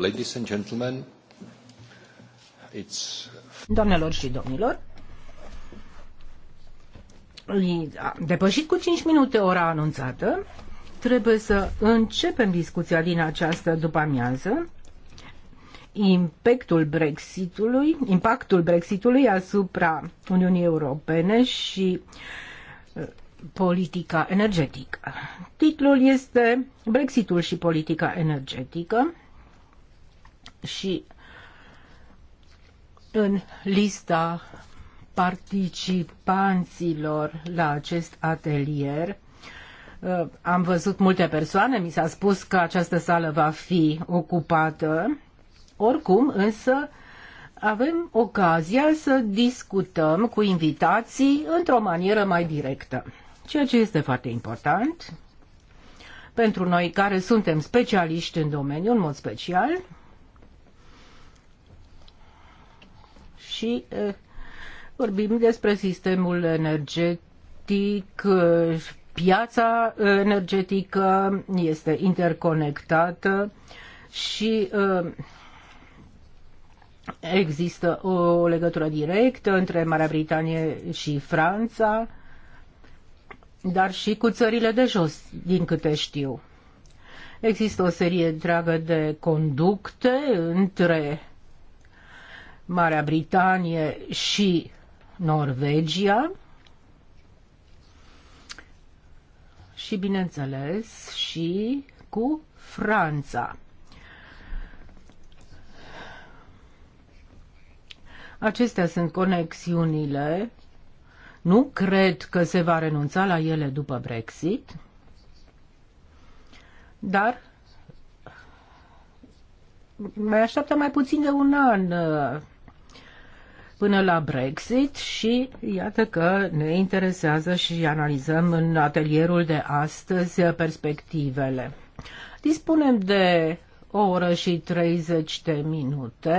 ladies and gentlemen, it's... Doamnelor și domnilor, depășit cu 5 minute ora anunțată. Trebuie să începem discuția din această după-amiază. Impactul Brexitului, impactul Brexitului asupra Uniunii Europene și uh, politica energetică. Titlul este Brexitul și politica energetică și în lista participanților la acest atelier. Uh, am văzut multe persoane, mi s-a spus că această sală va fi ocupată. Oricum, însă, avem ocazia să discutăm cu invitații într-o manieră mai directă. Ceea ce este foarte important pentru noi care suntem specialiști în domeniu, în mod special, și eh, vorbim despre sistemul energetic, eh, piața energetică este interconectată și eh, există o legătură directă între Marea Britanie și Franța, dar și cu țările de jos, din câte știu. Există o serie întreagă de conducte între Marea Britanie și Norvegia și, bineînțeles, și cu Franța. Acestea sunt conexiunile. Nu cred că se va renunța la ele după Brexit, dar mai așteaptă mai puțin de un an uh, până la Brexit și iată că ne interesează și analizăm în atelierul de astăzi perspectivele. Dispunem de o oră și 30 de minute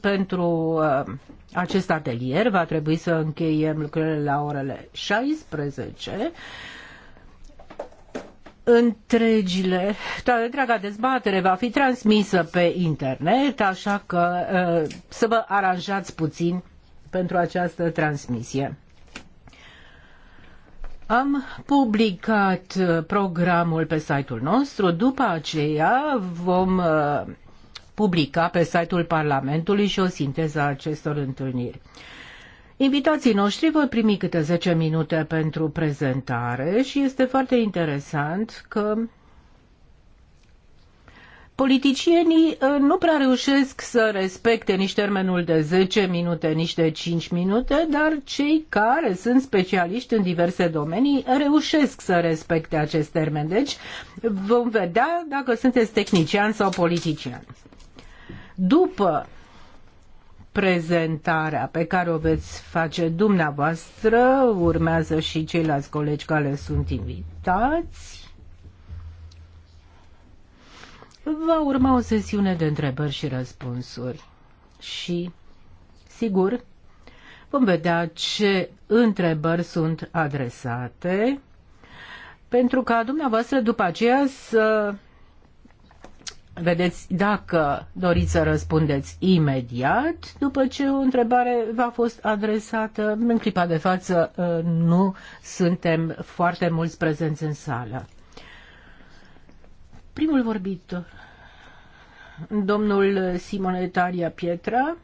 pentru uh, acest atelier. Va trebui să încheiem lucrurile la orele 16 întregile, da, întreaga dezbatere va fi transmisă pe internet, așa că uh, să vă aranjați puțin pentru această transmisie. Am publicat uh, programul pe site-ul nostru, după aceea vom uh, publica pe site-ul Parlamentului și o sinteză a acestor întâlniri. Invitații noștri vor primi câte 10 minute pentru prezentare și este foarte interesant că politicienii uh, nu prea reușesc să respecte nici termenul de 10 minute, nici de 5 minute, dar cei care sunt specialiști în diverse domenii reușesc să respecte acest termen. Deci vom vedea dacă sunteți tehnician sau politician. După prezentarea pe care o veți face dumneavoastră, urmează și ceilalți colegi care sunt invitați. Va urma o sesiune de întrebări și răspunsuri și, sigur, vom vedea ce întrebări sunt adresate pentru ca dumneavoastră după aceea să Vedeți, dacă doriți să răspundeți imediat, după ce o întrebare v-a fost adresată, în clipa de față uh, nu suntem foarte mulți prezenți în sală. Primul vorbitor, domnul Simonetaria Taria Pietra,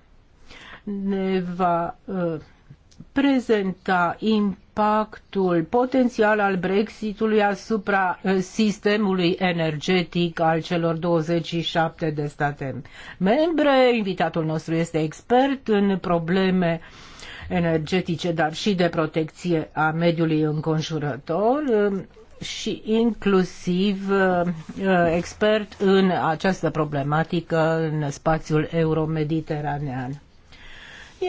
ne va uh, prezenta impunerea impactul potențial al Brexitului asupra eh, sistemului energetic al celor 27 de state membre. Invitatul nostru este expert în probleme energetice, dar și de protecție a mediului înconjurător eh, și inclusiv eh, expert în această problematică în spațiul euromediteranean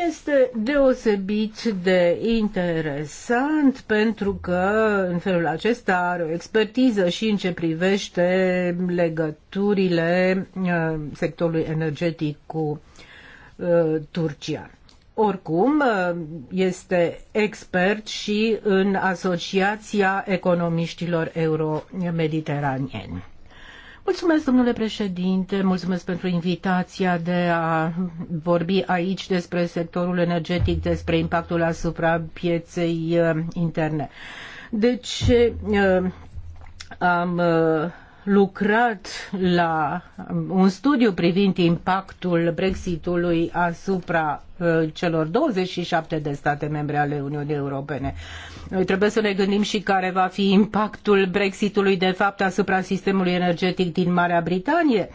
este deosebit de interesant pentru că în felul acesta are o expertiză și în ce privește legăturile uh, sectorului energetic cu uh, Turcia. Oricum, uh, este expert și în Asociația Economiștilor Euro-Mediteranieni. Mulțumesc, domnule președinte, mulțumesc pentru invitația de a vorbi aici despre sectorul energetic, despre impactul asupra pieței uh, interne. Deci, am uh, lucrat la um, un studiu privind impactul Brexitului asupra uh, celor 27 de state membre ale Uniunii Europene. Noi trebuie să ne gândim și care va fi impactul Brexitului de fapt asupra sistemului energetic din Marea Britanie,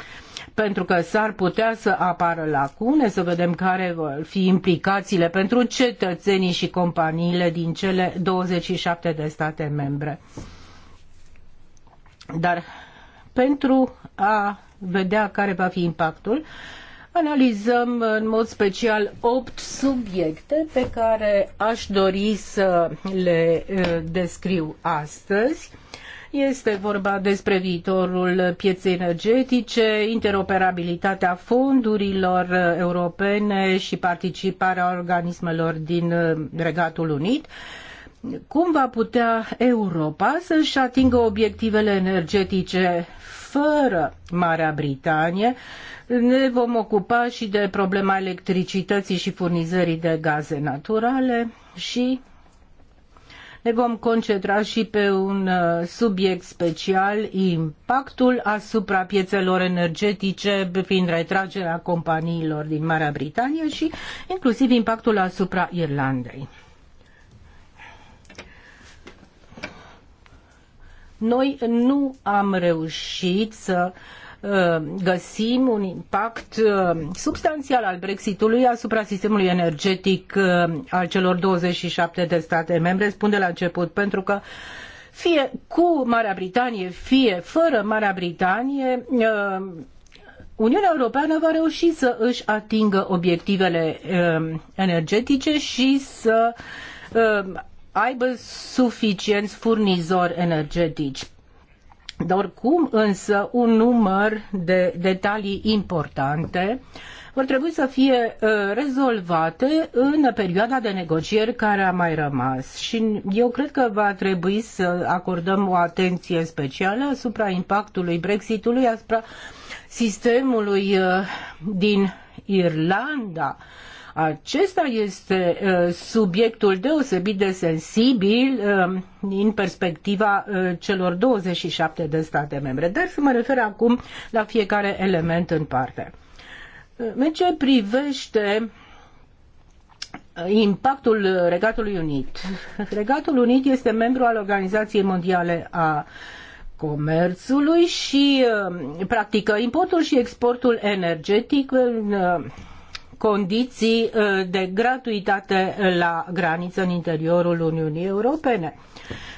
pentru că s-ar putea să apară lacune, să vedem care vor fi implicațiile pentru cetățenii și companiile din cele 27 de state membre. Dar pentru a vedea care va fi impactul. Analizăm în mod special opt subiecte pe care aș dori să le eh, descriu astăzi. Este vorba despre viitorul pieței energetice, interoperabilitatea fondurilor eh, europene și participarea organismelor din eh, Regatul Unit cum va putea Europa să-și atingă obiectivele energetice fără Marea Britanie. Ne vom ocupa și de problema electricității și furnizării de gaze naturale și ne vom concentra și pe un uh, subiect special, impactul asupra piețelor energetice prin retragerea companiilor din Marea Britanie și inclusiv impactul asupra Irlandei. Noi nu am reușit să uh, găsim un impact uh, substanțial al Brexitului asupra sistemului energetic uh, al celor 27 de state membre, spun de la început, pentru că fie cu Marea Britanie, fie fără Marea Britanie, Uniunea Europeană va reuși să își atingă obiectivele energetice și să aibă suficienți furnizori energetici. Dar oricum însă un număr de detalii importante vor trebui să fie uh, rezolvate în perioada de negocieri care a mai rămas. Și eu cred că va trebui să acordăm o atenție specială asupra impactului Brexitului, asupra sistemului uh, din Irlanda acesta este uh, subiectul deosebit de sensibil um, din perspectiva uh, celor 27 de state membre. Dar să mă refer acum la fiecare element în parte. Uh, în ce privește impactul Regatului Unit. Regatul Unit este membru al Organizației Mondiale a Comerțului și practică importul și exportul energetic în condiții uh, de gratuitate la graniță în interiorul Uniunii Europene.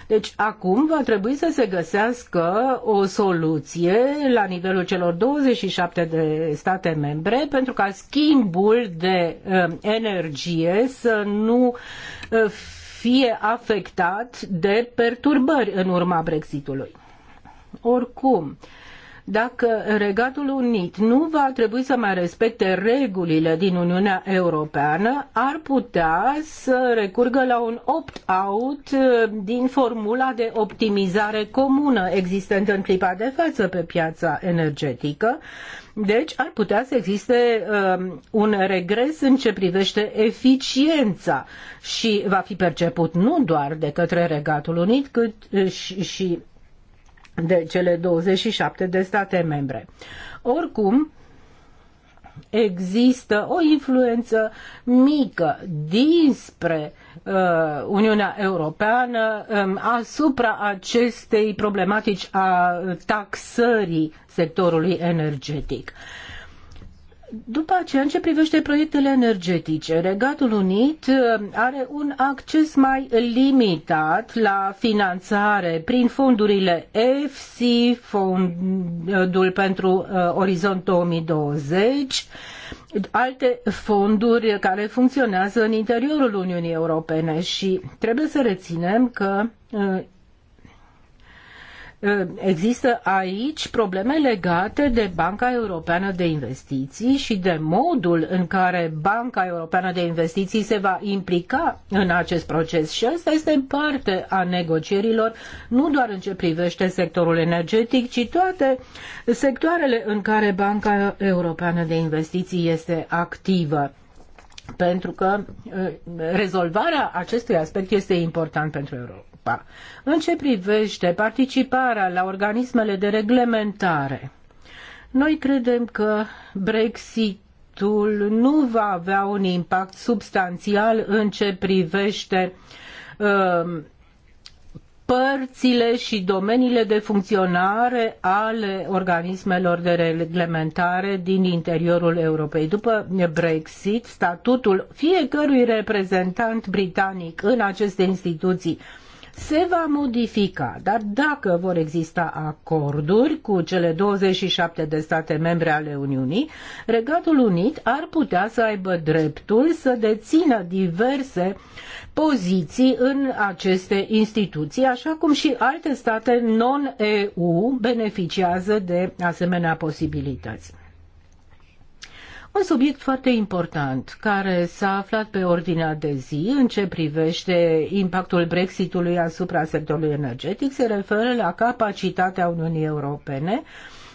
Deci acum va trebui să se găsească o soluție la nivelul celor 27 de state membre pentru ca schimbul de uh, energie să nu uh, fie afectat de perturbări în urma Brexitului. Oricum, uh, dacă Regatul Unit nu va trebui să mai respecte regulile din Uniunea Europeană, ar putea să recurgă la un opt-out uh, din formula de optimizare comună existentă în clipa de față pe piața energetică. Deci ar putea să existe um, un regres în ce privește eficiența și va fi perceput nu doar de către Regatul Unit, cât uh, și, și de cele 27 de state membre. Oricum, există o influență mică dinspre uh, Uniunea Europeană um, asupra acestei problematici a taxării sectorului energetic. Uh, după aceea, în ce privește proiectele energetice, Regatul Unit uh, are un acces mai limitat la finanțare prin fondurile EFSI, Fondul pentru uh, Orizont 2020, alte fonduri care funcționează în interiorul Uniunii Europene și trebuie să reținem că uh, Ă, există aici probleme legate de Banca Europeană de Investiții și de modul în care Banca Europeană de Investiții se va implica în acest proces. Și asta este parte a negocierilor, nu doar în ce privește sectorul energetic, ci toate sectoarele în care Banca Europeană de Investiții este activă pentru că ă, rezolvarea acestui aspect este important pentru Europa. Europa. În ce privește participarea la organismele de reglementare, noi credem că Brexit nu va avea un impact substanțial în ce privește uh, părțile și domeniile de funcționare ale organismelor de reglementare din interiorul Europei. După Brexit, statutul fiecărui reprezentant britanic în aceste instituții se va modifica, dar dacă vor exista acorduri cu cele 27 de state membre ale Uniunii, Regatul Unit ar putea să aibă dreptul să dețină diverse poziții în aceste instituții, așa cum și alte state non-EU beneficiază de asemenea posibilități. Un subiect foarte important care s-a aflat pe ordinea de zi în ce privește impactul Brexitului asupra sectorului energetic se referă la capacitatea Uniunii Europene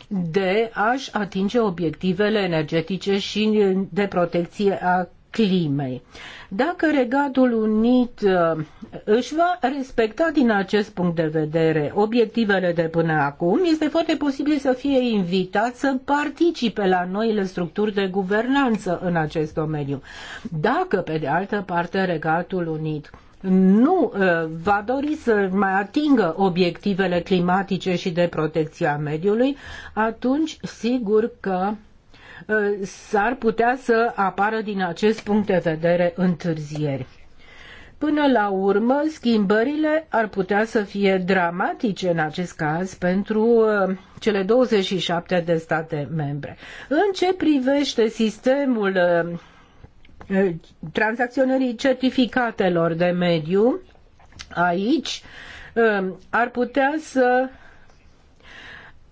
de a-și atinge obiectivele energetice și de protecție a climei. Dacă Regatul Unit uh, își va respecta din acest punct de vedere obiectivele de până acum, este foarte posibil să fie invitat să participe la noile structuri de guvernanță în acest domeniu. Dacă, pe de altă parte, Regatul Unit nu uh, va dori să mai atingă obiectivele climatice și de protecția mediului, atunci sigur că s-ar putea să apară din acest punct de vedere întârzieri. Până la urmă, schimbările ar putea să fie dramatice în acest caz pentru uh, cele 27 de state membre. În ce privește sistemul uh, uh, tranzacționării certificatelor de mediu, aici ar putea să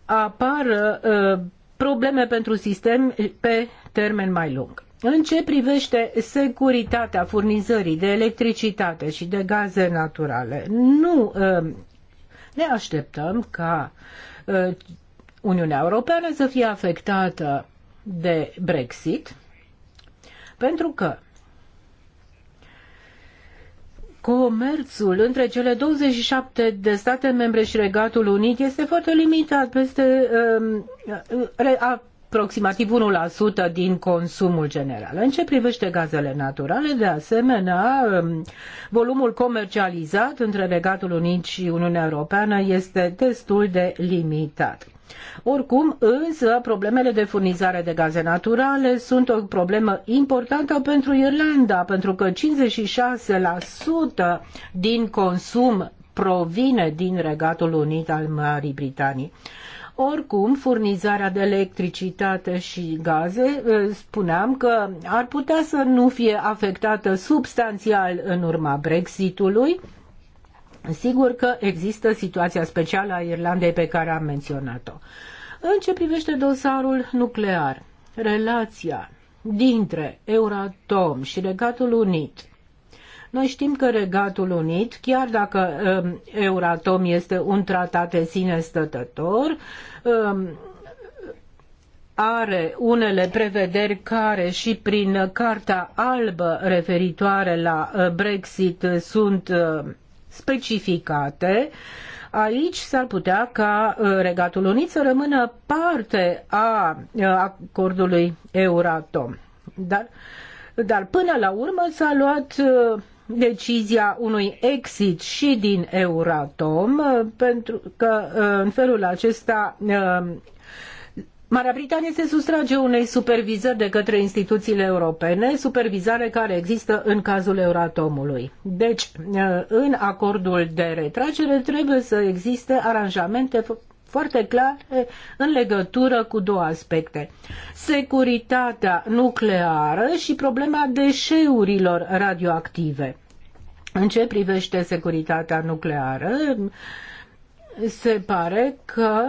apară probleme pentru sistem pe termen mai lung. În ce privește securitatea furnizării de electricitate și de gaze naturale, nu uh, ne așteptăm ca uh, Uniunea Europeană să fie afectată de Brexit, pentru că comerțul între cele 27 de state membre și Regatul Unit este foarte limitat, peste uh, aproximativ 1% din consumul general. În ce privește gazele naturale, de asemenea, uh, volumul comercializat între Regatul Unit și Uniunea Europeană este destul de limitat. Oricum, însă, problemele de furnizare de gaze naturale sunt o problemă importantă pentru Irlanda, pentru că 56% din consum provine din Regatul Unit al Marii Britanii. Oricum, furnizarea de electricitate și gaze, ă, spuneam că ar putea să nu fie afectată substanțial în urma Brexitului, Sigur că există situația specială a Irlandei pe care am menționat-o. În ce privește dosarul nuclear, relația dintre Euratom și Regatul Unit. Noi știm că Regatul Unit, chiar dacă um, Euratom este un tratat de sine stătător, um, are unele prevederi care și prin Carta Albă referitoare la uh, Brexit sunt uh, specificate, aici s-ar putea ca uh, Regatul Unit să rămână parte a uh, acordului Euratom. Dar, dar până la urmă s-a luat uh, decizia unui exit și din Euratom, pentru că în felul acesta Marea Britanie se sustrage unei supervizări de către instituțiile europene, supervizare care există în cazul Euratomului. Deci, ă, în acordul de retragere trebuie să existe aranjamente foarte clare în legătură cu două aspecte. Securitatea nucleară și problema deșeurilor radioactive. În ce privește securitatea nucleară, se pare că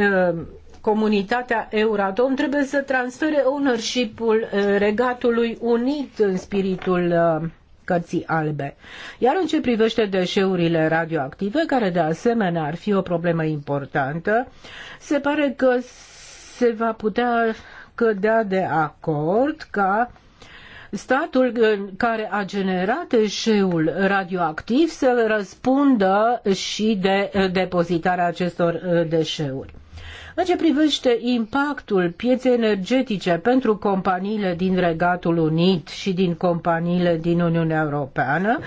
ă, comunitatea Euratom trebuie să transfere ownership-ul eh, Regatului Unit în spiritul eh, cărții albe. Iar în ce privește deșeurile radioactive, care de asemenea ar fi o problemă importantă, se pare că se va putea cădea de acord ca statul eh, care a generat deșeul radioactiv să răspundă și de depozitarea acestor deșeuri. În ce privește impactul pieței energetice pentru companiile din Regatul Unit și din companiile din Uniunea Europeană,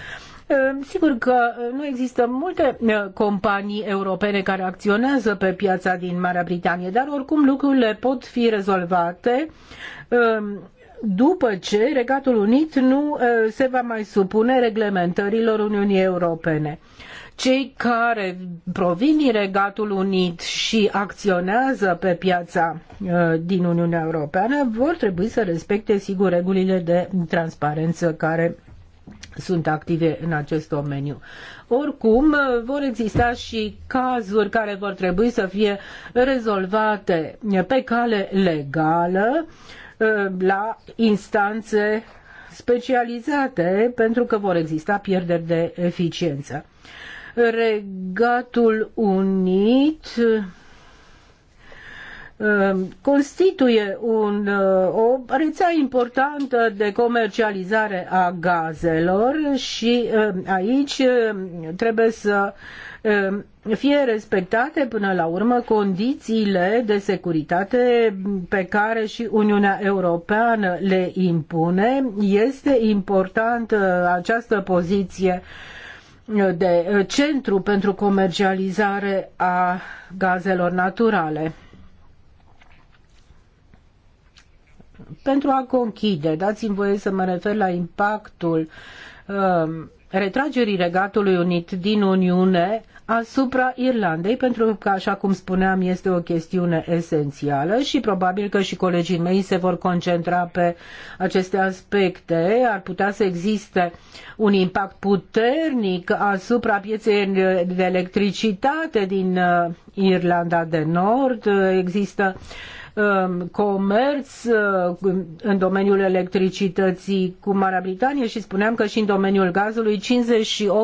eh, Sigur că nu există multe eh, companii europene care acționează pe piața din Marea Britanie, dar oricum lucrurile pot fi rezolvate eh, după ce Regatul Unit nu se va mai supune reglementărilor Uniunii Europene cei care provin din Regatul Unit și acționează pe piața uh, din Uniunea Europeană vor trebui să respecte sigur regulile de transparență care sunt active în acest domeniu. Oricum, uh, vor exista și cazuri care vor trebui să fie rezolvate pe cale legală uh, la instanțe specializate pentru că vor exista pierderi de eficiență. Regatul Unit uh, constituie un, uh, o rețea importantă de comercializare a gazelor și uh, aici trebuie să fie respectate până la urmă condițiile de securitate pe care și Uniunea Europeană le impune. Este importantă această poziție de eh, centru pentru comercializare a gazelor naturale. Pentru a conchide, dați-mi voie să mă refer la impactul uh, retragerii Regatului Unit din Uniune asupra Irlandei, pentru că, așa cum spuneam, este o chestiune esențială și probabil că și colegii mei se vor concentra pe aceste aspecte. Ar putea să existe un impact puternic asupra pieței de electricitate din uh, Irlanda de Nord. Există uh, Um, comerț uh, în domeniul electricității cu Marea Britanie și spuneam că și în domeniul gazului 58% um,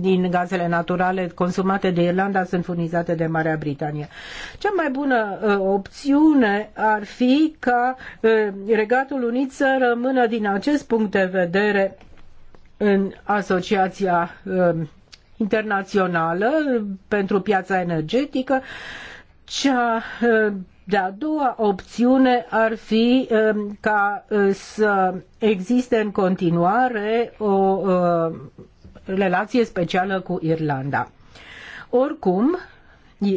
din gazele naturale consumate de Irlanda sunt furnizate de Marea Britanie. Cea mai bună uh, opțiune ar fi ca uh, Regatul Unit să rămână din acest punct de vedere în asociația um, internațională pentru piața energetică cea eh, de-a doua opțiune ar fi eh, ca eh, să existe în continuare o relație specială cu Irlanda. Oricum,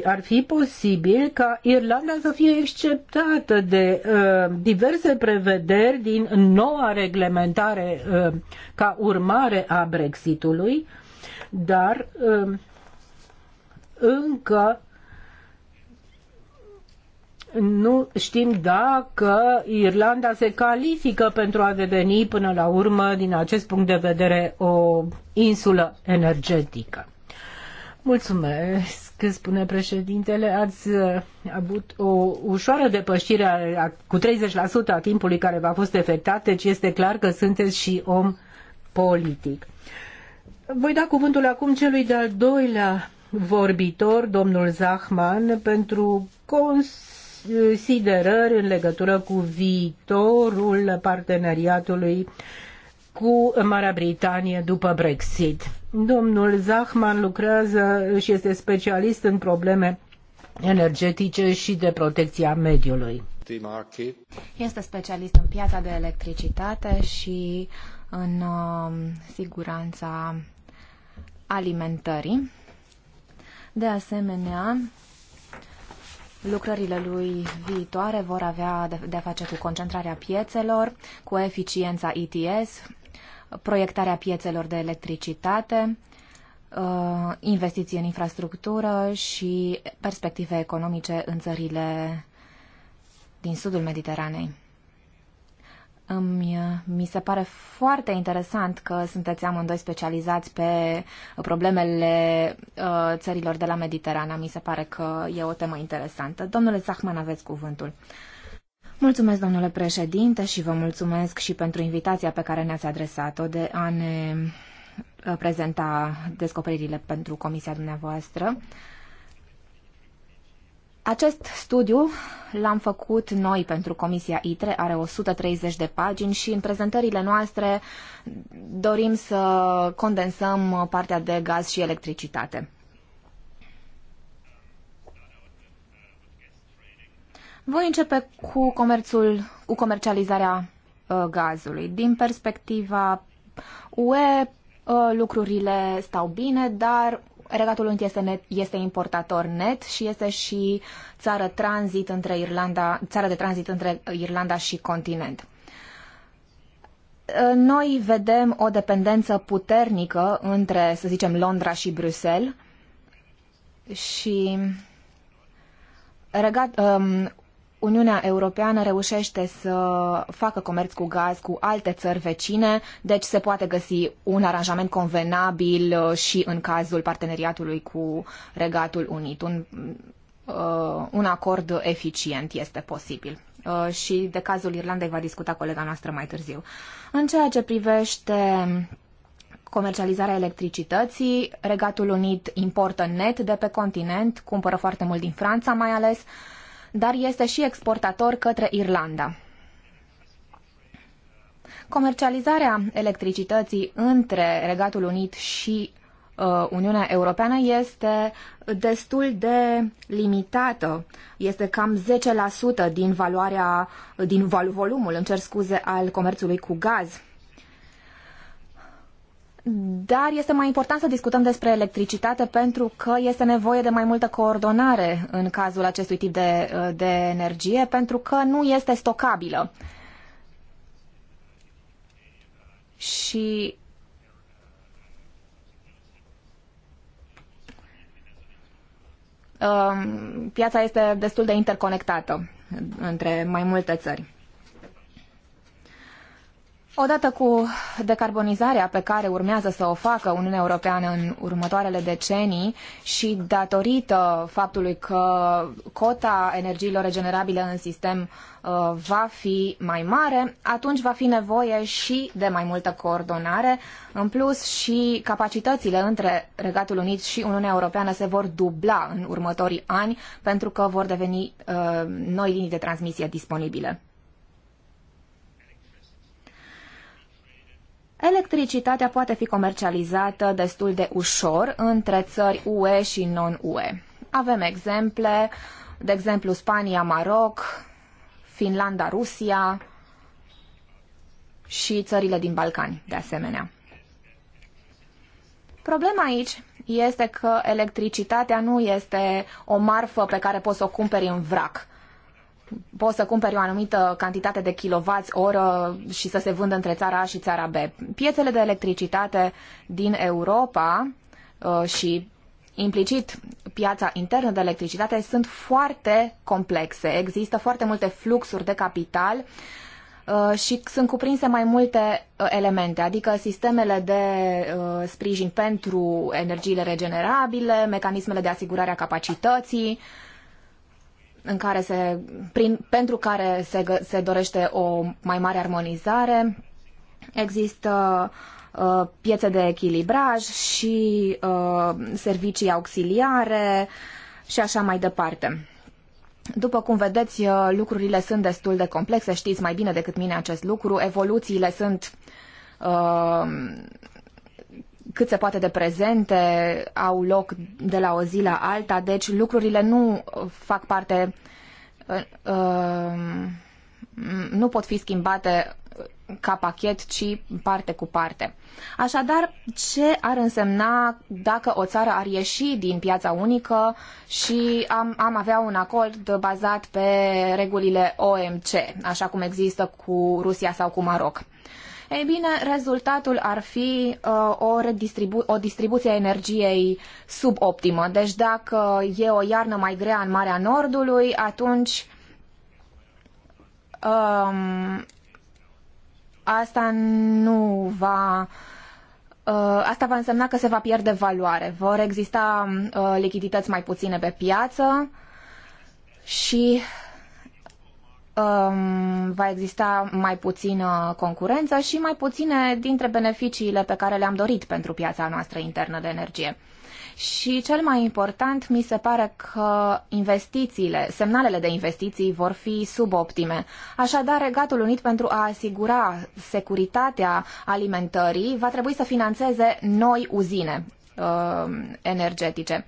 ar fi posibil ca Irlanda să fie exceptată de uh, diverse prevederi din noua reglementare uh, ca urmare a Brexitului, dar uh, încă nu știm dacă Irlanda se califică pentru a deveni până la urmă, din acest punct de vedere, o insulă energetică. Mulțumesc, spune președintele. Ați uh, avut o ușoară depășire a, a, cu 30% a timpului care v-a fost efectat, deci este clar că sunteți și om politic. Voi da cuvântul acum celui de-al doilea vorbitor, domnul Zahman, pentru cons considerări în legătură cu viitorul parteneriatului cu Marea Britanie după Brexit. Domnul Zahman lucrează și este specialist în probleme energetice și de protecția mediului. Este specialist în piața de electricitate și în uh, siguranța alimentării. De asemenea, Lucrările lui viitoare vor avea de-a face cu concentrarea piețelor, cu eficiența ETS, proiectarea piețelor de electricitate, uh, investiții în infrastructură și perspective economice în țările din sudul Mediteranei. Îmi, uh, mi se pare foarte interesant că sunteți amândoi specializați pe problemele uh, țărilor de la Mediterana. Mi se pare că e o temă interesantă. Domnule Zahman, aveți cuvântul. Mulțumesc, domnule președinte, și vă mulțumesc și pentru invitația pe care ne-ați adresat-o de a ne uh, prezenta descoperirile pentru comisia dumneavoastră. Uh, acest studiu l-am făcut noi pentru Comisia ITRE, are 130 de pagini și în prezentările noastre dorim să condensăm partea de gaz și electricitate. Voi începe cu comerțul, cu comercializarea uh, gazului. Din perspectiva UE, uh, lucrurile stau bine, dar Regatul Unit este, net, este importator net și este și țară, tranzit între Irlanda, țară de tranzit între Irlanda și continent. Noi vedem o dependență puternică între, să zicem, Londra și Bruxelles și Regat, um, Uniunea Europeană reușește să facă comerț cu gaz cu alte țări vecine, deci se poate găsi un aranjament convenabil uh, și în cazul parteneriatului cu Regatul Unit. Un, uh, un acord eficient este posibil. Uh, și de cazul Irlandei va discuta colega noastră mai târziu. În ceea ce privește comercializarea electricității, Regatul Unit importă net de pe continent, cumpără foarte mult din Franța mai ales, uh, dar este și exportator către Irlanda. Comercializarea electricității între Regatul Unit și uh, Uniunea Europeană este destul de limitată. Este cam 10% din valoarea, din volumul, îmi cer scuze, al comerțului cu gaz. Dar este mai important să discutăm despre electricitate pentru că este nevoie de mai multă coordonare în cazul acestui tip de, de energie, pentru că nu este stocabilă. Și um, piața este destul de interconectată între mai multe țări. Odată cu decarbonizarea pe care urmează să o facă Uniunea Europeană în următoarele decenii și datorită faptului că cota energiilor regenerabile în sistem uh, va fi mai mare, atunci va fi nevoie și de mai multă coordonare. În plus și capacitățile între Regatul Unit și Uniunea Europeană se vor dubla în următorii ani pentru că vor deveni uh, noi linii de transmisie disponibile. Electricitatea poate fi comercializată destul de ușor între țări UE și non-UE. Avem exemple, de exemplu Spania, Maroc, Finlanda, Rusia și țările din Balcani, de asemenea. Problema aici este că electricitatea nu este o marfă pe care poți să o cumperi în vrac poți să cumperi o anumită cantitate de kilovați oră și să se vândă între țara A și țara B. Piețele de electricitate din Europa uh, și implicit piața internă de electricitate sunt foarte complexe. Există foarte multe fluxuri de capital uh, și sunt cuprinse mai multe uh, elemente, adică sistemele de sprijin pentru energiile regenerabile, mecanismele de asigurare a capacității, în care se, prin, pentru care se, se dorește o mai mare armonizare. Există uh, piețe de echilibraj și uh, servicii auxiliare și așa mai departe. După cum vedeți, uh, lucrurile sunt destul de complexe, știți mai bine decât mine acest lucru, evoluțiile sunt uh, cât se poate de prezente, au loc de la o zi la alta, deci lucrurile nu fac parte, uh, nu pot fi schimbate ca pachet, ci parte cu parte. Așadar, ce ar însemna dacă o țară ar ieși din piața unică și am, am avea un acord bazat pe regulile OMC, așa cum există cu Rusia sau cu Maroc? Ei bine, rezultatul ar fi uh, o, redistribu- o distribuție a energiei suboptimă. Deci dacă e o iarnă mai grea în Marea Nordului, atunci um, asta nu va uh, asta va însemna că se va pierde valoare. Vor exista uh, lichidități mai puține pe piață și um, va exista mai puțină concurență și mai puține dintre beneficiile pe care le-am dorit pentru piața noastră internă de energie. Și cel mai important, mi se pare că investițiile, semnalele de investiții vor fi suboptime. Așadar, Regatul Unit pentru a asigura securitatea alimentării va trebui să financeze noi uzine uh, energetice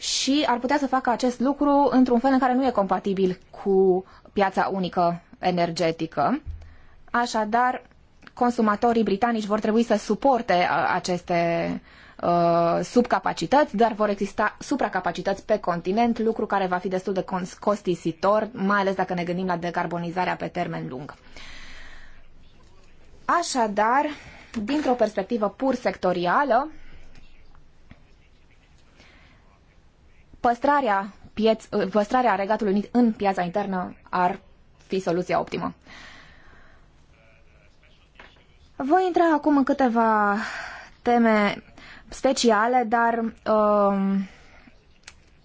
și ar putea să facă acest lucru într-un fel în care nu e compatibil cu piața unică energetică. Așadar, consumatorii britanici vor trebui să suporte uh, aceste uh, subcapacități, dar vor exista supracapacități pe continent, lucru care va fi destul de costisitor, mai ales dacă ne gândim la decarbonizarea pe termen lung. Așadar, dintr-o perspectivă pur sectorială, păstrarea, pieț- păstrarea Regatului Unit în piața internă ar fi soluția optimă. Voi intra acum în câteva teme speciale, dar uh,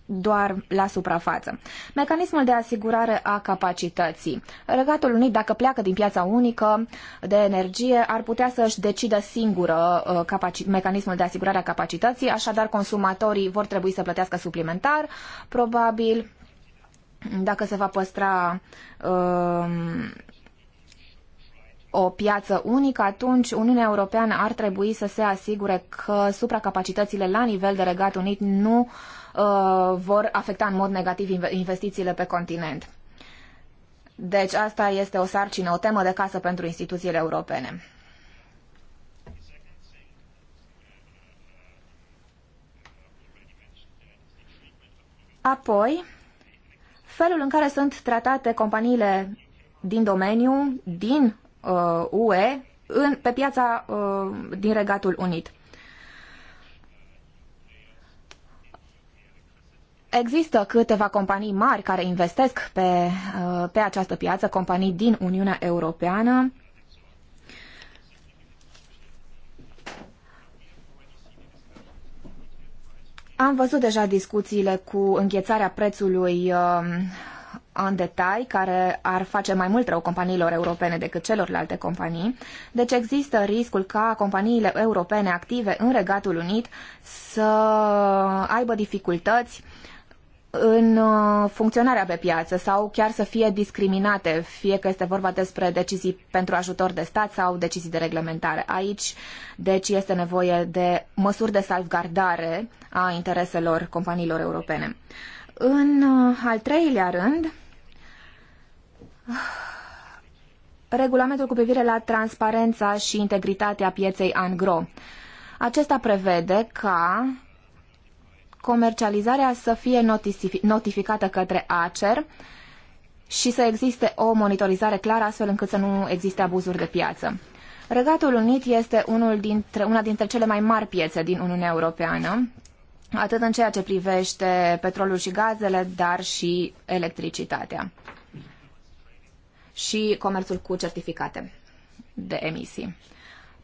doar la suprafață. Mecanismul de asigurare a capacității. Regatul Unit, dacă pleacă din piața unică de energie, ar putea să-și decidă singură uh, mecanismul de asigurare a capacității, așadar consumatorii vor trebui să plătească suplimentar, probabil dacă se va păstra um, o piață unică, atunci Uniunea Europeană ar trebui să se asigure că supracapacitățile la nivel de Regat Unit nu uh, Uh, vor afecta în mod negativ investițiile pe continent. Deci asta este o sarcină, o temă de casă pentru instituțiile europene. Apoi, felul în care sunt tratate companiile din domeniu, din uh, UE, în, pe piața uh, din Regatul Unit. Există câteva companii mari care investesc pe, uh, pe această piață, companii din Uniunea Europeană. Am văzut deja discuțiile cu înghețarea prețului um, în detai, care ar face mai mult rău companiilor europene decât celorlalte companii. Deci există riscul ca companiile europene active în Regatul Unit să aibă dificultăți uh, în uh, funcționarea pe piață sau chiar să fie discriminate, fie că este vorba despre decizii pentru ajutor de stat sau decizii de reglementare. Aici, deci, este nevoie de măsuri de salvgardare a intereselor companiilor europene. În uh, al treilea rând, regulamentul cu privire la transparența și integritatea pieței Angro. Acesta prevede ca comercializarea să fie notificată către ACER și să existe o monitorizare clară astfel încât să nu existe abuzuri de piață. Regatul Unit este unul dintre, una dintre cele mai mari piețe din Uniunea Europeană, atât în ceea ce privește petrolul și gazele, dar și electricitatea și comerțul cu certificate de emisii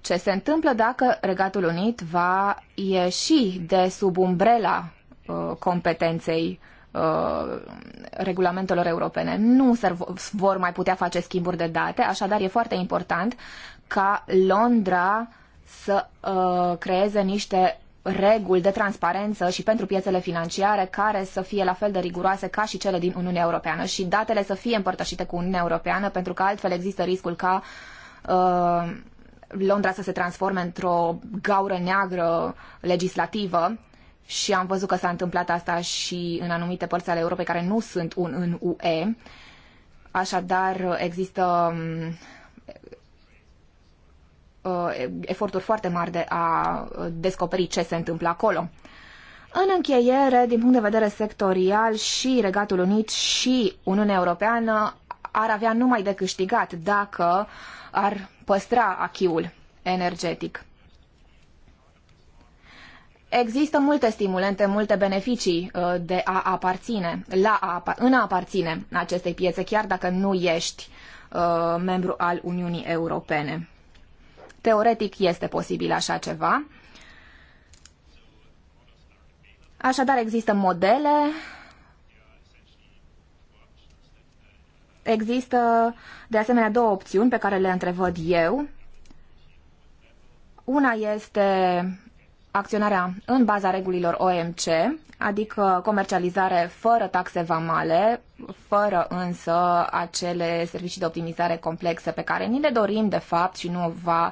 ce se întâmplă dacă Regatul Unit va ieși de sub umbrela uh, competenței uh, regulamentelor europene. Nu se vor mai putea face schimburi de date, așadar e foarte important ca Londra să uh, creeze niște reguli de transparență și pentru piețele financiare care să fie la fel de riguroase ca și cele din Uniunea Europeană și datele să fie împărtășite cu Uniunea Europeană pentru că altfel există riscul ca uh, Londra să se transforme într-o gaură neagră legislativă și am văzut că s-a întâmplat asta și în anumite părți ale Europei care nu sunt un în UE. Așadar, există mm, eforturi foarte mari de a descoperi ce se întâmplă acolo. În încheiere, din punct de vedere sectorial, și Regatul Unit și Uniunea Europeană ar avea numai de câștigat dacă ar păstra achiul energetic. Există multe stimulente, multe beneficii uh, de a aparține, la a, în a aparține acestei piețe, chiar dacă nu ești uh, membru al Uniunii Europene. Teoretic este posibil așa ceva. Așadar, există modele Există, de asemenea, două opțiuni pe care le întrevăd eu. Una este acționarea în baza regulilor OMC, adică comercializare fără taxe vamale, fără însă acele servicii de optimizare complexe pe care ni le dorim de fapt și nu va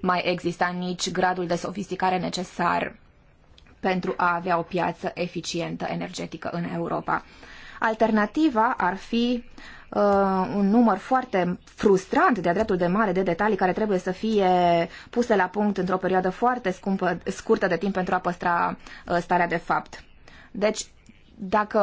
mai exista nici gradul de sofisticare necesar pentru a avea o piață eficientă energetică în Europa. Alternativa ar fi uh, uh, un număr foarte frustrant de-a dreptul de mare de detalii care trebuie să fie puse la punct într-o perioadă foarte scumpă, scurtă de timp pentru a păstra uh, starea de fapt. Deci, dacă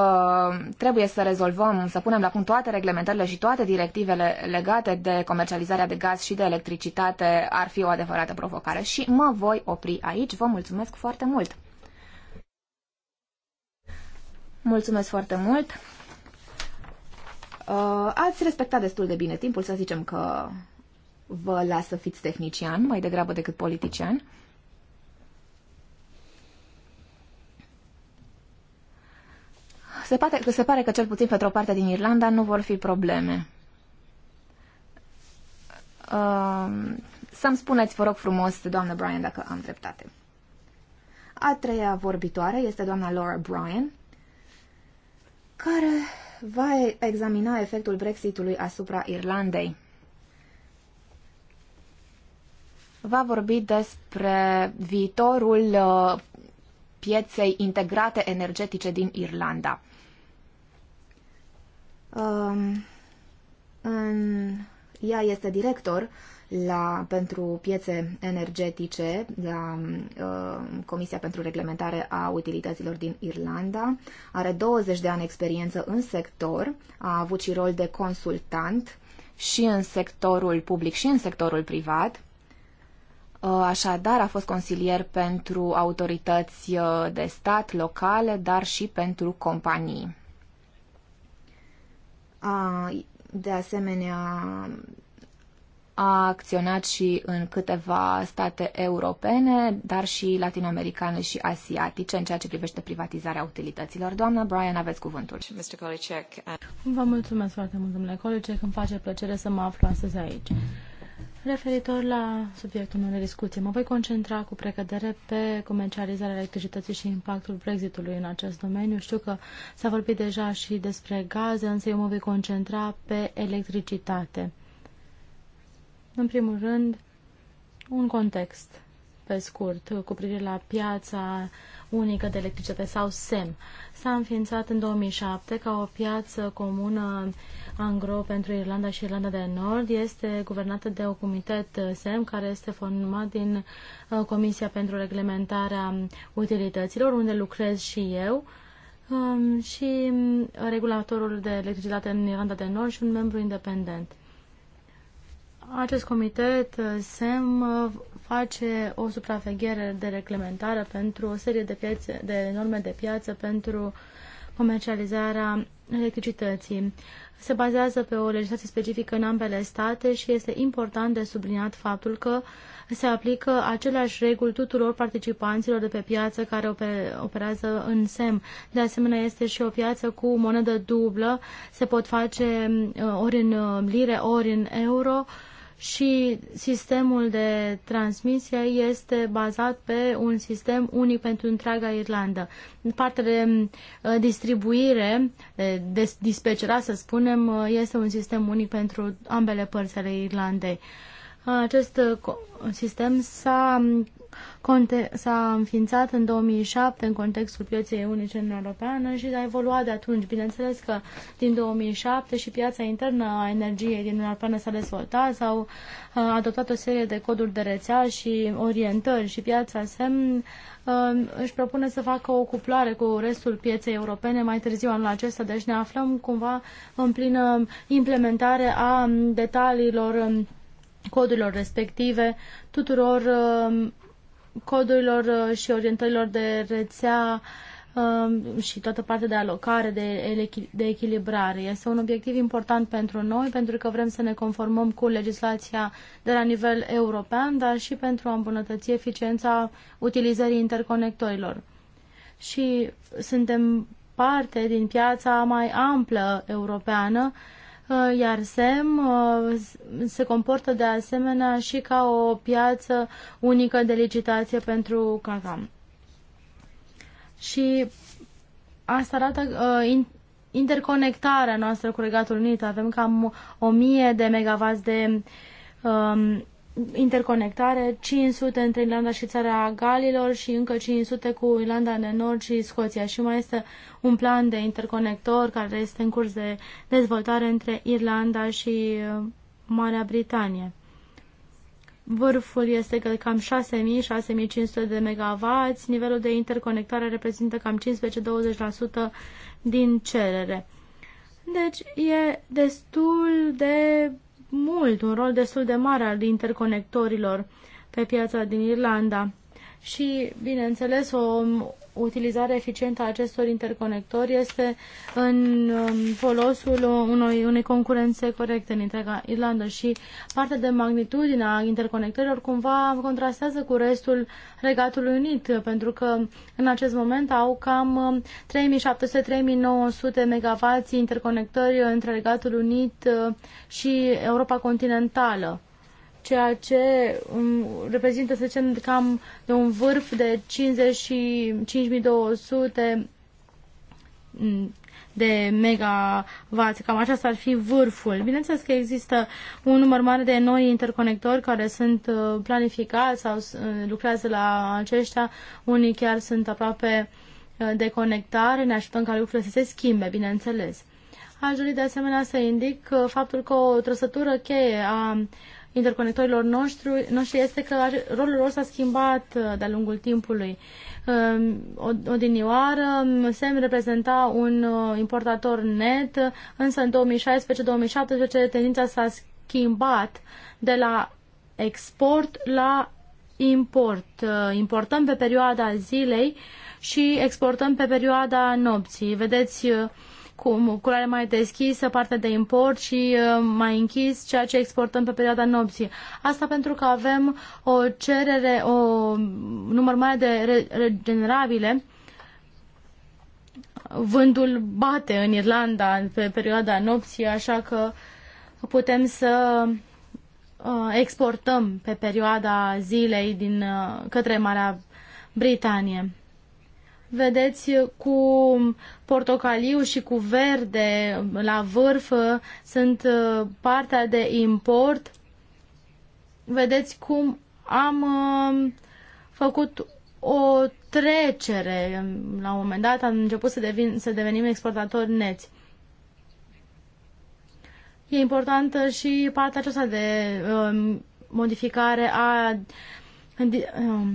trebuie să rezolvăm, să punem la punct toate reglementările și toate directivele legate de comercializarea de gaz și de electricitate, ar fi o adevărată provocare. Și mă voi opri aici. Vă mulțumesc foarte mult! Mulțumesc foarte mult! Uh, ați respectat destul de bine timpul, să zicem că vă las să fiți tehnician mai degrabă decât politician. Se pare, se pare că cel puțin pentru o parte din Irlanda nu vor fi probleme. Uh, să-mi spuneți, vă rog frumos, doamnă Bryan, dacă am dreptate. A treia vorbitoare este doamna Laura Bryan, care va examina efectul Brexitului asupra Irlandei. Va vorbi despre viitorul uh, pieței integrate energetice din Irlanda. Um, în, ea este director uh, la, pentru piețe energetice la uh, Comisia pentru Reglementare a Utilităților din Irlanda. Are 20 de ani experiență în sector, a avut și rol de consultant și în sectorul public și în sectorul privat. Uh, așadar, a fost consilier pentru autorități uh, de stat locale, dar și pentru companii. De asemenea, a acționat și în câteva state europene, dar și latinoamericane și asiatice în ceea ce privește privatizarea utilităților. Doamna Brian, aveți cuvântul. Uh, Vă mulțumesc foarte mult, domnule Kolicek. Îmi face plăcere să mă aflu astăzi aici. Referitor la subiectul meu de discuție, mă voi concentra cu precădere pe comercializarea electricității și impactul Brexitului în acest domeniu. Știu că s-a vorbit deja și despre gaze, însă eu mă voi concentra pe electricitate. În primul rând, un context pe scurt cu privire la piața unică de electricitate sau SEM. S-a înființat în 2007 ca o piață comună angro pentru Irlanda și Irlanda de Nord. Este guvernată de un comitet SEM care este format din uh, Comisia pentru Reglementarea Utilităților, unde lucrez și eu um, și um, regulatorul de electricitate în Irlanda de Nord și un membru independent. Acest comitet uh, SEM uh, face o supraveghere de reglementare pentru o serie de, piațe, de norme de piață pentru comercializarea electricității. Se bazează pe o legislație specifică în ambele state și este important de subliniat faptul că se aplică aceleași reguli tuturor participanților de pe piață care operează în SEM. De asemenea, este și o piață cu monedă dublă, se pot face uh, ori în lire, ori în euro, și sistemul de transmisie este bazat pe un sistem unic pentru întreaga Irlandă. Partea de uh, distribuire, de dispecerat să spunem, uh, este un sistem unic pentru ambele părți ale Irlandei. Acest uh, sistem s-a S-a înființat în 2007 în contextul pieței unice în europeană și a evoluat de atunci. Bineînțeles că din 2007 și piața internă a energiei din europeană s-a dezvoltat, s-au uh, adoptat o serie de coduri de rețea și orientări și piața SEM uh, își propune să facă o cuplare cu restul pieței europene mai târziu anul acesta, deci ne aflăm cumva în plină implementare a detaliilor um, codurilor respective tuturor um, codurilor uh, și orientărilor de rețea um, și toată partea de alocare, de, de echilibrare. Este un obiectiv important pentru noi, pentru că vrem să ne conformăm cu legislația de la nivel european, dar și pentru a îmbunătăți eficiența utilizării interconectorilor. Și suntem parte din piața mai amplă europeană, Uh, iar SEM uh, se comportă de asemenea și ca o piață unică de licitație pentru CACAM. Și asta arată uh, interconectarea noastră cu Regatul Unit. Avem cam o mie de megavați de um, interconectare, 500 între Irlanda și țara Galilor și încă 500 cu Irlanda de Nord și Scoția. Și mai este un plan de interconector care este în curs de dezvoltare între Irlanda și uh, Marea Britanie. Vârful este că cam 6.000-6.500 de MW, nivelul de interconectare reprezintă cam 15-20% din cerere. Deci e destul de mult, un rol destul de mare al interconectorilor pe piața din Irlanda. Și, bineînțeles, o utilizarea eficientă a acestor interconectori este în um, folosul unui, unei concurențe corecte în întreaga Irlandă și partea de magnitudine a interconectorilor cumva contrastează cu restul Regatului Unit, pentru că în acest moment au cam 3700-3900 um, MW interconectori între Regatul Unit uh, și Europa continentală ceea ce um, reprezintă, să zicem, cam de un vârf de 55.200 mm, de megavați. Cam așa ar fi vârful. Bineînțeles că există un număr mare de noi interconectori care sunt uh, planificați sau uh, lucrează la aceștia. Unii chiar sunt aproape uh, de conectare. Ne așteptăm ca lucrurile să se schimbe, bineînțeles. Aș dori de asemenea să indic faptul că o trăsătură cheie a interconectorilor noștri, noștri este că rolul lor s-a schimbat uh, de-a lungul timpului. Um, odinioară um, SEM reprezenta un uh, importator net, însă în 2016-2017 tendința s-a schimbat de la export la import. Uh, importăm pe perioada zilei și exportăm pe perioada nopții. Vedeți cu culoare mai deschisă, partea de import și uh, mai închis ceea ce exportăm pe perioada nopții. Asta pentru că avem o cerere, o număr mare de regenerabile. Vândul bate în Irlanda pe perioada nopții, așa că putem să uh, exportăm pe perioada zilei din uh, către Marea Britanie vedeți cu portocaliu și cu verde la vârf sunt uh, partea de import. Vedeți cum am uh, făcut o trecere. La un moment dat am început să, devin, să devenim exportatori neți. E importantă și partea aceasta de uh, modificare a,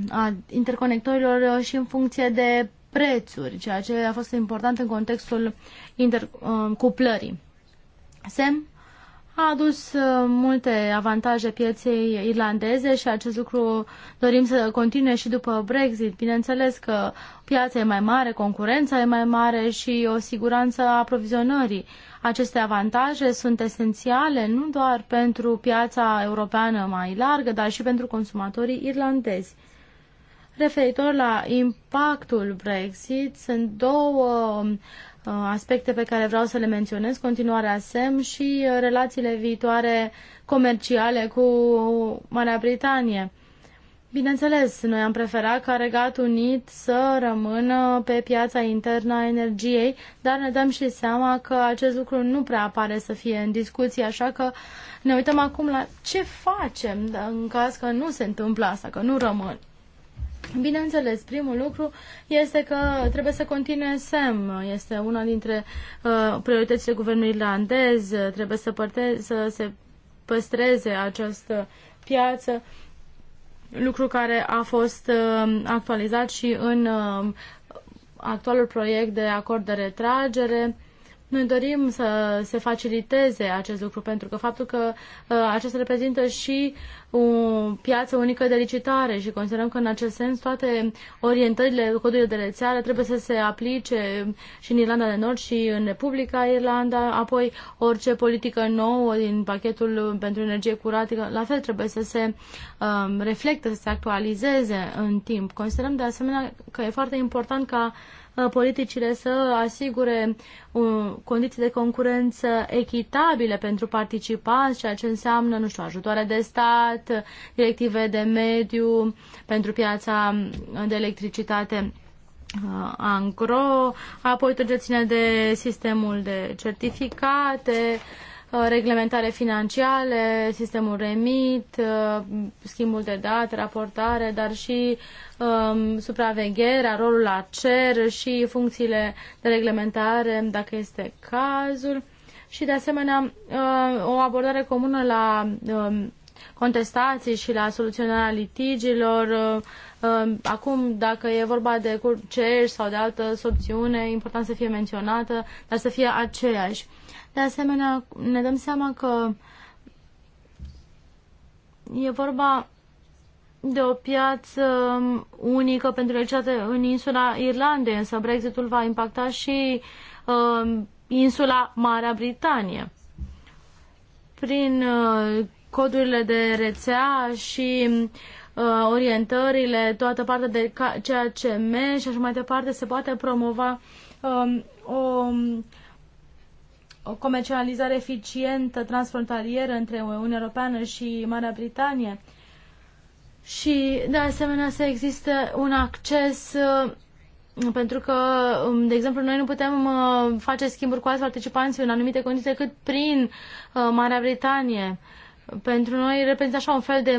a interconectorilor și în funcție de prețuri, ceea ce a fost important în contextul intercuplării. Um, SEM a adus uh, multe avantaje pieței irlandeze și acest lucru dorim să continue și după Brexit. Bineînțeles că piața e mai mare, concurența e mai mare și o siguranță a aprovizionării. Aceste avantaje sunt esențiale nu doar pentru piața europeană mai largă, dar și pentru consumatorii irlandezi. Referitor la impactul Brexit, sunt două uh, aspecte pe care vreau să le menționez, continuarea SEM și uh, relațiile viitoare comerciale cu Marea Britanie. Bineînțeles, noi am preferat ca Regatul Unit să rămână pe piața internă a energiei, dar ne dăm și seama că acest lucru nu prea apare să fie în discuție, așa că ne uităm acum la ce facem da, în caz că nu se întâmplă asta, că nu rămân Bineînțeles, primul lucru este că trebuie să continue SEM. Este una dintre uh, prioritățile guvernului irlandez. Trebuie să, părte- să se păstreze această piață, lucru care a fost uh, actualizat și în uh, actualul proiect de acord de retragere. Noi dorim să se faciliteze acest lucru pentru că faptul că uh, acesta reprezintă și o piață unică de licitare și considerăm că în acest sens toate orientările codului de rețeală trebuie să se aplice și în Irlanda de Nord și în Republica Irlanda, apoi orice politică nouă din pachetul pentru energie curată, la fel trebuie să se um, reflecte, să se actualizeze în timp. Considerăm de asemenea că e foarte important ca Uh, politicile să asigure uh, condiții de concurență echitabile pentru participanți, ceea ce înseamnă, nu știu, ajutoare de stat, directive de mediu pentru piața uh, de electricitate angro, apoi tot ce ține de sistemul de certificate, Uh, reglementare financiare, sistemul remit, uh, schimbul de date, raportare, dar și um, supravegherea, rolul la cer și funcțiile de reglementare, dacă este cazul. Și, de asemenea, uh, o abordare comună la um, contestații și la soluționarea litigiilor. Um, acum, dacă e vorba de cer sau de altă soluțiune, important să fie menționată, dar să fie aceeași. De asemenea, ne dăm seama că e vorba de o piață um, unică pentru electricitate în insula Irlandei, însă Brexitul va impacta și uh, insula Marea Britanie. Prin uh, codurile de rețea și um, uh, orientările, toată partea de merge și așa mai departe, se poate promova um, o o comercializare eficientă transfrontalieră între Uniunea Europeană și Marea Britanie și, de asemenea, să existe un acces uh, pentru că, um, de exemplu, noi nu putem uh, face schimburi cu alți participanți în anumite condiții decât prin uh, Marea Britanie pentru noi reprezintă așa un fel de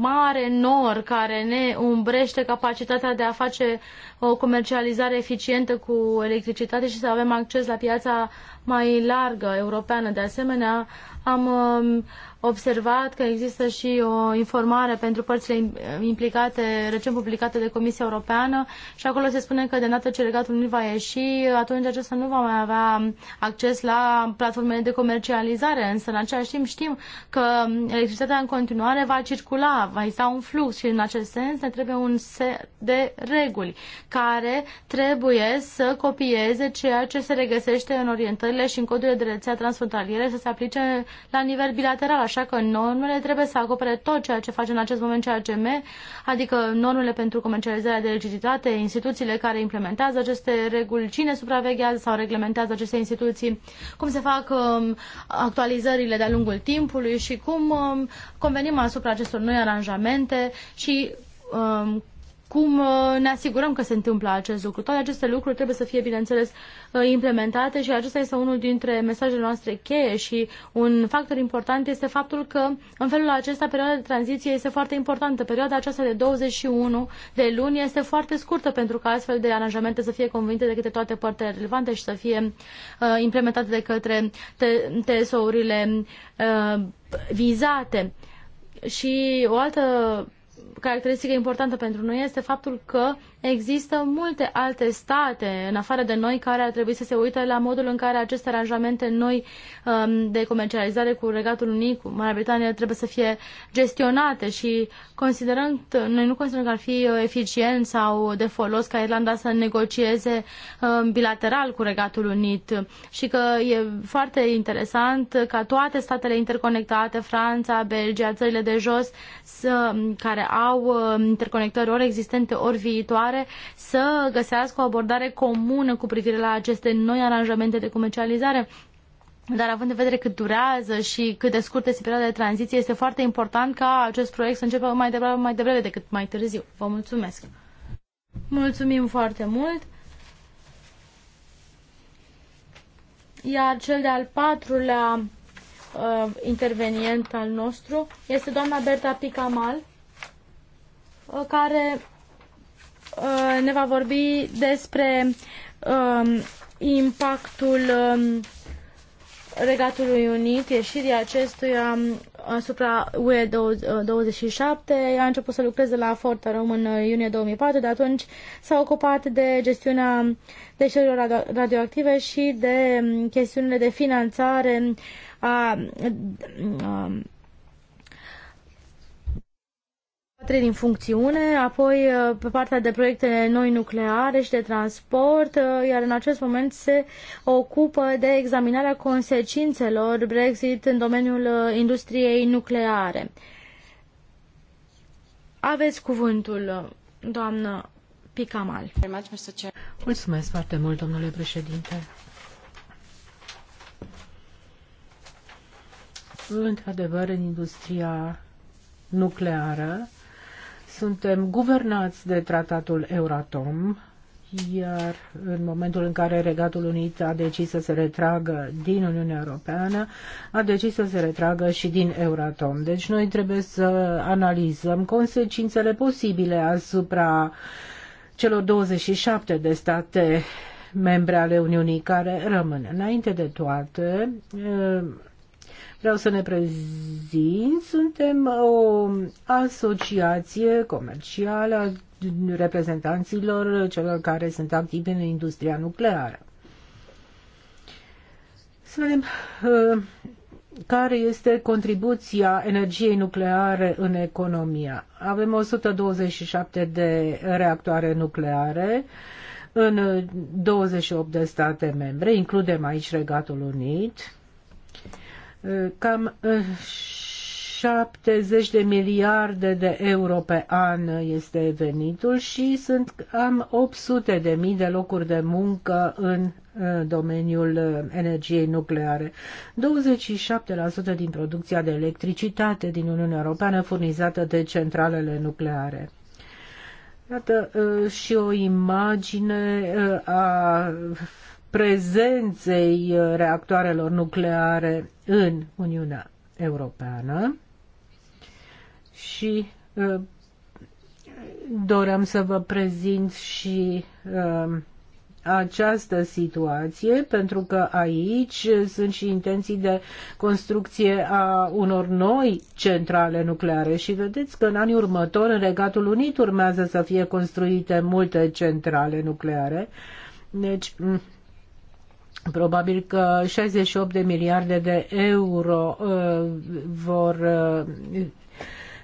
mare nor care ne umbrește capacitatea de a face o comercializare eficientă cu electricitate și să avem acces la piața mai largă europeană. De asemenea, am observat că există și o informare pentru părțile implicate, recent publicată de Comisia Europeană și acolo se spune că de dată ce Regatul nu va ieși, atunci acesta nu va mai avea acces la platformele de comercializare, însă în același timp știm că electricitatea în continuare va circula, va exista un flux și în acest sens ne trebuie un set de reguli care trebuie să copieze ceea ce se regăsește în orientările și în codurile de rețea transfrontaliere să se aplice la nivel bilateral, Așa că normele trebuie să acopere tot ceea ce face în acest moment CRCM, adică normele pentru comercializarea de legitimitate, instituțiile care implementează aceste reguli, cine supraveghează sau reglementează aceste instituții, cum se fac um, actualizările de-a lungul timpului și cum um, convenim asupra acestor noi aranjamente și um, cum uh, ne asigurăm că se întâmplă acest lucru. Toate aceste lucruri trebuie să fie, bineînțeles, uh, implementate și acesta este unul dintre mesajele noastre cheie și un factor important este faptul că în felul acesta perioada de tranziție este foarte importantă. Perioada aceasta de 21 de luni este foarte scurtă pentru că astfel de aranjamente să fie convenite de către toate părțile relevante și să fie uh, implementate de către TSO-urile uh, vizate. Și o altă caracteristică importantă pentru noi este faptul că Există multe alte state, în afară de noi, care ar trebui să se uite la modul în care aceste aranjamente noi um, de comercializare cu Regatul Unit, cu Marea Britanie, trebuie să fie gestionate și considerând noi nu considerăm că ar fi uh, eficient sau de folos ca Irlanda să negocieze um, bilateral cu Regatul Unit și că e foarte interesant ca toate statele interconectate, Franța, Belgia, țările de jos, să, um, care au interconectări ori existente, ori viitoare, cercetare să găsească o abordare comună cu privire la aceste noi aranjamente de comercializare. Dar având în vedere cât durează și cât de scurtă este perioada de tranziție, este foarte important ca acest proiect să înceapă mai devreme, mai devreme decât mai târziu. Vă mulțumesc! Mulțumim foarte mult! Iar cel de-al patrulea uh, intervenient al nostru este doamna Berta Picamal, uh, care Uh, ne va vorbi despre um, impactul um, Regatului Unit, ieșirii acestuia um, asupra UE 27. Uh, a început să lucreze la Rom în uh, iunie 2004, de atunci s-a ocupat de gestiunea deșeurilor radioactive și de chestiunile de finanțare a, a, a trei din funcțiune, apoi uh, pe partea de proiecte noi nucleare și de transport, uh, iar în acest moment se ocupă de examinarea consecințelor Brexit în domeniul uh, industriei nucleare. Aveți cuvântul, doamnă Picamal. Mulțumesc foarte mult, domnule președinte. Într-adevăr, în industria nucleară suntem guvernați de tratatul Euratom, iar în momentul în care Regatul Unit a decis să se retragă din Uniunea Europeană, a decis să se retragă și din Euratom. Deci noi trebuie să analizăm consecințele posibile asupra celor 27 de state membre ale Uniunii care rămân. Înainte de toate, vreau să ne prezint. Suntem o asociație comercială a reprezentanților celor care sunt activi în industria nucleară. Să vedem uh, care este contribuția energiei nucleare în economia. Avem 127 de reactoare nucleare în 28 de state membre, includem aici Regatul Unit, Cam 70 eh, de miliarde de euro pe an este venitul și sunt cam 800 de mii de locuri de muncă în eh, domeniul eh, energiei nucleare. 27% din producția de electricitate din Uniunea Europeană furnizată de centralele nucleare. Iată și o imagine a prezenței uh, reactoarelor nucleare în Uniunea Europeană și uh, doream să vă prezint și uh, această situație, pentru că aici sunt și intenții de construcție a unor noi centrale nucleare și vedeți că în anii următori în Regatul Unit urmează să fie construite multe centrale nucleare. Deci Probabil că 68 de miliarde de euro uh, vor uh,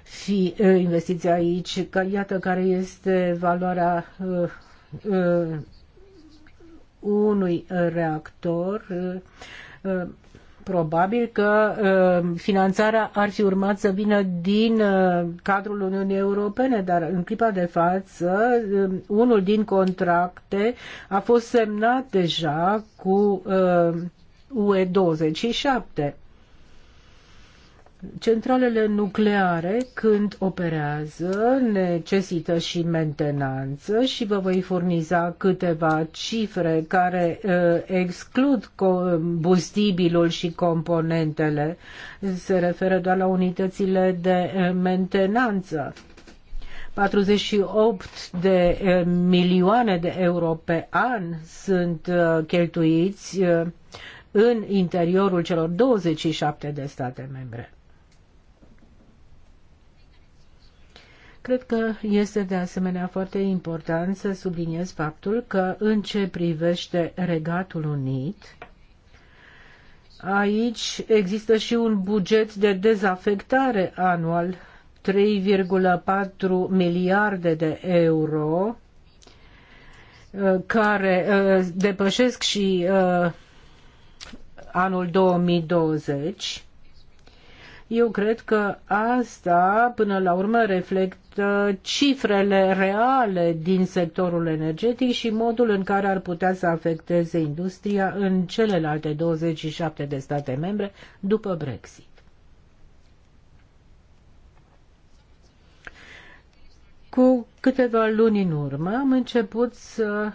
fi uh, investiți aici. Că, iată care este valoarea uh, uh, unui reactor. Uh, uh Probabil că uh, finanțarea ar fi urmat să vină din uh, cadrul Uniunii Europene, dar în clipa de față, uh, unul din contracte a fost semnat deja cu uh, UE27. Centralele nucleare, când operează, necesită și mentenanță și vă voi furniza câteva cifre care uh, exclud combustibilul și componentele. Se referă doar la unitățile de uh, mentenanță. 48 de uh, milioane de euro pe an sunt uh, cheltuiți uh, în interiorul celor 27 de state membre. Cred că este de asemenea foarte important să subliniez faptul că în ce privește Regatul Unit, aici există și un buget de dezafectare anual 3,4 miliarde de euro uh, care uh, depășesc și uh, anul 2020. Eu cred că asta, până la urmă, reflect, Uh, cifrele reale din sectorul energetic și modul în care ar putea să afecteze industria în celelalte 27 de state membre după Brexit. Cu câteva luni în urmă am început să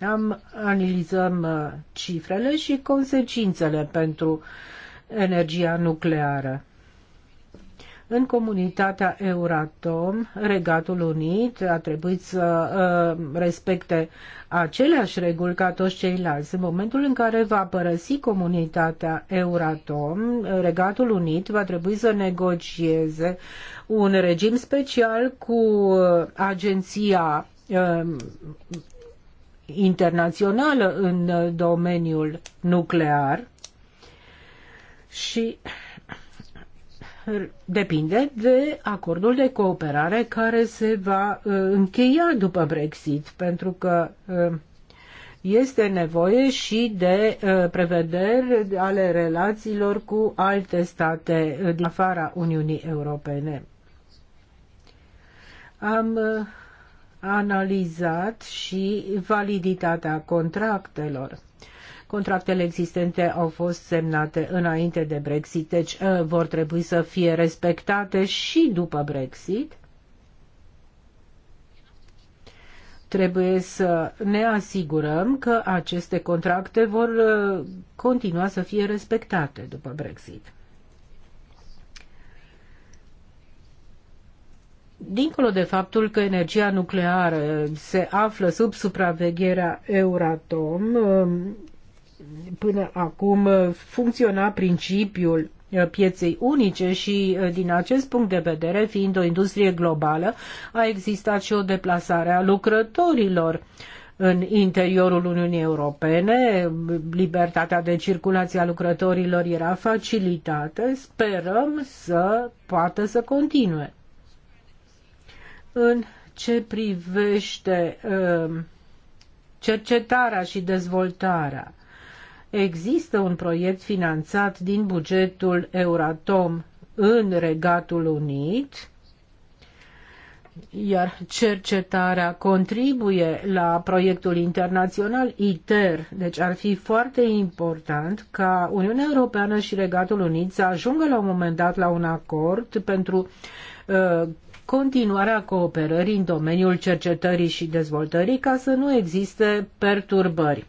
am, analizăm uh, cifrele și consecințele pentru energia nucleară. În comunitatea Euratom, Regatul Unit a trebuit să uh, respecte aceleași reguli ca toți ceilalți. În momentul în care va părăsi comunitatea Euratom, Regatul Unit va trebui să negocieze un regim special cu uh, agenția uh, internațională în uh, domeniul nuclear și uh, depinde de acordul de cooperare care se va uh, încheia după Brexit, pentru că uh, este nevoie și de uh, prevederi ale relațiilor cu alte state din afara Uniunii Europene. Am analizat și validitatea contractelor. Contractele existente au fost semnate înainte de Brexit, deci uh, vor trebui să fie respectate și după Brexit. Trebuie să ne asigurăm că aceste contracte vor uh, continua să fie respectate după Brexit. dincolo de faptul că energia nucleară se află sub supravegherea Euratom, um, până acum uh, funcționa principiul uh, pieței unice și uh, din acest punct de vedere, fiind o industrie globală, a existat și o deplasare a lucrătorilor în interiorul Uniunii Europene. Libertatea de circulație a lucrătorilor era facilitată. Sperăm să poată să continue. În ce privește cercetarea și dezvoltarea, Există un proiect finanțat din bugetul Euratom în Regatul Unit, iar cercetarea contribuie la proiectul internațional ITER. Deci ar fi foarte important ca Uniunea Europeană și Regatul Unit să ajungă la un moment dat la un acord pentru uh, continuarea cooperării în domeniul cercetării și dezvoltării ca să nu existe perturbări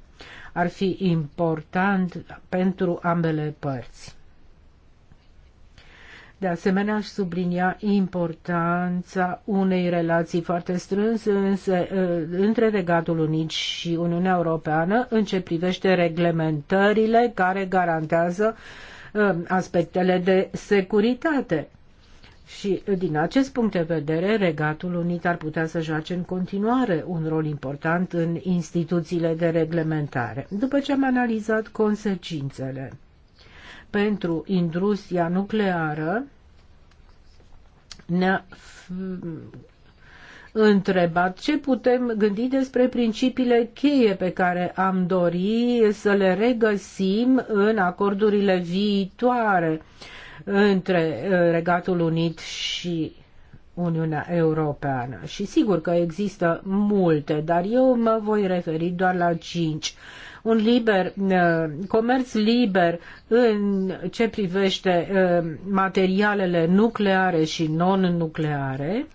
ar fi important pentru ambele părți. De asemenea, aș sublinia importanța unei relații foarte strânse însă, uh, între Regatul Unit și Uniunea Europeană în ce privește reglementările care garantează uh, aspectele de securitate. Și din acest punct de vedere, Regatul Unit ar putea să joace în continuare un rol important în instituțiile de reglementare. După ce am analizat consecințele pentru industria nucleară, ne-a întrebat ce putem gândi despre principiile cheie pe care am dori să le regăsim în acordurile viitoare între uh, Regatul Unit și Uniunea Europeană. Și sigur că există multe, dar eu mă voi referi doar la cinci. Un liber, uh, comerț liber în ce privește uh, materialele nucleare și non-nucleare,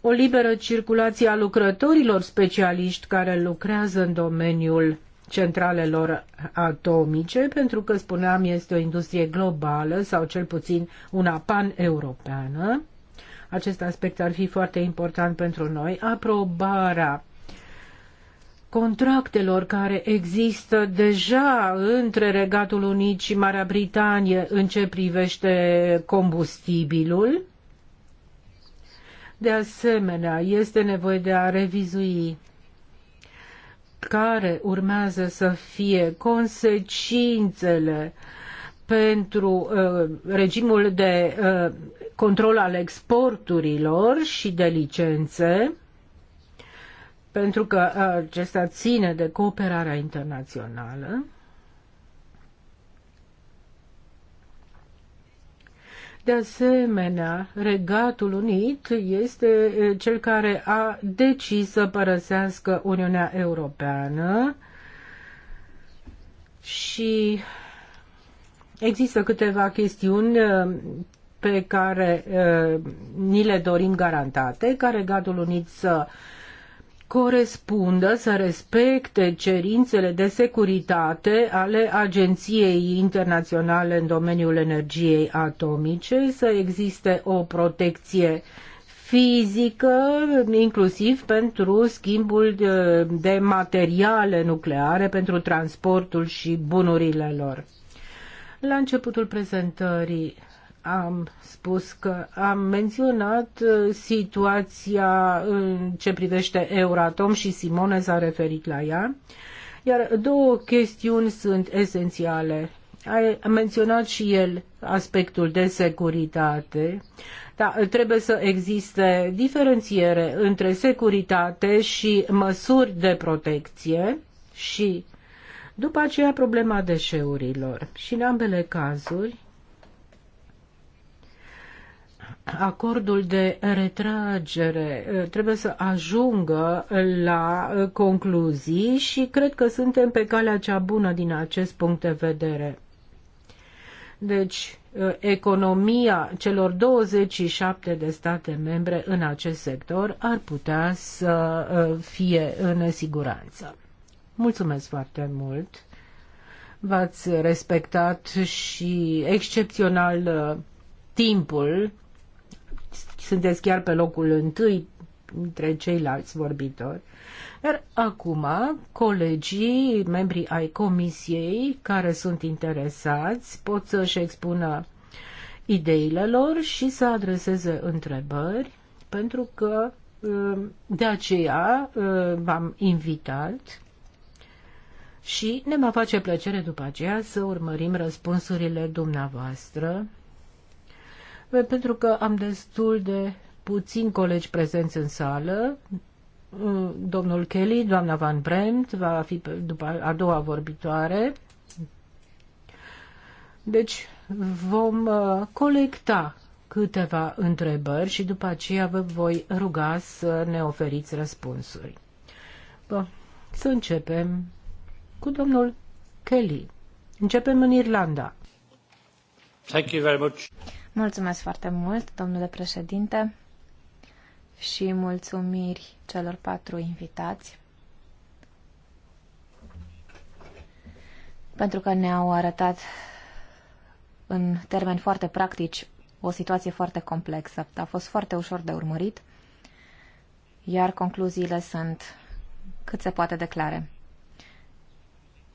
o liberă circulație a lucrătorilor specialiști care lucrează în domeniul centralelor atomice, pentru că, spuneam, este o industrie globală sau cel puțin una pan-europeană. Acest aspect ar fi foarte important pentru noi. Aprobarea contractelor care există deja între Regatul Unit și Marea Britanie în ce privește combustibilul. De asemenea, este nevoie de a revizui care urmează să fie consecințele pentru uh, regimul de uh, control al exporturilor și de licențe, pentru că uh, acesta ține de cooperarea internațională. De asemenea, Regatul Unit este cel care a decis să părăsească Uniunea Europeană și există câteva chestiuni pe care ni le dorim garantate, ca Regatul Unit să uh, corespundă, să respecte cerințele de securitate ale Agenției Internaționale în domeniul energiei atomice, să existe o protecție fizică, inclusiv pentru schimbul de, de materiale nucleare, pentru transportul și bunurile lor. La începutul prezentării am spus că am menționat uh, situația în ce privește Euratom și Simone s-a referit la ea. Iar două chestiuni sunt esențiale. A menționat și el aspectul de securitate, dar trebuie să existe diferențiere între securitate și măsuri de protecție și după aceea problema deșeurilor. Și în ambele cazuri acordul de retragere uh, trebuie să ajungă la uh, concluzii și cred că suntem pe calea cea bună din acest punct de vedere. Deci, uh, economia celor 27 de state membre în acest sector ar putea să fie în siguranță. Mulțumesc foarte mult! V-ați respectat și excepțional timpul sunteți chiar pe locul întâi între ceilalți vorbitori. Iar acum, colegii, membrii ai comisiei care sunt interesați pot să-și expună ideile lor și să adreseze întrebări, pentru că um, de aceea v-am um, invitat și ne va face plăcere după aceea să urmărim răspunsurile dumneavoastră pentru că am destul de puțini colegi prezenți în sală, domnul Kelly, doamna Van Bremt va fi după a doua vorbitoare. Deci vom uh, colecta câteva întrebări și după aceea vă voi ruga să ne oferiți răspunsuri. Bă, să începem cu domnul Kelly. Începem în Irlanda. Thank you very much. Mulțumesc foarte mult, domnule președinte, și mulțumiri celor patru invitați pentru că ne-au arătat în termeni foarte practici o situație foarte complexă. A fost foarte ușor de urmărit, iar concluziile sunt cât se poate declare.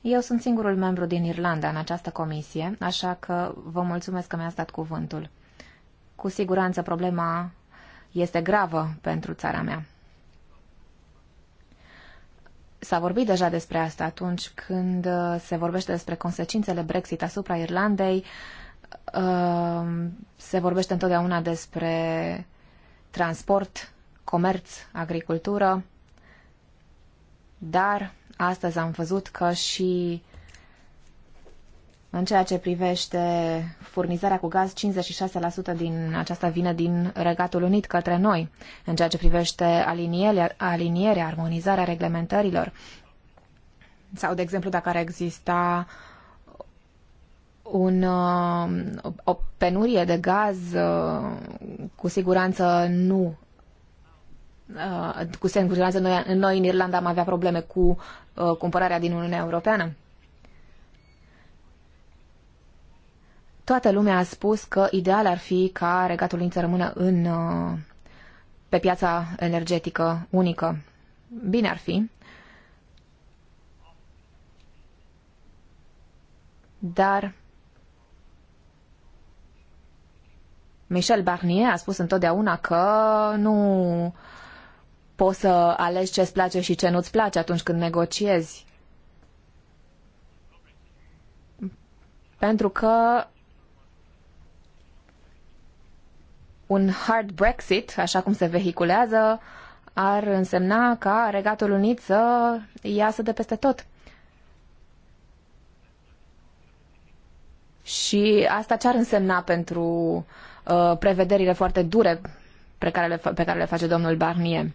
Eu sunt singurul membru din Irlanda în această comisie, așa că vă mulțumesc că mi-ați dat cuvântul. Cu siguranță problema este gravă pentru țara mea. S-a vorbit deja despre asta atunci când uh, se vorbește despre consecințele Brexit asupra Irlandei. Uh, se vorbește întotdeauna despre transport, comerț, agricultură, dar Astăzi am văzut că și în ceea ce privește furnizarea cu gaz, 56% din aceasta vine din Regatul Unit către noi. În ceea ce privește alinierea, alinierea armonizarea reglementărilor, sau, de exemplu, dacă ar exista un, uh, o penurie de gaz, uh, cu siguranță nu. Uh, cu siguranță noi, noi în Irlanda am avea probleme cu Uh, cumpărarea din Uniunea Europeană. Toată lumea a spus că ideal ar fi ca Regatul Unit să rămână în, uh, pe piața energetică unică. Bine ar fi. Dar Michel Barnier a spus întotdeauna că nu poți să alegi ce-ți place și ce nu-ți place atunci când negociezi. Pentru că un hard Brexit, așa cum se vehiculează, ar însemna ca Regatul Unit să iasă de peste tot. Și asta ce ar însemna pentru uh, prevederile foarte dure pe care, le, pe care le face domnul Barnier?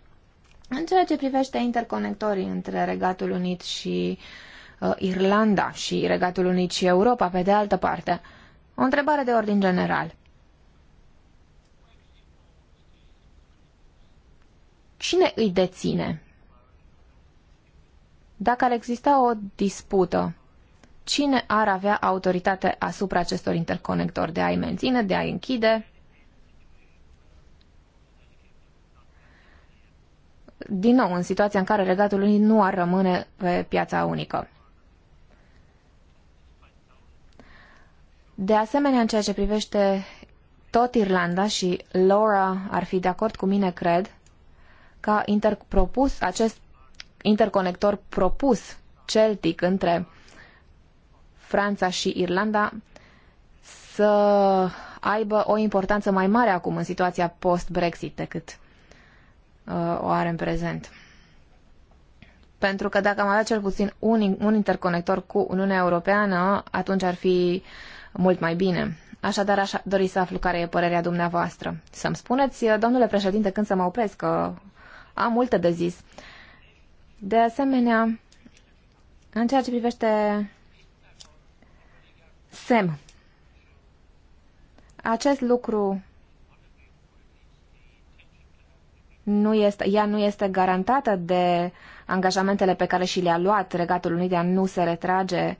În ceea ce privește interconectorii între Regatul Unit și uh, Irlanda și Regatul Unit și Europa, pe de altă parte, o întrebare de ordin general. Cine îi deține? Dacă ar exista o dispută, cine ar avea autoritate asupra acestor interconectori de a-i menține, de a-i închide? din nou în situația în care Regatul Unit nu ar rămâne pe piața unică. De asemenea, în ceea ce privește tot Irlanda și Laura ar fi de acord cu mine, cred, ca inter- propus, acest interconector propus celtic între Franța și Irlanda să aibă o importanță mai mare acum în situația post-Brexit decât Uh, o are în prezent. Pentru că dacă am avea cel puțin un, un interconector cu Uniunea Europeană, atunci ar fi mult mai bine. Așadar, aș dori să aflu care e părerea dumneavoastră. Să-mi spuneți, uh, domnule președinte, când să mă opresc, că am multe de zis. De asemenea, în ceea ce privește SEM, acest lucru nu este, ea nu este garantată de angajamentele pe care și le-a luat. Regatul Unit de nu se retrage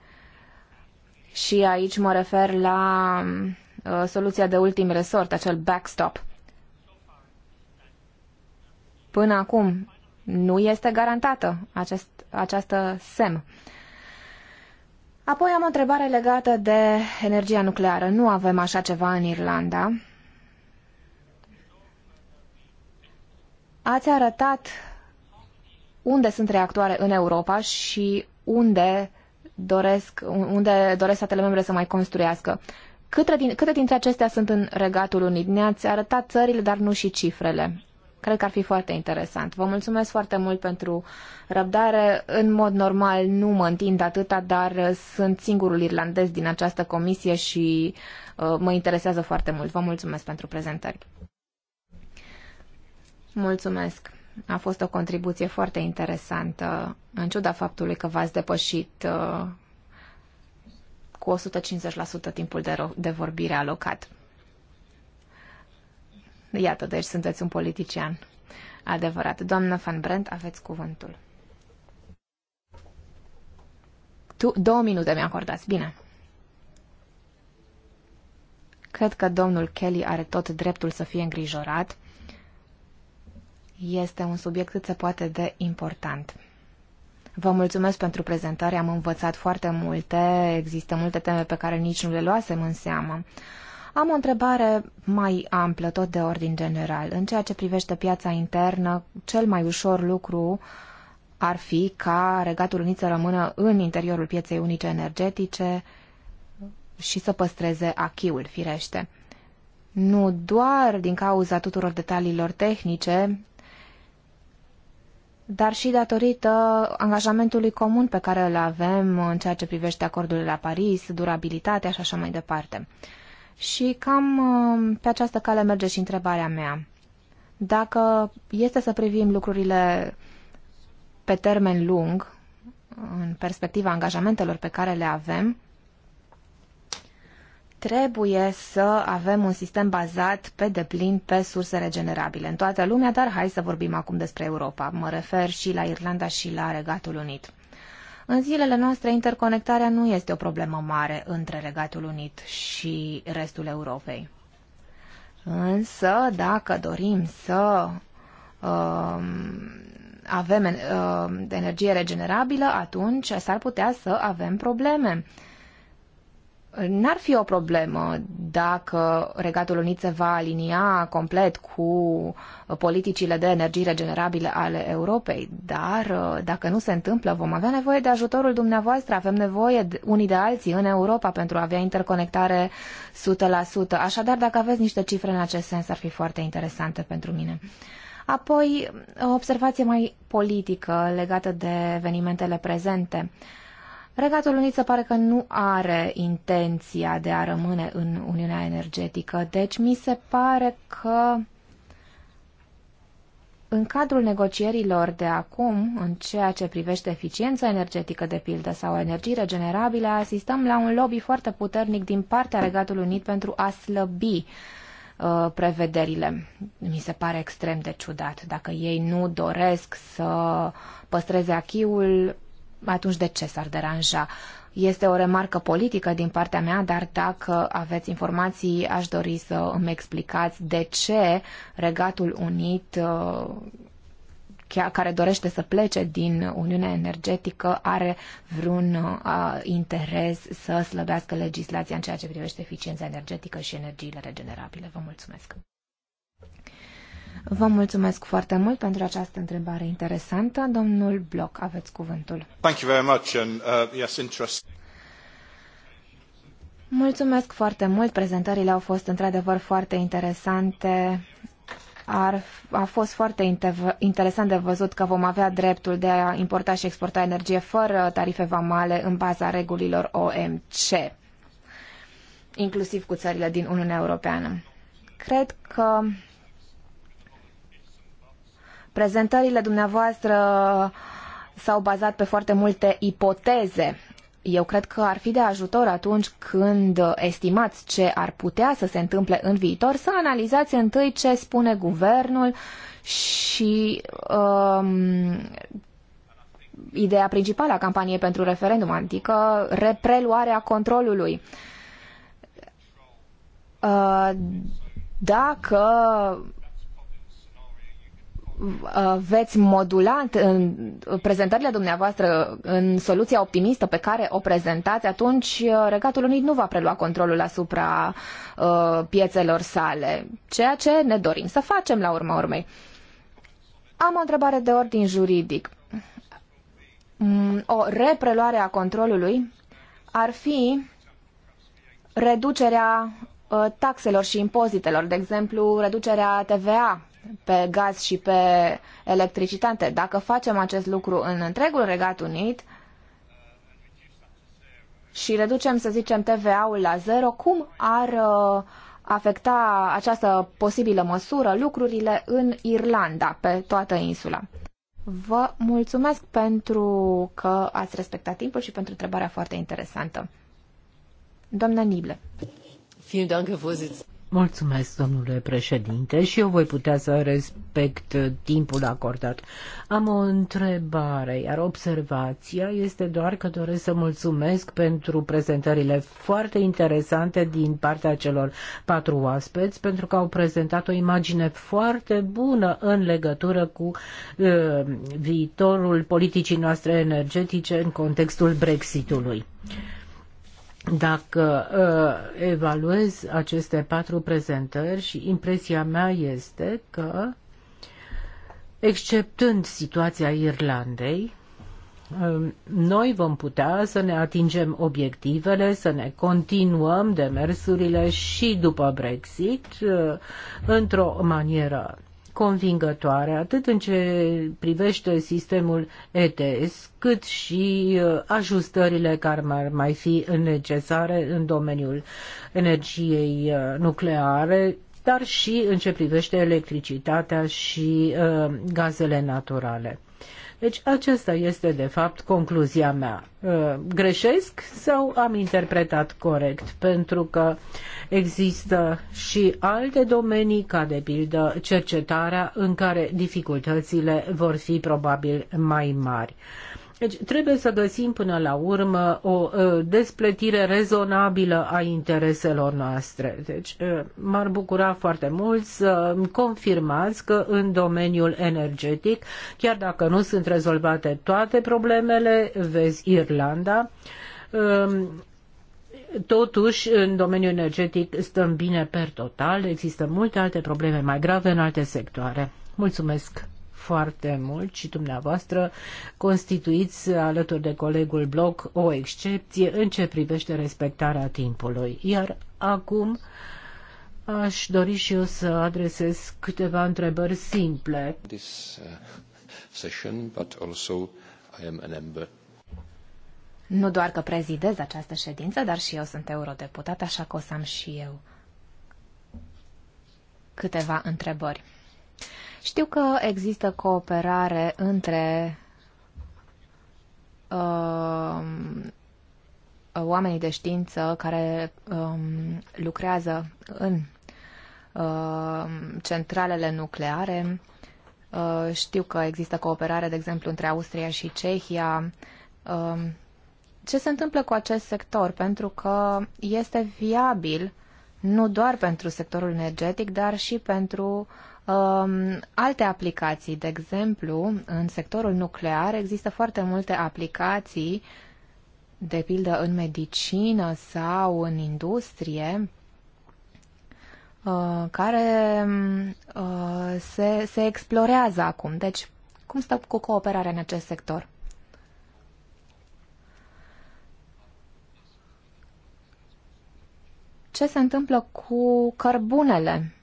și aici mă refer la uh, soluția de ultim resort, acel backstop. Până acum nu este garantată acest, această SEM. Apoi am o întrebare legată de energia nucleară. Nu avem așa ceva în Irlanda. ați arătat unde sunt reactoare în Europa și unde doresc, unde doresc statele membre să mai construiască. Câte, din, câte dintre acestea sunt în Regatul Unit? Ne-ați arătat țările, dar nu și cifrele. Cred că ar fi foarte interesant. Vă mulțumesc foarte mult pentru răbdare. În mod normal nu mă întind atâta, dar sunt singurul irlandez din această comisie și uh, mă interesează foarte mult. Vă mulțumesc pentru prezentări. Mulțumesc! A fost o contribuție foarte interesantă, în ciuda faptului că v-ați depășit uh, cu 150% timpul de, de vorbire alocat. Iată, deci sunteți un politician adevărat. Doamnă Van Brent, aveți cuvântul. Tu, două minute mi acordați, bine. Cred că domnul Kelly are tot dreptul să fie îngrijorat este un subiect cât se poate de important. Vă mulțumesc pentru prezentare, am învățat foarte multe, există multe teme pe care nici nu le luasem în seamă. Am o întrebare mai amplă, tot de ordin general. În ceea ce privește piața internă, cel mai ușor lucru ar fi ca Regatul Unit să rămână în interiorul pieței unice energetice și să păstreze achiul, firește. Nu doar din cauza tuturor detaliilor tehnice dar și datorită angajamentului comun pe care îl avem în ceea ce privește acordurile la Paris, durabilitatea și așa mai departe. Și cam uh, pe această cale merge și întrebarea mea. Dacă este să privim lucrurile pe termen lung, în perspectiva angajamentelor pe care le avem, Trebuie să avem un sistem bazat pe deplin pe surse regenerabile în toată lumea, dar hai să vorbim acum despre Europa. Mă refer și la Irlanda și la Regatul Unit. În zilele noastre, interconectarea nu este o problemă mare între Regatul Unit și restul Europei. Însă, dacă dorim să uh, avem uh, energie regenerabilă, atunci s-ar putea să avem probleme. Uh, N-ar fi o problemă dacă Regatul Unit se va alinia complet cu politicile de energii regenerabile ale Europei, dar uh, dacă nu se întâmplă, vom avea nevoie de ajutorul dumneavoastră, avem nevoie de unii de alții în Europa pentru a avea interconectare 100%. Așadar, dacă aveți niște cifre în acest sens, ar fi foarte interesante pentru mine. Apoi, o observație mai politică legată de evenimentele prezente. Uh, Regatul Unit se pare că nu are intenția de a rămâne în Uniunea Energetică, deci mi se pare că în cadrul negocierilor de acum, în ceea ce privește eficiența energetică de pildă sau energii regenerabile, asistăm la un lobby foarte puternic din partea Regatului Unit pentru a slăbi uh, prevederile. Mi se pare extrem de ciudat. Dacă ei nu doresc să păstreze achiul, atunci de ce s-ar deranja? Este o remarcă politică din partea mea, dar dacă aveți informații, aș dori să îmi explicați de ce Regatul Unit, uh, care dorește să plece din Uniunea Energetică, are vreun uh, interes să slăbească legislația în ceea ce privește eficiența energetică și energiile regenerabile. Vă mulțumesc! Vă mulțumesc foarte mult pentru această întrebare interesantă. Domnul Bloc, aveți cuvântul. Thank you very much and, uh, yes, interest. Mulțumesc foarte mult. Prezentările au fost într-adevăr foarte interesante. Ar, a fost foarte interesant de văzut că vom avea dreptul de a importa și exporta energie fără tarife vamale în baza regulilor OMC, inclusiv cu țările din Uniunea Europeană. Cred că Prezentările dumneavoastră s-au bazat pe foarte multe ipoteze. Eu cred că ar fi de ajutor atunci când estimați ce ar putea să se întâmple în viitor, să analizați întâi ce spune guvernul și um, ideea principală a campaniei pentru referendum, adică repreluarea controlului. Uh, dacă Uh, veți modula în prezentările dumneavoastră în soluția optimistă pe care o prezentați, atunci uh, Regatul Unit nu va prelua controlul asupra uh, piețelor sale, ceea ce ne dorim să facem la urma urmei. Am o întrebare de ordin juridic. Mm, o repreluare a controlului ar fi reducerea taxelor și impozitelor, de exemplu, reducerea TVA pe gaz și pe electricitate. Dacă facem acest lucru în întregul Regat Unit și reducem, să zicem, TVA-ul la zero, cum ar uh, afecta această posibilă măsură lucrurile în Irlanda, pe toată insula? Vă mulțumesc pentru că ați respectat timpul și pentru întrebarea foarte interesantă. Doamna Nible. Vielen Dank, Herr Vorsitzender. Mulțumesc, domnule președinte, și eu voi putea să respect timpul acordat. Am o întrebare, iar observația este doar că doresc să mulțumesc pentru prezentările foarte interesante din partea celor patru oaspeți, pentru că au prezentat o imagine foarte bună în legătură cu uh, viitorul politicii noastre energetice în contextul Brexitului. Dacă uh, evaluez aceste patru prezentări și impresia mea este că, exceptând situația Irlandei, um, noi vom putea să ne atingem obiectivele, să ne continuăm demersurile și după Brexit uh, într-o manieră convingătoare, atât în ce privește sistemul ETS, cât și uh, ajustările care ar mai fi necesare în domeniul energiei uh, nucleare, dar și în ce privește electricitatea și uh, gazele naturale. Deci aceasta este de fapt concluzia mea. Uh, greșesc sau am interpretat corect? Pentru că există și alte domenii, ca de pildă cercetarea, în care dificultățile vor fi probabil mai mari. Deci trebuie să găsim până la urmă o uh, despletire rezonabilă a intereselor noastre. Deci uh, m-ar bucura foarte mult să confirmați că în domeniul energetic, chiar dacă nu sunt rezolvate toate problemele, vezi Irlanda, um, Totuși, în domeniul energetic stăm bine per total, există multe alte probleme mai grave în alte sectoare. Mulțumesc! foarte mult și dumneavoastră constituiți alături de colegul Bloc o excepție în ce privește respectarea timpului. Iar acum aș dori și eu să adresez câteva întrebări simple. This, uh, session, but also I am a member nu doar că prezidez această ședință, dar și eu sunt eurodeputat, așa că o să am și eu câteva întrebări. Știu că există cooperare între uh, oamenii de știință care um, lucrează în uh, centralele nucleare. Uh, știu că există cooperare, de exemplu, între Austria și Cehia. Uh, ce se întâmplă cu acest sector? Pentru că este viabil nu doar pentru sectorul energetic, dar și pentru uh, um, alte aplicații. De exemplu, în sectorul nuclear există foarte multe aplicații, de pildă în medicină sau în industrie, uh, care uh, se, se explorează acum. Deci, cum stă cu cooperarea în acest sector? ce se întâmplă cu cărbunele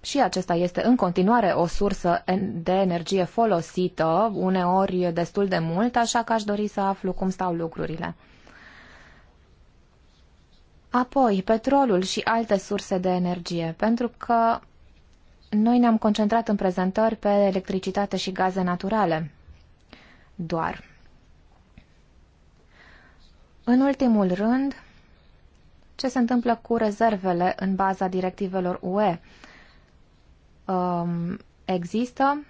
și acesta este în continuare o sursă de energie folosită, uneori destul de mult, așa că aș dori să aflu cum stau lucrurile. Apoi, petrolul și alte surse de energie, pentru că noi ne-am concentrat în prezentări pe electricitate și gaze naturale. Doar. În ultimul rând, ce se întâmplă cu rezervele în baza directivelor UE? um, există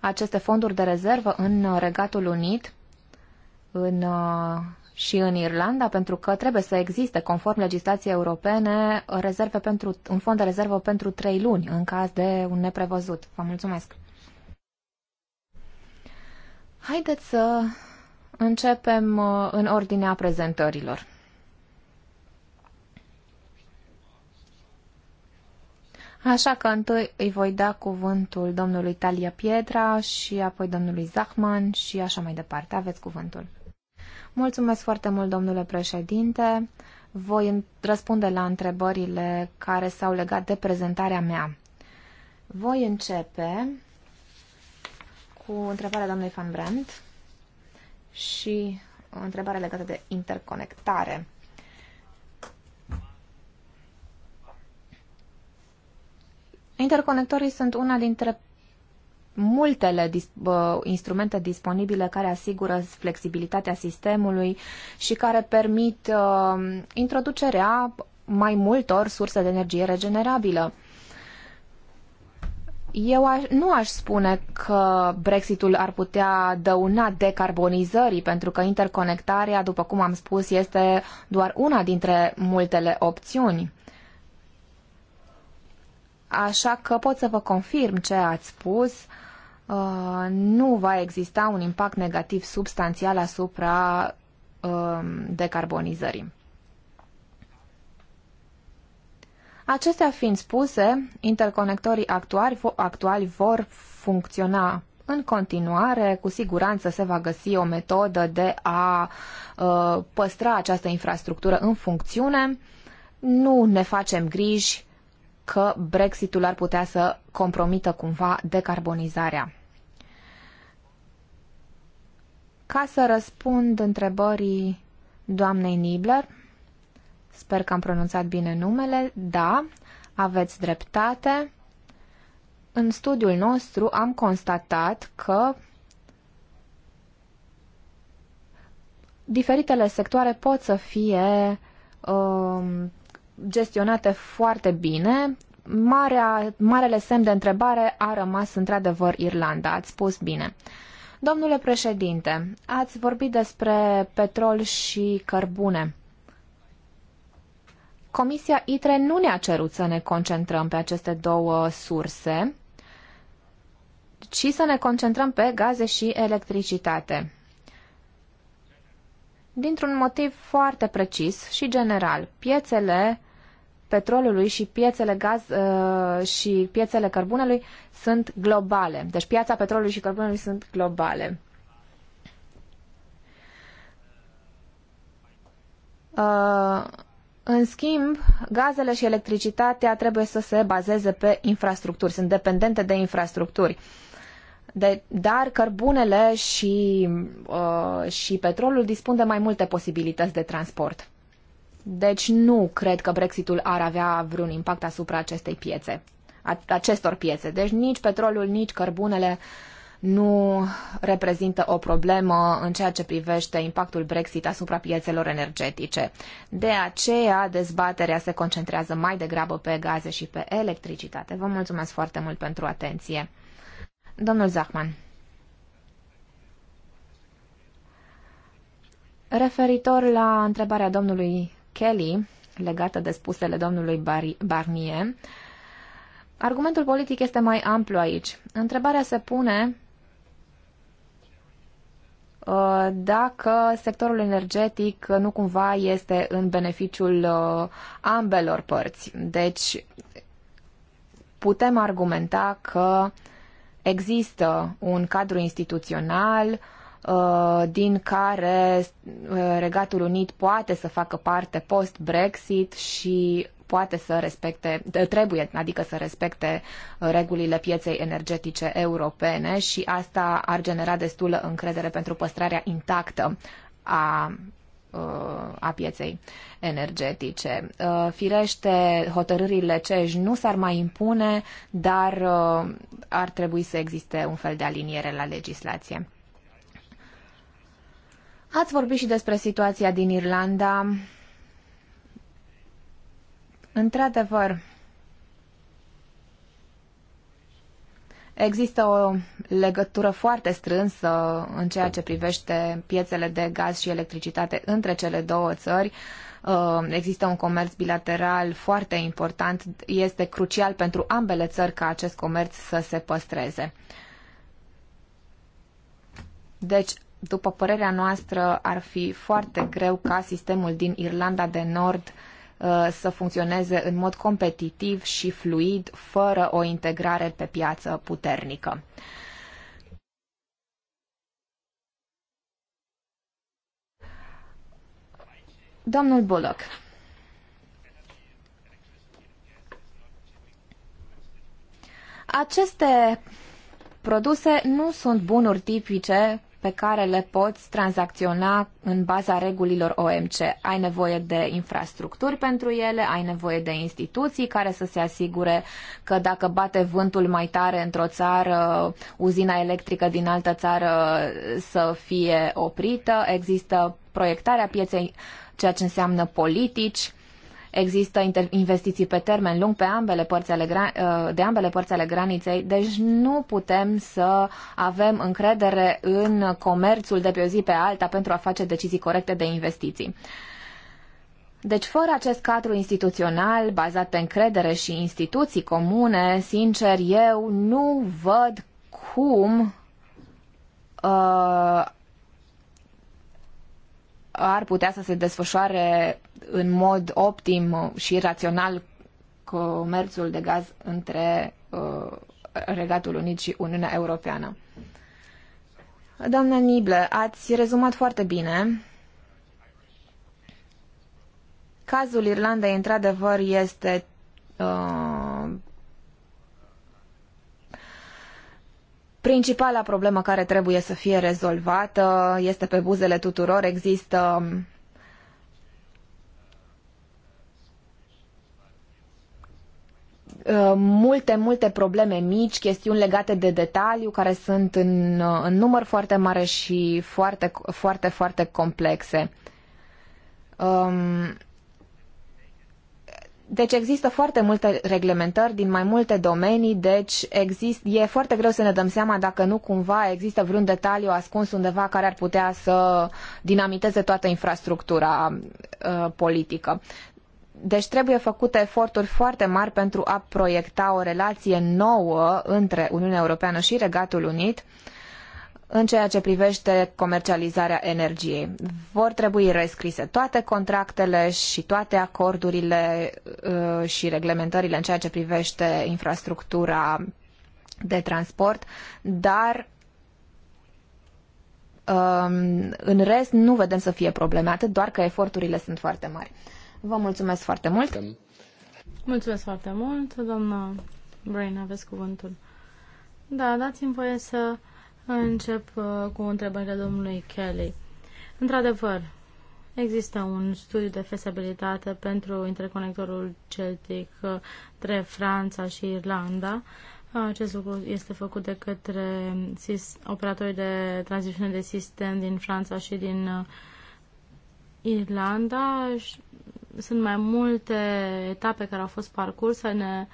aceste fonduri de rezervă în uh, Regatul Unit în, uh, și în Irlanda, pentru că trebuie să existe, conform legislației europene, rezerve pentru, un fond de rezervă pentru trei luni, în caz de un neprevăzut. Vă mulțumesc! Haideți să începem uh, în ordinea prezentărilor. Așa că întâi îi voi da cuvântul domnului Talia Pietra și apoi domnului Zahman și așa mai departe. Aveți cuvântul. Mulțumesc foarte mult, domnule președinte. Voi răspunde la întrebările care s-au legat de prezentarea mea. Voi începe cu întrebarea doamnei Van Brandt și o întrebare legată de interconectare. Interconectorii sunt una dintre multele dis- bă, instrumente disponibile care asigură flexibilitatea sistemului și care permit uh, introducerea mai multor surse de energie regenerabilă. Eu aș, nu aș spune că Brexitul ar putea dăuna decarbonizării, pentru că interconectarea, după cum am spus, este doar una dintre multele opțiuni. Așa că pot să vă confirm ce ați spus. Uh, nu va exista un impact negativ substanțial asupra um, decarbonizării. Acestea fiind spuse, interconectorii actuali, actuali vor funcționa în continuare, cu siguranță se va găsi o metodă de a uh, păstra această infrastructură în funcțiune. Nu ne facem griji că Brexitul ar putea să compromită cumva decarbonizarea. Ca să răspund întrebării doamnei Nibler, sper că am pronunțat bine numele, da, aveți dreptate. În studiul nostru am constatat că diferitele sectoare pot să fie uh, gestionate foarte bine. Marea, marele semn de întrebare a rămas într-adevăr Irlanda. Ați spus bine. Domnule președinte, ați vorbit despre petrol și cărbune. Comisia ITRE nu ne-a cerut să ne concentrăm pe aceste două surse, ci să ne concentrăm pe gaze și electricitate. Dintr-un motiv foarte precis și general, piețele petrolului și piețele gaz uh, și piețele cărbunelui sunt globale. Deci piața petrolului și cărbunelui sunt globale. Uh, în schimb, gazele și electricitatea trebuie să se bazeze pe infrastructuri, sunt dependente de infrastructuri. De, dar cărbunele și, uh, și petrolul dispun de mai multe posibilități de transport. Deci nu cred că Brexitul ar avea vreun impact asupra acestei piețe, acestor piețe. Deci nici petrolul, nici cărbunele nu reprezintă o problemă în ceea ce privește impactul Brexit asupra piețelor energetice. De aceea, dezbaterea se concentrează mai degrabă pe gaze și pe electricitate. Vă mulțumesc foarte mult pentru atenție. Domnul Zahman. Referitor la întrebarea domnului Kelly legată de spusele domnului Barnier. Argumentul politic este mai amplu aici. Întrebarea se pune uh, dacă sectorul energetic nu cumva este în beneficiul uh, ambelor părți. Deci putem argumenta că există un cadru instituțional Uh, din care uh, Regatul Unit poate să facă parte post-Brexit și poate să respecte, uh, trebuie, adică să respecte regulile pieței energetice europene și asta ar genera destulă încredere pentru păstrarea intactă a a pieței energetice. Firește, hotărârile CEJ nu s-ar mai impune, dar ar trebui să existe un fel de aliniere la legislație. Ați vorbit și despre situația din Irlanda. Într-adevăr, Există o legătură foarte strânsă în ceea ce privește piețele de gaz și electricitate între cele două țări. Uh, există un comerț bilateral foarte important. Este crucial pentru ambele țări ca acest comerț să se păstreze. Deci după părerea noastră, ar fi foarte greu ca sistemul din Irlanda de Nord uh, să funcționeze în mod competitiv și fluid, fără o integrare pe piață puternică. Domnul Bullock. Aceste produse nu sunt bunuri tipice pe care le poți tranzacționa în baza regulilor OMC. Ai nevoie de infrastructuri pentru ele, ai nevoie de instituții care să se asigure că dacă bate vântul mai tare într-o țară, uzina electrică din altă țară să fie oprită. Există proiectarea pieței, ceea ce înseamnă politici există investiții pe termen lung pe ambele părți ale uh, de ambele părți ale graniței, deci nu putem să avem încredere în comerțul de pe o zi pe alta pentru a face decizii corecte de investiții. Deci, fără acest cadru instituțional bazat pe încredere și instituții comune, sincer, eu nu văd cum uh, ar putea să se desfășoare în mod optim și rațional comerțul de gaz între uh, Regatul Unit și Uniunea Europeană. Doamna Nible, ați rezumat foarte bine. Cazul Irlandei, într-adevăr, este uh, Principala problemă care trebuie să fie rezolvată este pe buzele tuturor. Există um, uh, multe, multe probleme mici, chestiuni legate de detaliu, care sunt în, uh, în număr foarte mare și foarte, foarte, foarte complexe. Um, deci există foarte multe reglementări din mai multe domenii, deci exist, e foarte greu să ne dăm seama dacă nu cumva există vreun detaliu ascuns undeva care ar putea să dinamiteze toată infrastructura uh, politică. Deci trebuie făcute eforturi foarte mari pentru a proiecta o relație nouă între Uniunea Europeană și Regatul Unit uh, în ceea ce privește comercializarea energiei. Vor trebui rescrise toate contractele și toate acordurile uh, și reglementările în ceea ce privește infrastructura de transport, dar um, în rest nu vedem să fie probleme atât, doar că eforturile sunt foarte mari. Vă mulțumesc foarte mult! Mulțumesc foarte mult, doamna Brain, aveți cuvântul. Da, dați-mi voie să Încep uh, cu întrebarea domnului Kelly. Într-adevăr, există un studiu de fezabilitate pentru interconectorul celtic uh, între Franța și Irlanda. Uh, acest lucru este făcut de către operatorii de tranziție de sistem din Franța și din Irlanda. Sunt mai multe etape care au fost parcurse. Ne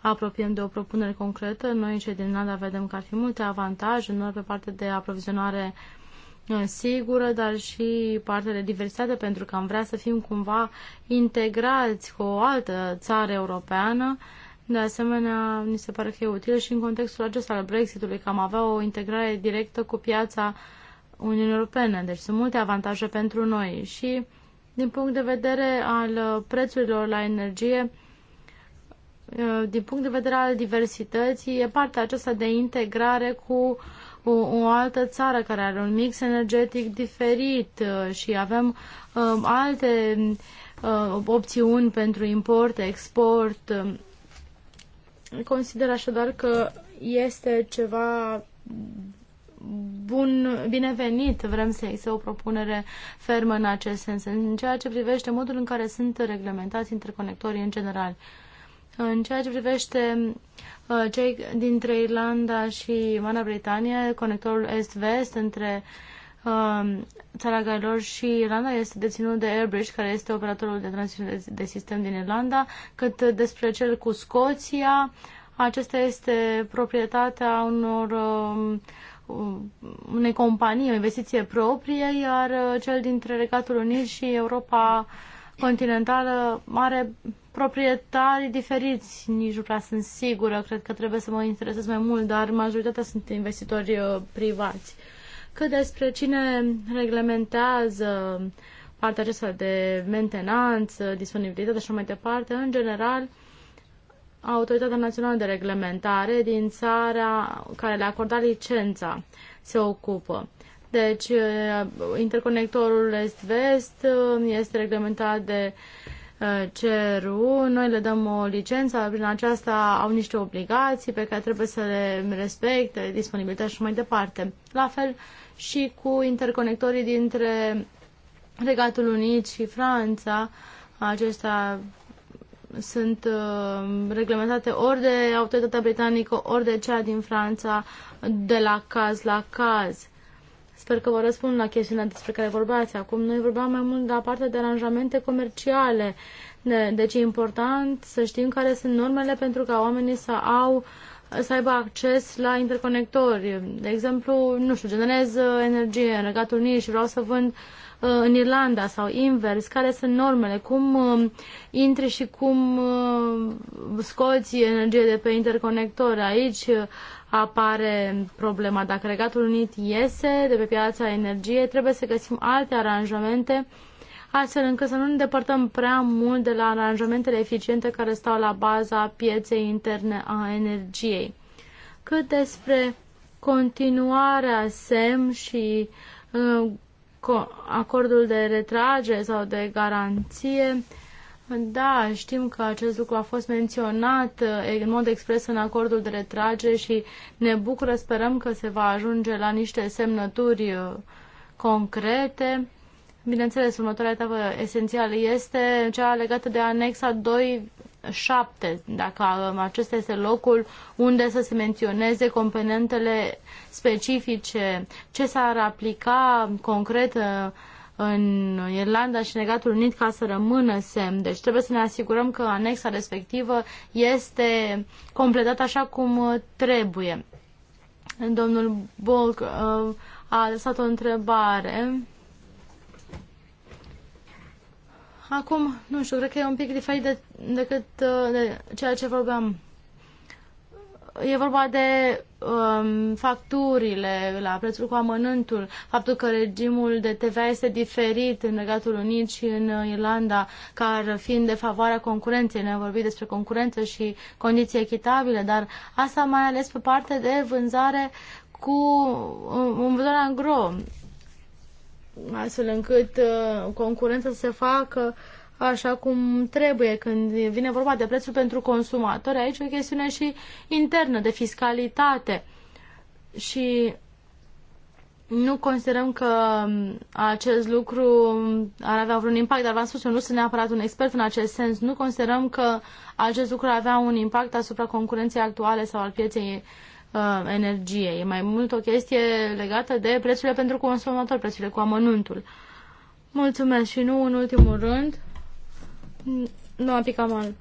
apropiem de o propunere concretă. Noi, cei din NADA, vedem că ar fi multe avantaje, nu pe partea de aprovizionare uh, sigură, dar și partea de diversitate, pentru că am vrea să fim cumva integrați cu o altă țară europeană. De asemenea, mi se pare că e util și în contextul acesta al Brexitului, că am avea o integrare directă cu piața Uniunii Europene. Deci sunt multe avantaje pentru noi și din punct de vedere al uh, prețurilor la energie, Eh, din punct de vedere al diversității, e partea aceasta de integrare cu o, o altă țară care are un mix energetic diferit eh, și avem uh, alte uh, opțiuni pentru import, export. Consider așadar că este ceva bun, binevenit, vrem să există o propunere fermă în acest sens, în ceea ce privește modul în care sunt reglementați interconectorii în general. În ceea ce privește uh, cei dintre Irlanda și Marea Britanie, conectorul est-vest între um, țara Gailor și Irlanda este deținut de Airbridge, care este operatorul de tranziție de sistem din Irlanda, cât despre cel cu Scoția, acesta este proprietatea unor um, unei companii, o investiție proprie, iar cel dintre Regatul Unit și Europa continentală are proprietari diferiți, nici nu prea sunt sigură, cred că trebuie să mă interesez mai mult, dar majoritatea sunt investitori uh, privați. Că despre cine reglementează partea aceasta de mentenanță, disponibilitate și așa mai departe, în general, Autoritatea Națională de Reglementare din țara care le-a acordat licența se ocupă. Deci, uh, interconectorul est-vest uh, este reglementat de Uh, CRU, noi le dăm o licență, prin aceasta au niște obligații pe care trebuie să le respecte, disponibilitatea și mai departe. La fel și cu interconectorii dintre Regatul Unit și Franța, acestea sunt uh, reglementate ori de autoritatea britanică, ori de cea din Franța, de la caz la caz. Sper că vă răspund la chestiunea despre care vorbeați acum. Noi vorbeam mai mult de la partea de aranjamente comerciale. De, deci e important să știm care sunt normele pentru ca oamenii să au să aibă acces la interconectori. De exemplu, nu știu, generez uh, energie în regatul Nii și vreau să vând uh, în Irlanda sau invers, care sunt normele, cum um, intri și cum uh, scoți energie de pe interconector. Aici apare problema. Dacă Regatul Unit iese de pe piața energiei, trebuie să găsim alte aranjamente astfel încât să nu ne depărtăm prea mult de la aranjamentele eficiente care stau la baza pieței interne a energiei. Cât despre continuarea SEM și uh, acordul de retrage sau de garanție, uh, da, știm că acest lucru a fost menționat uh, în mod expres în acordul de retragere și ne bucură, sperăm că se va ajunge la niște semnături uh, concrete. Bineînțeles, următoarea etapă esențială este cea legată de anexa 2 7, dacă um, acesta este locul unde să se menționeze componentele specifice, ce s-ar aplica concret uh, în Irlanda și Negatul Unit ca să rămână semn. Deci trebuie să ne asigurăm că anexa respectivă este completată așa cum trebuie. Domnul Bolc uh, a lăsat o întrebare. Acum, nu știu, cred că e un pic diferit de, decât uh, de ceea ce vorbeam E vorba de um, facturile la prețul cu amănântul, faptul că regimul de TVA este diferit în Regatul Unit și în Irlanda, care fiind de favoarea concurenței. ne am vorbit despre concurență și condiții echitabile, dar asta mai ales pe parte de vânzare cu um, un vânzare în gro, astfel încât uh, concurența să se facă uh, așa cum trebuie când vine vorba de prețul pentru consumatori. Aici e o chestiune și internă de fiscalitate și nu considerăm că um, acest lucru um, ar avea vreun impact, dar v-am spus, eu nu sunt neapărat un expert în acest sens. Nu considerăm că acest lucru ar avea un impact asupra concurenței actuale sau al pieței uh, energiei. E mai mult o chestie legată de prețurile pentru consumator, prețurile cu amănuntul. Mulțumesc și nu în ultimul rând picat mal.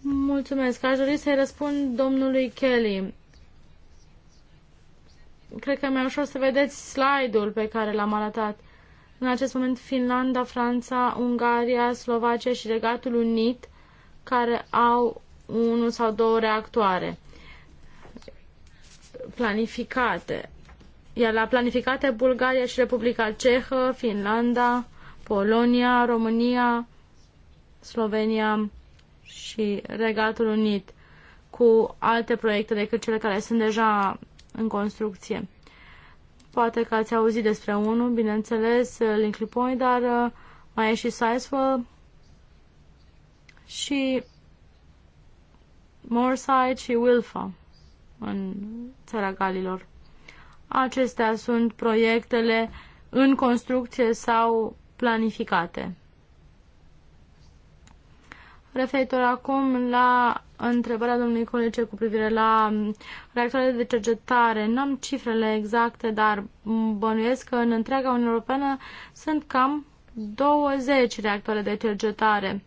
Mulțumesc. Aș dori să-i răspund domnului Kelly. Cred că e mai ușor să vedeți slide-ul pe care l-am arătat. În acest moment, Finlanda, Franța, Ungaria, Slovacia și Regatul Unit, care au unul sau două reactoare planificate. Iar la planificate, Bulgaria și Republica Cehă, Finlanda, Polonia, România, Slovenia și Regatul Unit cu alte proiecte decât cele care sunt deja în construcție. Poate că ați auzit despre unul, bineînțeles, Linkly Point, dar uh, mai e și Sizewell și Morside și Wilfa în țara Galilor. Acestea sunt proiectele în construcție sau planificate. Referitor acum la întrebarea domnului colege cu privire la reactoarele de cercetare, nu am cifrele exacte, dar bănuiesc că în întreaga Uniune Europeană sunt cam 20 reactoare de cercetare.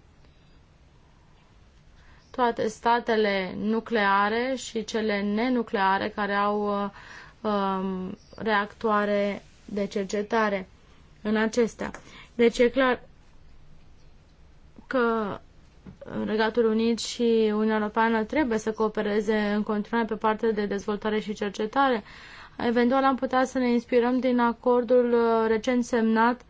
Toate statele nucleare și cele nenucleare care au um, reactoare de cercetare în acestea. Deci e clar că Regatul Unit și Uniunea Europeană trebuie să coopereze în continuare pe partea de dezvoltare și cercetare. Eventual am putea să ne inspirăm din acordul uh, recent semnat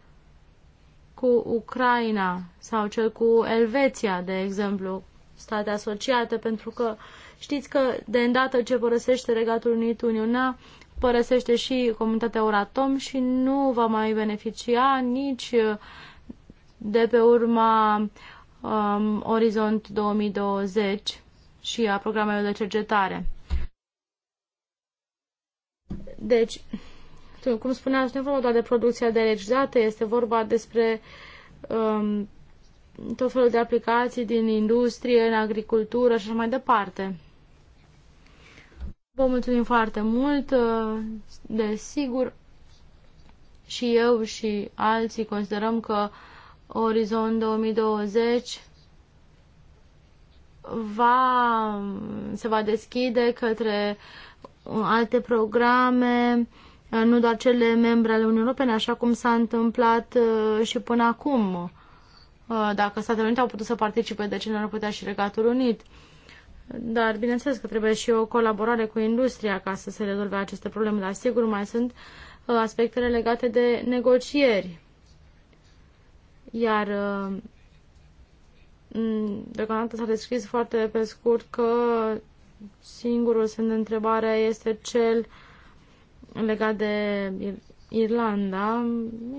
cu Ucraina sau cel cu Elveția, de exemplu, state asociate, pentru că știți că de îndată ce părăsește Regatul Unit Uniunea, părăsește și comunitatea Euratom și nu va mai beneficia nici de pe urma um, Orizont 2020 și a programelor de cercetare. Deci, cum spuneam, nu e vorba doar de producția de legi este vorba despre um, tot felul de aplicații din industrie, în agricultură și așa mai departe. Vă mulțumim foarte mult, uh, desigur, și eu și alții considerăm că Orizont 2020 va, se va deschide către alte programe, nu doar cele membre ale Uniunii Europene, așa cum s-a întâmplat uh, și până acum. Uh, dacă Statele Unite au putut să participe, de ce nu ar putea și Regatul Unit? Dar bineînțeles că trebuie și o colaborare cu industria ca să se rezolve aceste probleme, dar sigur mai sunt uh, aspectele legate de negocieri. Iar uh, deocamdată s-a descris foarte pe scurt că singurul semn de întrebare este cel legat de Irlanda.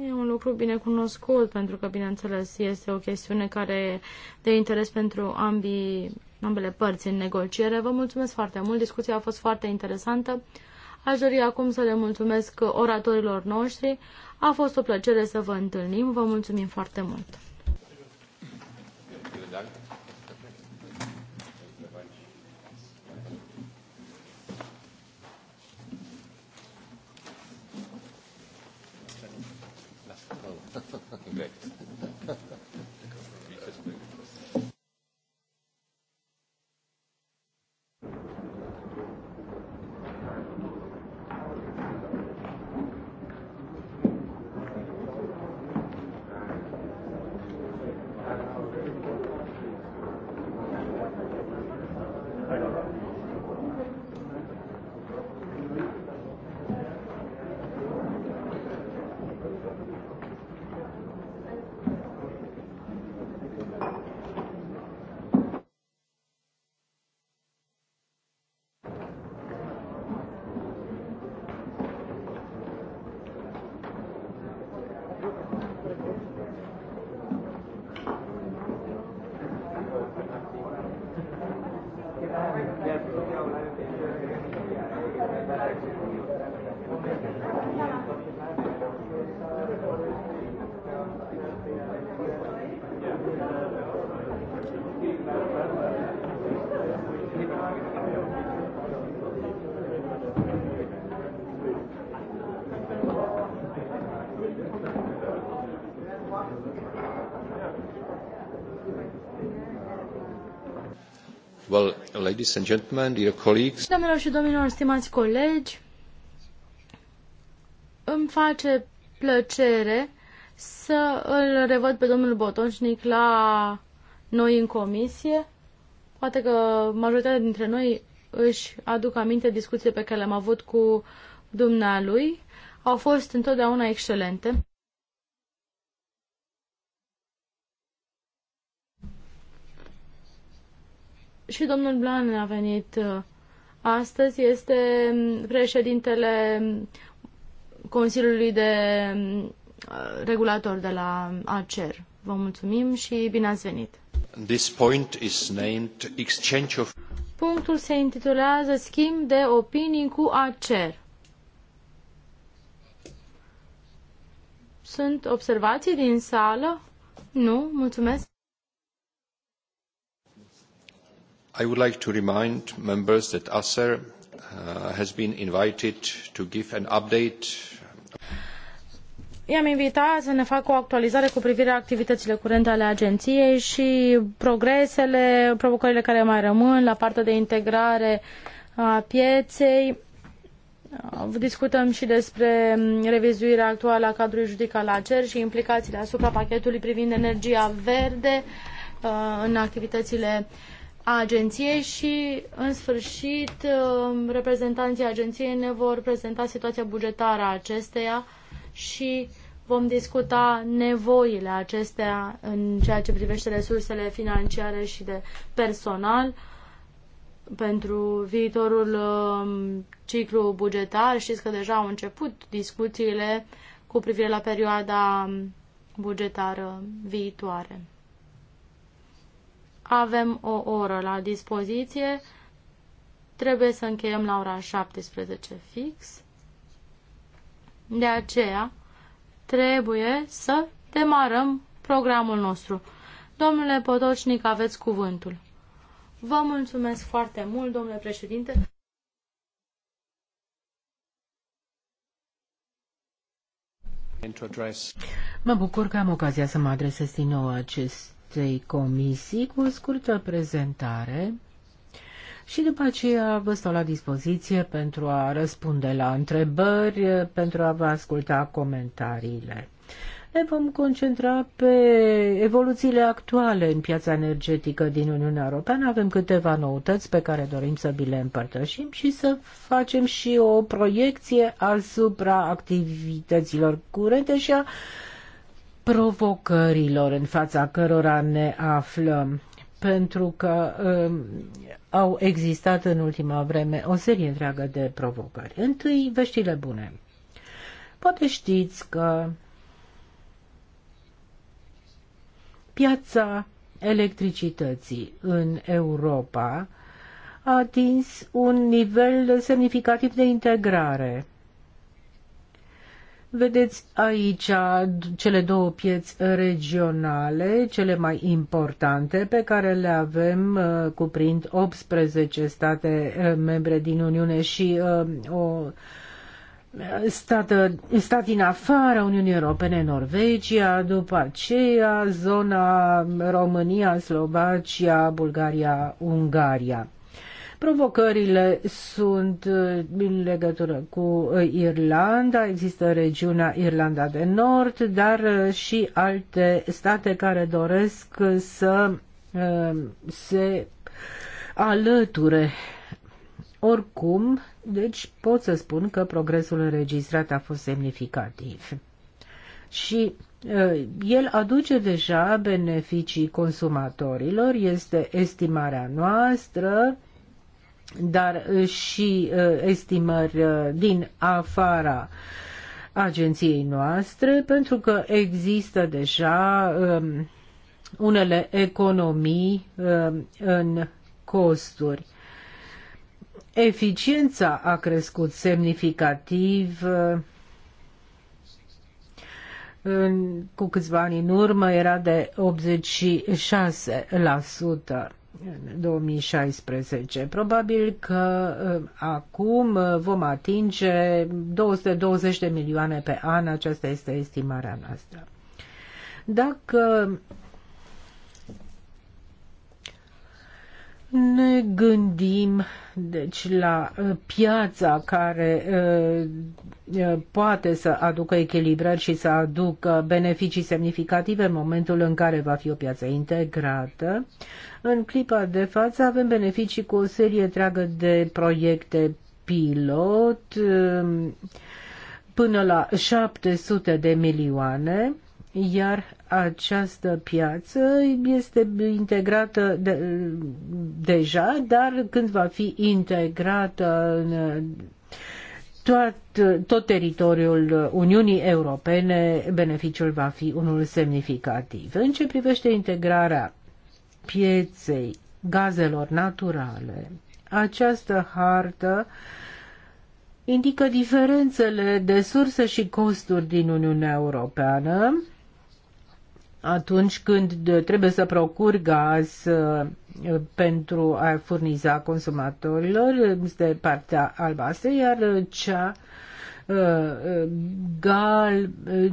E un lucru bine cunoscut pentru că, bineînțeles, este o chestiune care e de interes pentru ambii, ambele părți în negociere. Vă mulțumesc foarte mult, discuția a fost foarte interesantă. Aș dori acum să le mulțumesc oratorilor noștri. A fost o plăcere să vă întâlnim. Vă mulțumim foarte mult! Well, ladies and gentlemen, dear colleagues. Doamnelor și domnilor, stimați colegi, îmi face plăcere să îl revăd pe domnul Botonșnic la noi în comisie. Poate că majoritatea dintre noi își aduc aminte discuțiile pe care le-am avut cu dumnealui. Au fost întotdeauna excelente. și domnul Blan a venit uh, astăzi, este mm, președintele mm, Consiliului de mm, uh, Regulator de la ACER. Vă mulțumim și bine ați venit! This point is named exchange of... Punctul se intitulează Schimb de opinii cu ACER. Sunt observații din sală? Nu, mulțumesc. I would like to remind members that ACER uh, has been invited to give an update I-am invitat să ne facă o actualizare cu privire la activitățile curente ale agenției și progresele, provocările care mai rămân la partea de integrare a pieței. Uh, discutăm și despre um, revizuirea actuală a cadrului judical la cer și implicațiile asupra pachetului privind energia verde uh, în activitățile uh, a agenției și, în sfârșit, um, reprezentanții agenției ne vor prezenta situația bugetară a acesteia și vom discuta nevoile acestea în ceea ce privește resursele financiare și de personal pentru viitorul um, ciclu bugetar. Știți că deja au început discuțiile cu privire la perioada bugetară viitoare. Avem o oră la dispoziție. Trebuie să încheiem la ora 17 fix. De aceea, trebuie să demarăm programul nostru. Domnule Potocnic, aveți cuvântul. Vă mulțumesc foarte mult, domnule președinte. Mă bucur că am ocazia să mă adresez din nou acest acestei comisii cu o scurtă prezentare și după aceea vă stau la dispoziție pentru a răspunde la întrebări, pentru a vă asculta comentariile. Ne vom concentra pe evoluțiile actuale în piața energetică din Uniunea Europeană. Avem câteva noutăți pe care dorim să vi le împărtășim și să facem și o proiecție asupra activităților curente și a provocărilor în fața cărora ne aflăm, pentru că um, au existat în ultima vreme o serie întreagă de provocări. Întâi, veștile bune. Poate știți că piața electricității în Europa a atins un nivel semnificativ de integrare Vedeți aici cele două pieți regionale, cele mai importante, pe care le avem, uh, cuprind 18 state uh, membre din Uniune și uh, o stat, stat din afara Uniunii Europene, Norvegia, după aceea zona România, Slovacia, Bulgaria, Ungaria. Provocările sunt uh, în legătură cu uh, Irlanda, există regiunea Irlanda de Nord, dar uh, și alte state care doresc să se alăture. Oricum, deci pot să spun că progresul înregistrat a fost semnificativ. Și el aduce deja beneficii consumatorilor, este estimarea noastră dar uh, și uh, estimări uh, din afara agenției noastre, pentru că există deja um, unele economii um, în costuri. Eficiența a crescut semnificativ. Cu câțiva ani în urmă era de 86%. 2016. Probabil că uh, acum uh, vom atinge 220 de milioane pe an, aceasta este estimarea noastră. Dacă ne gândim deci la uh, piața care uh, uh, poate să aducă echilibrări și să aducă beneficii semnificative în momentul în care va fi o piață integrată. În clipa de față avem beneficii cu o serie întreagă de proiecte pilot um, până la 700 de milioane iar această piață este integrată de, deja, dar când va fi integrată în tot, tot teritoriul Uniunii Europene, beneficiul va fi unul semnificativ. În ce privește integrarea pieței gazelor naturale, această hartă indică diferențele de surse și costuri din Uniunea Europeană, atunci când trebuie să procuri gaz uh, pentru a furniza consumatorilor este partea albastră, iar cea uh, gal,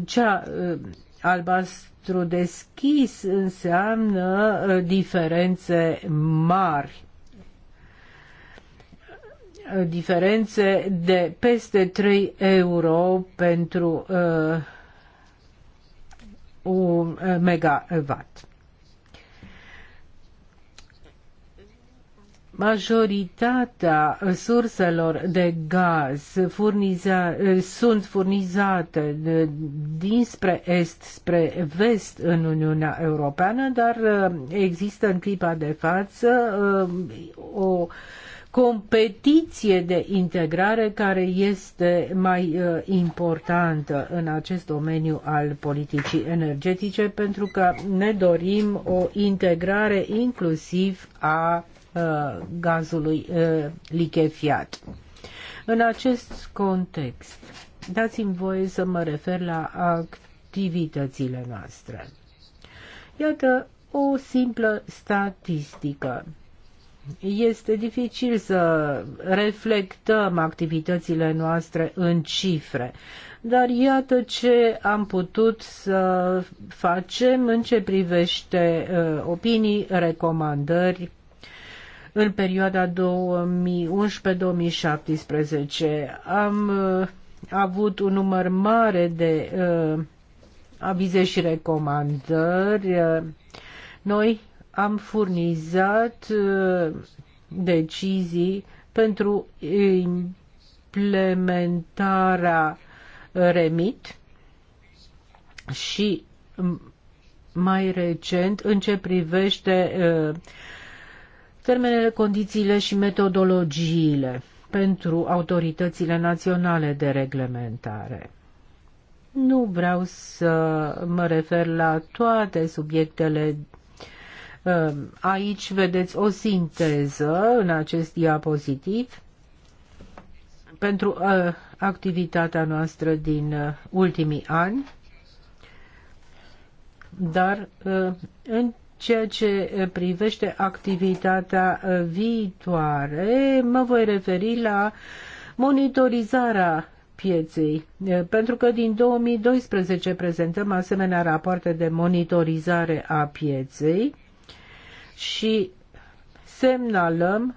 cea uh, albastru deschis înseamnă diferențe mari diferențe de peste 3 euro pentru uh, un megawatt. Majoritatea surselor de gaz furniza, sunt furnizate dinspre est spre vest în Uniunea Europeană, dar există în clipa de față o competiție de integrare care este mai uh, importantă în acest domeniu al politicii energetice pentru că ne dorim o integrare inclusiv a uh, gazului uh, lichefiat. În acest context, dați-mi voie să mă refer la activitățile noastre. Iată o simplă statistică este dificil să reflectăm activitățile noastre în cifre. Dar iată ce am putut să facem în ce privește uh, opinii, recomandări în perioada 2011-2017. Am uh, avut un număr mare de uh, avize și recomandări. Uh, noi am furnizat uh, decizii pentru implementarea remit și mai recent în ce privește uh, termenele, condițiile și metodologiile pentru autoritățile naționale de reglementare. Nu vreau să mă refer la toate subiectele Ehm, aici vedeți o sinteză în acest diapozitiv pentru uh, activitatea noastră din uh, ultimii ani, dar uh, în ceea ce privește activitatea viitoare, mă voi referi la monitorizarea pieței, pentru că din 2012 prezentăm asemenea rapoarte de monitorizare a pieței și semnalăm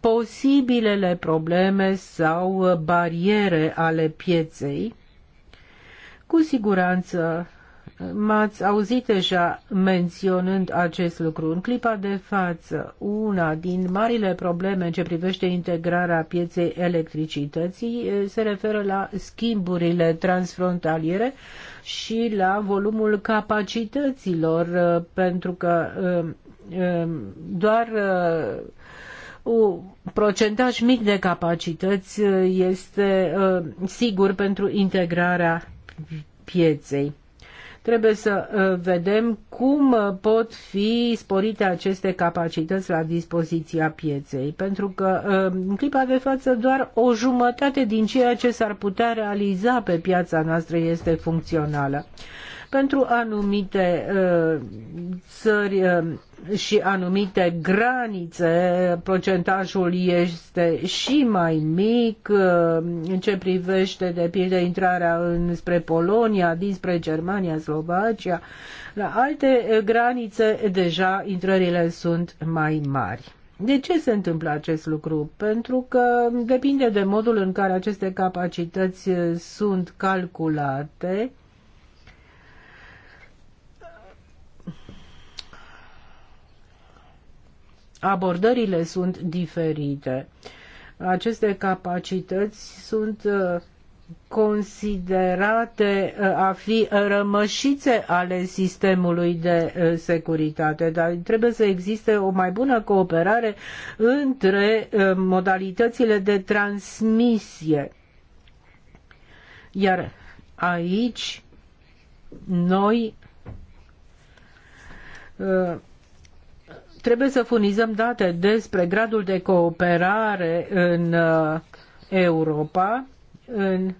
posibilele probleme sau bariere ale pieței. Cu siguranță m-ați auzit deja menționând acest lucru. În clipa de față, una din marile probleme în ce privește integrarea pieței electricității se referă la schimburile transfrontaliere și la volumul capacităților, pentru că Ehm, doar eh, un procentaj mic de capacități eh, este eh, sigur pentru integrarea pieței. Trebuie să vedem cum pot fi sporite aceste capacități la dispoziția pieței, pentru că în clipa de față doar o jumătate din ceea ce s-ar putea realiza pe piața noastră este funcțională. Pentru anumite țări și anumite granițe, procentajul este și mai mic uh, în ce privește, de pildă, intrarea spre Polonia, dinspre Germania, Slovacia. La alte uh, granițe, deja intrările sunt mai mari. De ce se întâmplă acest lucru? Pentru că depinde de modul în care aceste capacități uh, sunt calculate abordările sunt diferite. Aceste capacități sunt uh, considerate uh, a fi rămășițe ale sistemului de uh, securitate, dar trebuie să existe o mai bună cooperare între modalitățile de transmisie. Iar aici noi trebuie să furnizăm date despre gradul de cooperare în uh, Europa. În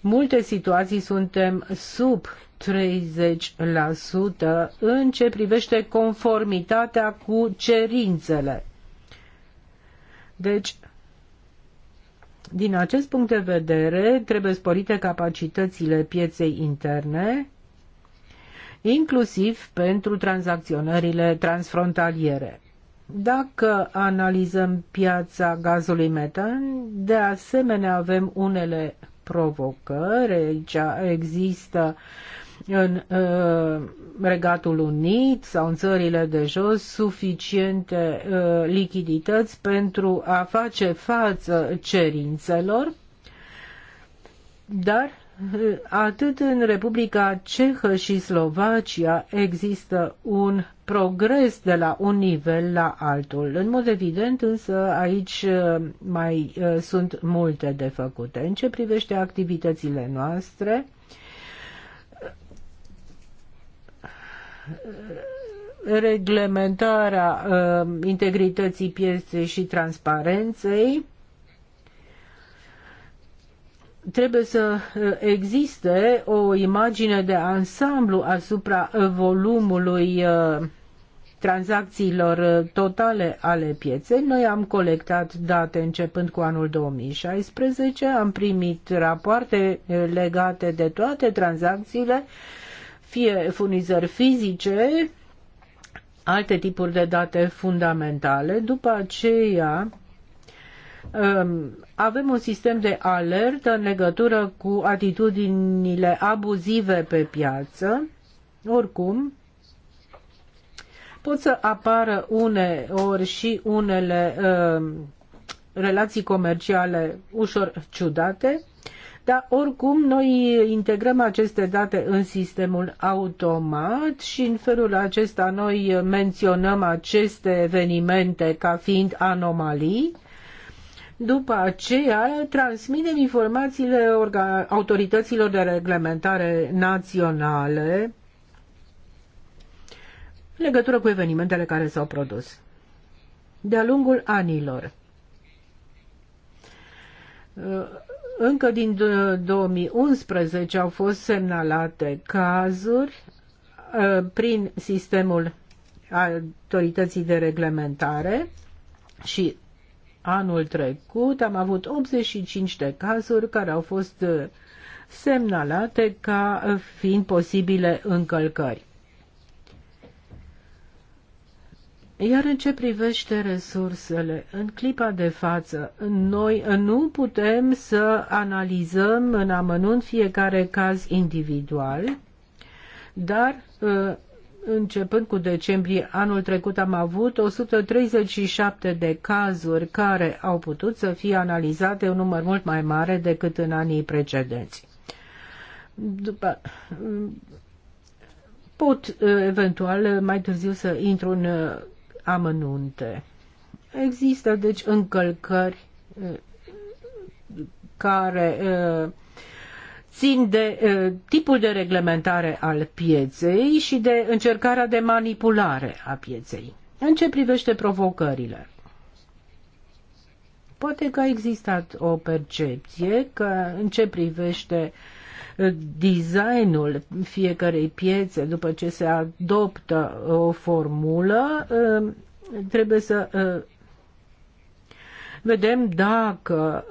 multe situații suntem sub 30% în ce privește conformitatea cu cerințele. Deci, din acest punct de vedere, trebuie sporite capacitățile pieței interne inclusiv pentru tranzacționările transfrontaliere. Dacă analizăm piața gazului metan, de asemenea avem unele provocări. Aici există în uh, Regatul Unit sau în țările de jos suficiente uh, lichidități pentru a face față cerințelor, dar atât în Republica Cehă și Slovacia există un progres de la un nivel la altul. În mod evident, însă, aici uh, mai uh, sunt multe de făcute. În ce privește activitățile noastre, uh, reglementarea integrității pieței și transparenței, trebuie să eh, existe o imagine de ansamblu asupra eh, volumului eh, tranzacțiilor totale ale pieței. Noi am colectat date începând cu anul 2016, am primit rapoarte legate de toate tranzacțiile, fie furnizări fizice, alte tipuri de date fundamentale. După aceea, avem un sistem de alertă în legătură cu atitudinile abuzive pe piață. Oricum, pot să apară uneori și unele um, relații comerciale ușor ciudate, dar oricum noi integrăm aceste date în sistemul automat și în felul acesta noi menționăm aceste evenimente ca fiind anomalii după aceea transmitem informațiile autorităților de reglementare naționale în legătură cu evenimentele care s-au produs. De-a lungul anilor, uh, încă din 2011 au fost semnalate cazuri uh, prin sistemul autorității de reglementare și Anul trecut am avut 85 de cazuri care au fost uh, semnalate ca fiind posibile încălcări. Iar în ce privește resursele, în clipa de față, noi nu putem să analizăm în amănunt fiecare caz individual, dar uh, începând cu decembrie anul trecut am avut 137 de cazuri care au putut să fie analizate un număr mult mai mare decât în anii precedenți. După, pot eventual mai târziu să intru în uh, amănunte. Există deci încălcări uh, care uh, țin de tipul de reglementare al pieței și de încercarea de manipulare a pieței. În ce privește provocările? Poate că a existat o percepție că în ce privește designul fiecarei piețe după ce se adoptă o formulă, trebuie să vedem dacă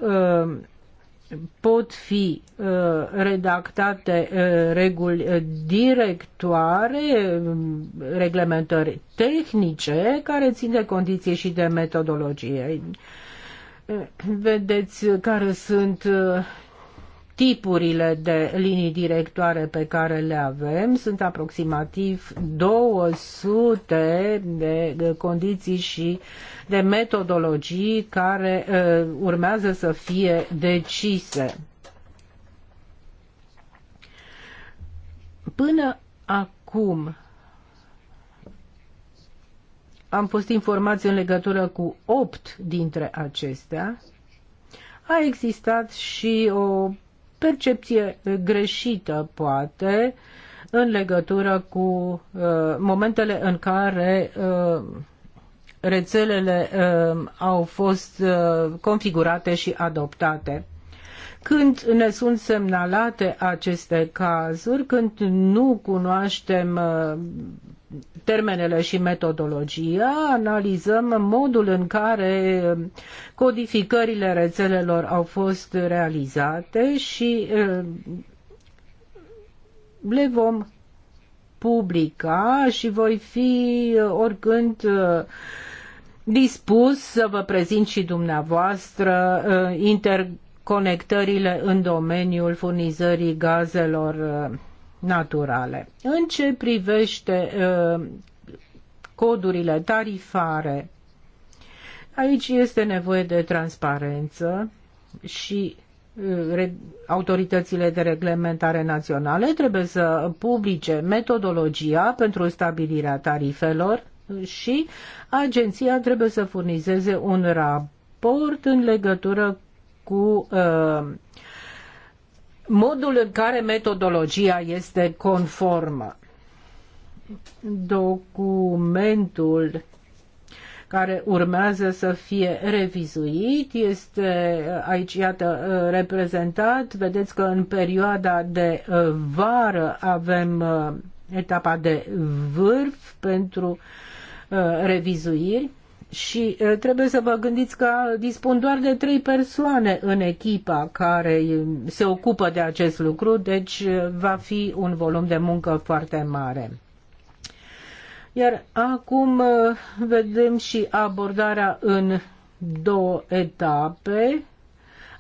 pot fi uh, redactate uh, reguli uh, directoare, um, reglementări tehnice care țin de condiții și de metodologie. Vedeți care sunt tipurile de linii directoare pe care le avem. Sunt aproximativ 200 de condiții și de metodologii care urmează să fie decise. Până acum am fost informați în legătură cu 8 dintre acestea. A existat și o percepție greșită, poate, în legătură cu uh, momentele în care uh, rețelele uh, au fost uh, configurate și adoptate. Când ne sunt semnalate aceste cazuri, când nu cunoaștem uh, termenele și metodologia, analizăm modul în care codificările rețelelor au fost realizate și uh, le vom publica și voi fi uh, oricând uh, dispus să vă prezint și dumneavoastră interconectările în domeniul furnizării gazelor naturale. În ce privește uh, codurile tarifare, aici este nevoie de transparență și uh, autoritățile de reglementare naționale trebuie să publice metodologia pentru stabilirea tarifelor și agenția trebuie să furnizeze un raport în legătură cu uh, modul în care metodologia este conformă. Documentul care urmează să fie revizuit este aici, iată, reprezentat. Vedeți că în perioada de vară avem uh, etapa de vârf pentru uh, revizuiri și trebuie să vă gândiți că dispun doar de trei persoane în echipa care se ocupă de acest lucru, deci va fi un volum de muncă foarte mare. Iar acum vedem și abordarea în două etape.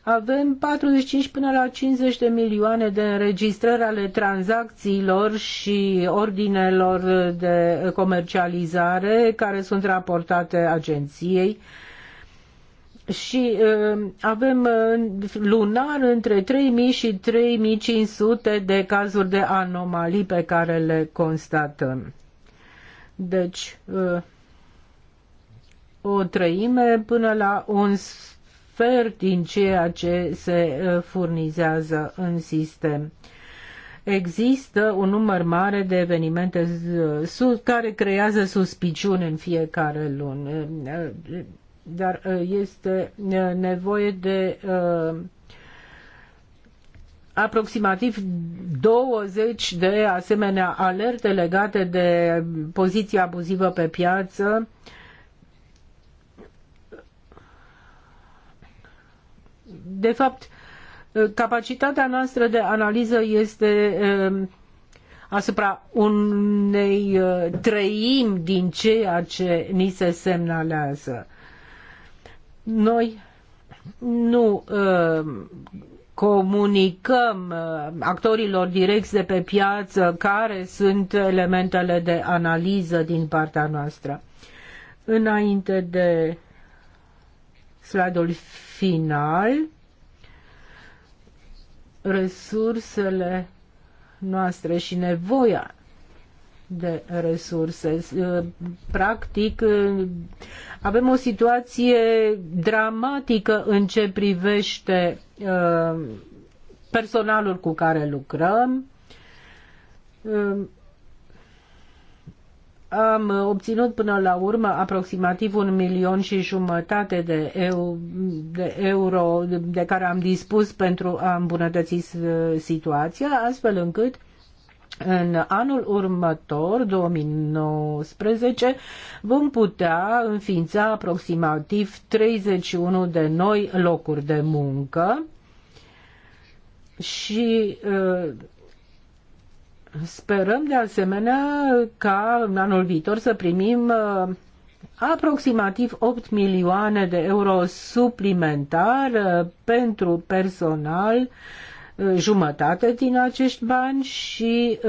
Avem 45 până la 50 de milioane de înregistrări ale tranzacțiilor și ordinelor de comercializare care sunt raportate agenției și uh, avem uh, lunar între 3000 și 3500 de cazuri de anomalii pe care le constatăm. Deci, uh, o treime până la un oferi din ceea ce se furnizează în sistem. Există un număr mare de evenimente care creează suspiciuni în fiecare lună, dar este nevoie de aproximativ 20 de asemenea alerte legate de poziția abuzivă pe piață, uh, de fapt, capacitatea noastră de analiză este um, asupra unei uh, trăim din ceea ce ni se semnalează. Noi nu um, comunicăm uh, actorilor direcți de pe piață care sunt elementele de analiză din partea noastră. Înainte de slide-ul final, resursele noastre și nevoia de resurse. Uh, practic, uh, avem o situație dramatică în ce privește uh, personalul cu care lucrăm am obținut până la urmă aproximativ un milion și jumătate de, eu, de euro de care am dispus pentru a îmbunătăți situația, astfel încât în anul următor, 2019, vom putea înființa aproximativ 31 de noi locuri de muncă și uh, Sperăm de asemenea ca în anul viitor să primim uh, aproximativ 8 milioane de euro suplimentar uh, pentru personal, uh, jumătate din acești bani și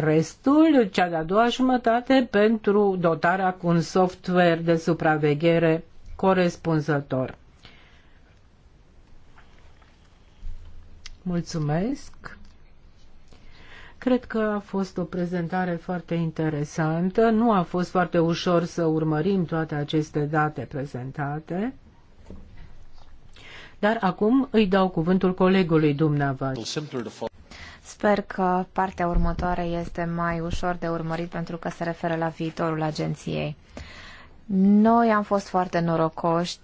restul, cea de-a doua jumătate, pentru dotarea cu un software de supraveghere corespunzător. Mulțumesc. Cred că a fost o prezentare foarte interesantă. Nu a fost foarte ușor să urmărim toate aceste date prezentate. Dar acum îi dau cuvântul colegului dumneavoastră. Sper că partea următoare este mai ușor de urmărit pentru că se referă la viitorul agenției. Noi am fost foarte norocoși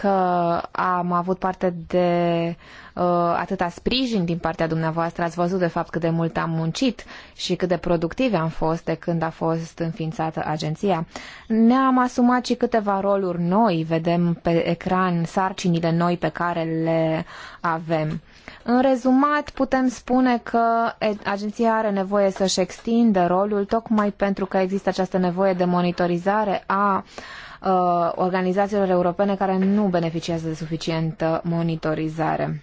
că am avut parte de uh, atâta sprijin din partea dumneavoastră. Ați văzut, de fapt, cât de mult am muncit și cât de productive am fost de când a fost înființată agenția. Ne-am asumat și câteva roluri noi. Vedem pe ecran sarcinile noi pe care le avem. În rezumat, putem spune că agenția are nevoie să-și extindă rolul tocmai pentru că există această nevoie de monitorizare a uh, uh, organizațiilor europene care nu beneficiază de suficientă monitorizare.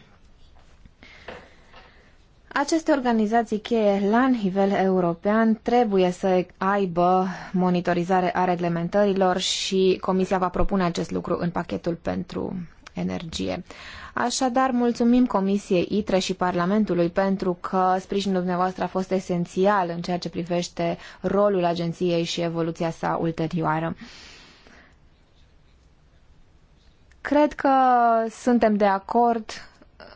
Aceste organizații cheie la nivel european trebuie să aibă monitorizare a reglementărilor și Comisia va propune acest lucru în pachetul pentru energie. Așadar, mulțumim Comisiei ITRE și Parlamentului pentru că sprijinul dumneavoastră a fost esențial în ceea ce privește rolul agenției și evoluția sa ulterioară. Cred că suntem de acord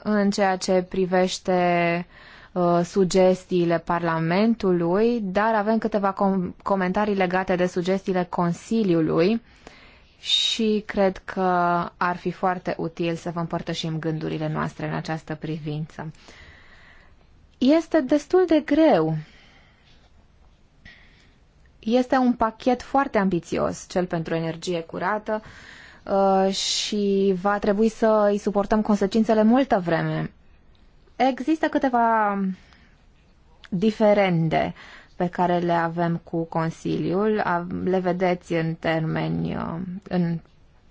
în ceea ce privește uh, sugestiile Parlamentului, dar avem câteva com comentarii legate de sugestiile Consiliului și cred că ar fi foarte util să vă împărtășim gândurile noastre în această privință. Este destul de greu. Este un pachet foarte ambițios, cel pentru energie curată, uh, Uh, și va trebui să îi suportăm consecințele multă vreme. Există câteva diferende pe care le avem cu Consiliul, le vedeți în termeni uh, în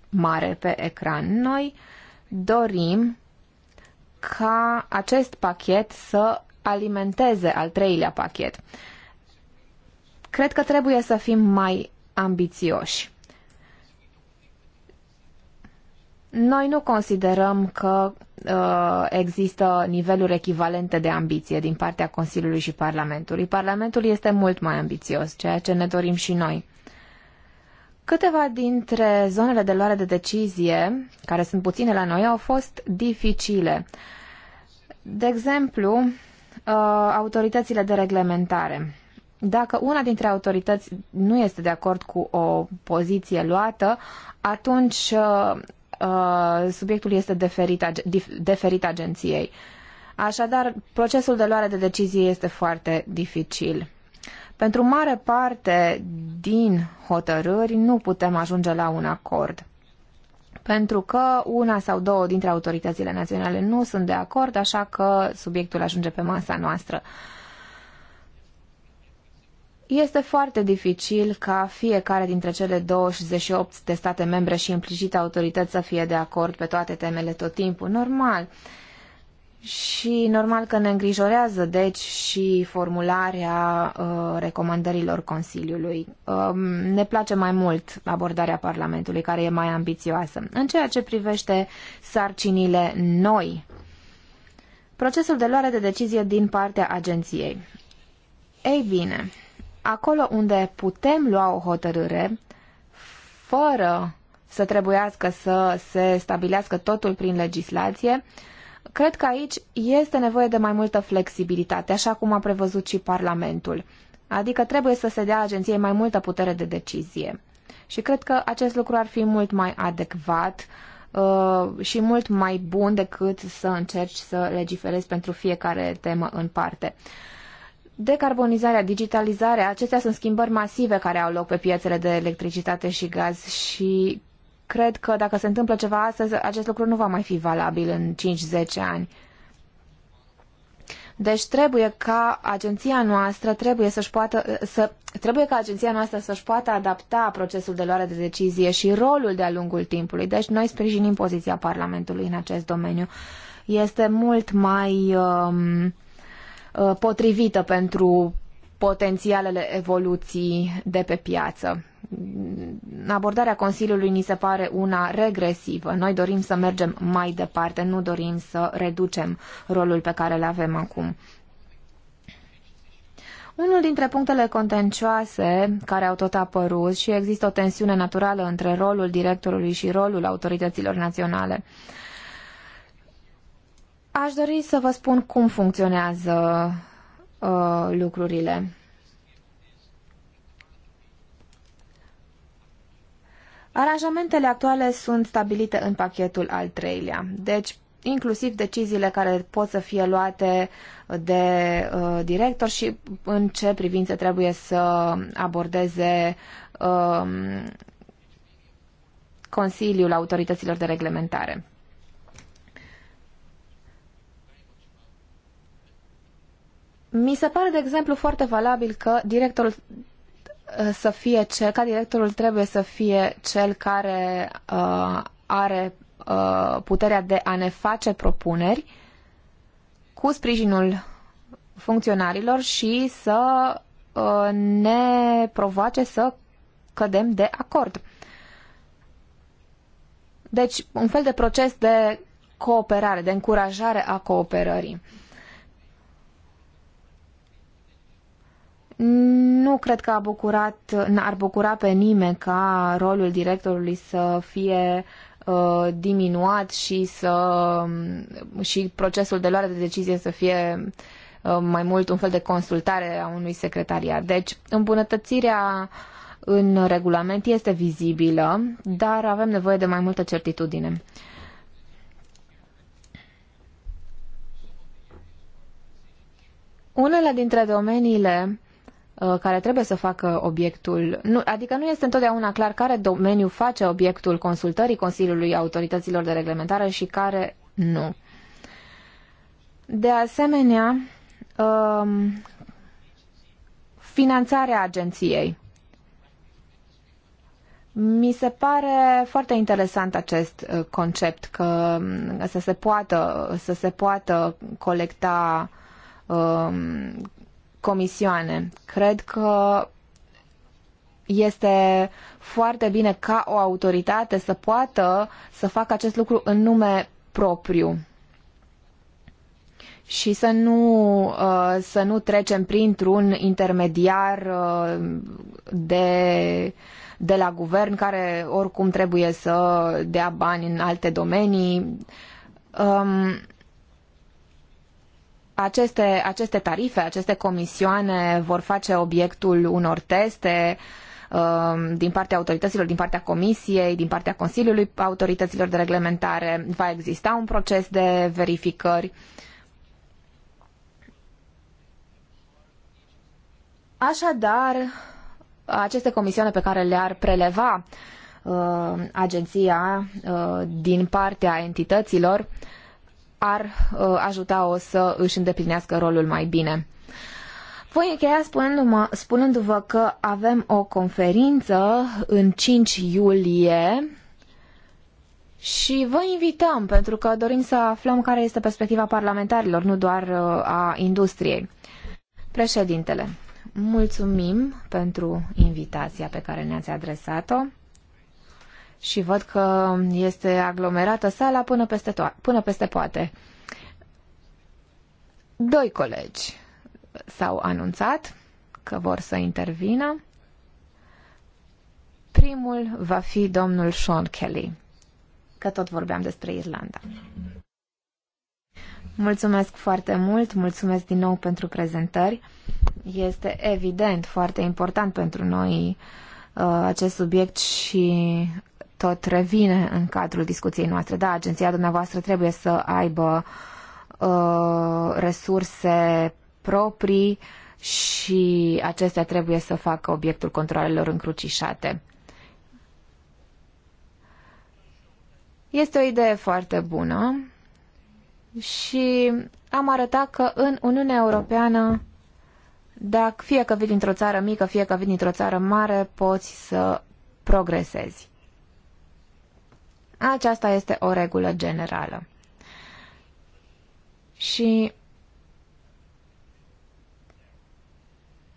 mare pe ecran. Noi dorim ca acest pachet să alimenteze al treilea pachet. Cred că trebuie să fim mai ambițioși. Noi nu considerăm că uh, există niveluri echivalente de ambiție din partea Consiliului și Parlamentului. Parlamentul este mult mai ambițios, ceea ce ne dorim și noi. Câteva dintre zonele de luare de decizie, care sunt puține la noi, au fost dificile. De exemplu, uh, autoritățile de reglementare. Dacă una dintre autorități nu este de acord cu o poziție luată, atunci uh, Uh, subiectul este deferit, deferit agenției. Așadar, procesul de luare de decizie este foarte dificil. Pentru mare parte din hotărâri nu putem ajunge la un acord. Pentru că una sau două dintre autoritățile naționale nu sunt de acord, așa că subiectul ajunge pe masa noastră. Uh, este foarte dificil ca fiecare dintre cele 28 de state membre și implicite autorități să fie de acord pe toate temele tot timpul, normal. Și normal că ne îngrijorează, deci, și formularea uh, recomandărilor Consiliului. Uh, ne place mai mult abordarea Parlamentului, care e mai ambițioasă. În ceea ce privește sarcinile noi, procesul de luare de decizie din partea agenției. Ei bine, acolo unde putem lua o hotărâre, fără să trebuiască să se stabilească totul prin legislație, cred că aici este nevoie de mai multă flexibilitate, așa cum a prevăzut și Parlamentul. Adică trebuie să se dea agenției mai multă putere de decizie. Și cred că acest lucru ar fi mult mai adecvat uh, și mult mai bun decât să încerci să legiferezi pentru fiecare temă în parte. Uh, Decarbonizarea, digitalizarea, acestea sunt schimbări masive care au loc pe piețele de electricitate și gaz și cred că dacă se întâmplă ceva astăzi, acest lucru nu va mai fi valabil în 5-10 ani. Deci trebuie ca agenția noastră trebuie să-și poată să trebuie ca agenția noastră să-și poată adapta procesul de luare de decizie și rolul de-a lungul timpului. Deci noi sprijinim poziția Parlamentului în acest domeniu. Este mult mai uh, Uh, potrivită pentru potențialele evoluții de pe piață. Mm, abordarea Consiliului ni se pare una regresivă. Noi dorim să mergem mai departe, nu dorim să reducem rolul pe care îl avem acum. Unul dintre punctele contencioase care au tot apărut și există o tensiune naturală între rolul directorului și rolul autorităților naționale. Uh, Aș dori să vă spun cum funcționează uh, lucrurile. Aranjamentele actuale sunt stabilite în pachetul al treilea, deci inclusiv deciziile care pot să fie luate de uh, director și în ce privință trebuie să abordeze uh, Consiliul Autorităților de Reglementare. Mi se pare, de exemplu, foarte valabil că directorul uh, să fie cel, ca directorul trebuie să fie cel care uh, are uh, puterea de a ne face propuneri cu sprijinul funcționarilor și să uh, ne provoace să cădem de acord. Deci, un fel de proces de cooperare, de încurajare a cooperării. Uh, Nu cred că a bucurat, n-ar bucura pe nimeni ca rolul directorului să fie uh, diminuat și să um, și procesul de luare de decizie să fie uh, mai mult un fel de consultare a unui secretariat. Deci, îmbunătățirea în regulament este vizibilă, dar avem nevoie de mai multă certitudine. Unele dintre domeniile Uh, care trebuie să facă obiectul, nu, adică nu este întotdeauna clar care domeniu face obiectul consultării Consiliului Autorităților de Reglementare și care nu. De asemenea, um, finanțarea agenției. Mi se pare foarte interesant acest uh, concept că um, să se poată, să se poată colecta um, comisioane. Cred că este foarte bine ca o autoritate să poată să facă acest lucru în nume propriu și să nu, uh, să nu trecem printr-un intermediar uh, de, de la guvern care oricum trebuie să dea bani în alte domenii. Um, aceste, aceste tarife, aceste comisioane vor face obiectul unor teste um, din partea autorităților, din partea Comisiei, din partea Consiliului Autorităților de Reglementare. Va exista un proces de verificări. Așadar, aceste comisioane pe care le-ar preleva uh, agenția uh, din partea entităților ar uh, ajuta-o să își îndeplinească rolul mai bine. Voi încheia spunându-vă, spunându că avem o conferință în 5 iulie și vă invităm pentru că dorim să aflăm care este perspectiva parlamentarilor, nu doar uh, a industriei. Președintele, mulțumim pentru invitația pe care ne-ați adresat-o și văd că este aglomerată sala până peste, to- până peste poate. Doi colegi s-au anunțat că vor să intervină. Primul va fi domnul Sean Kelly, că tot vorbeam despre Irlanda. Mulțumesc foarte mult, mulțumesc din nou pentru prezentări. Este evident foarte important pentru noi uh, acest subiect și tot revine în cadrul discuției noastre. Da, agenția dumneavoastră trebuie să aibă uh, resurse proprii și acestea trebuie să facă obiectul controlelor încrucișate. Este o idee foarte bună și am arătat că în Uniunea Europeană, dacă fie că vii dintr-o țară mică, fie că vii dintr-o țară mare, poți să progresezi. Aceasta este o regulă generală. Și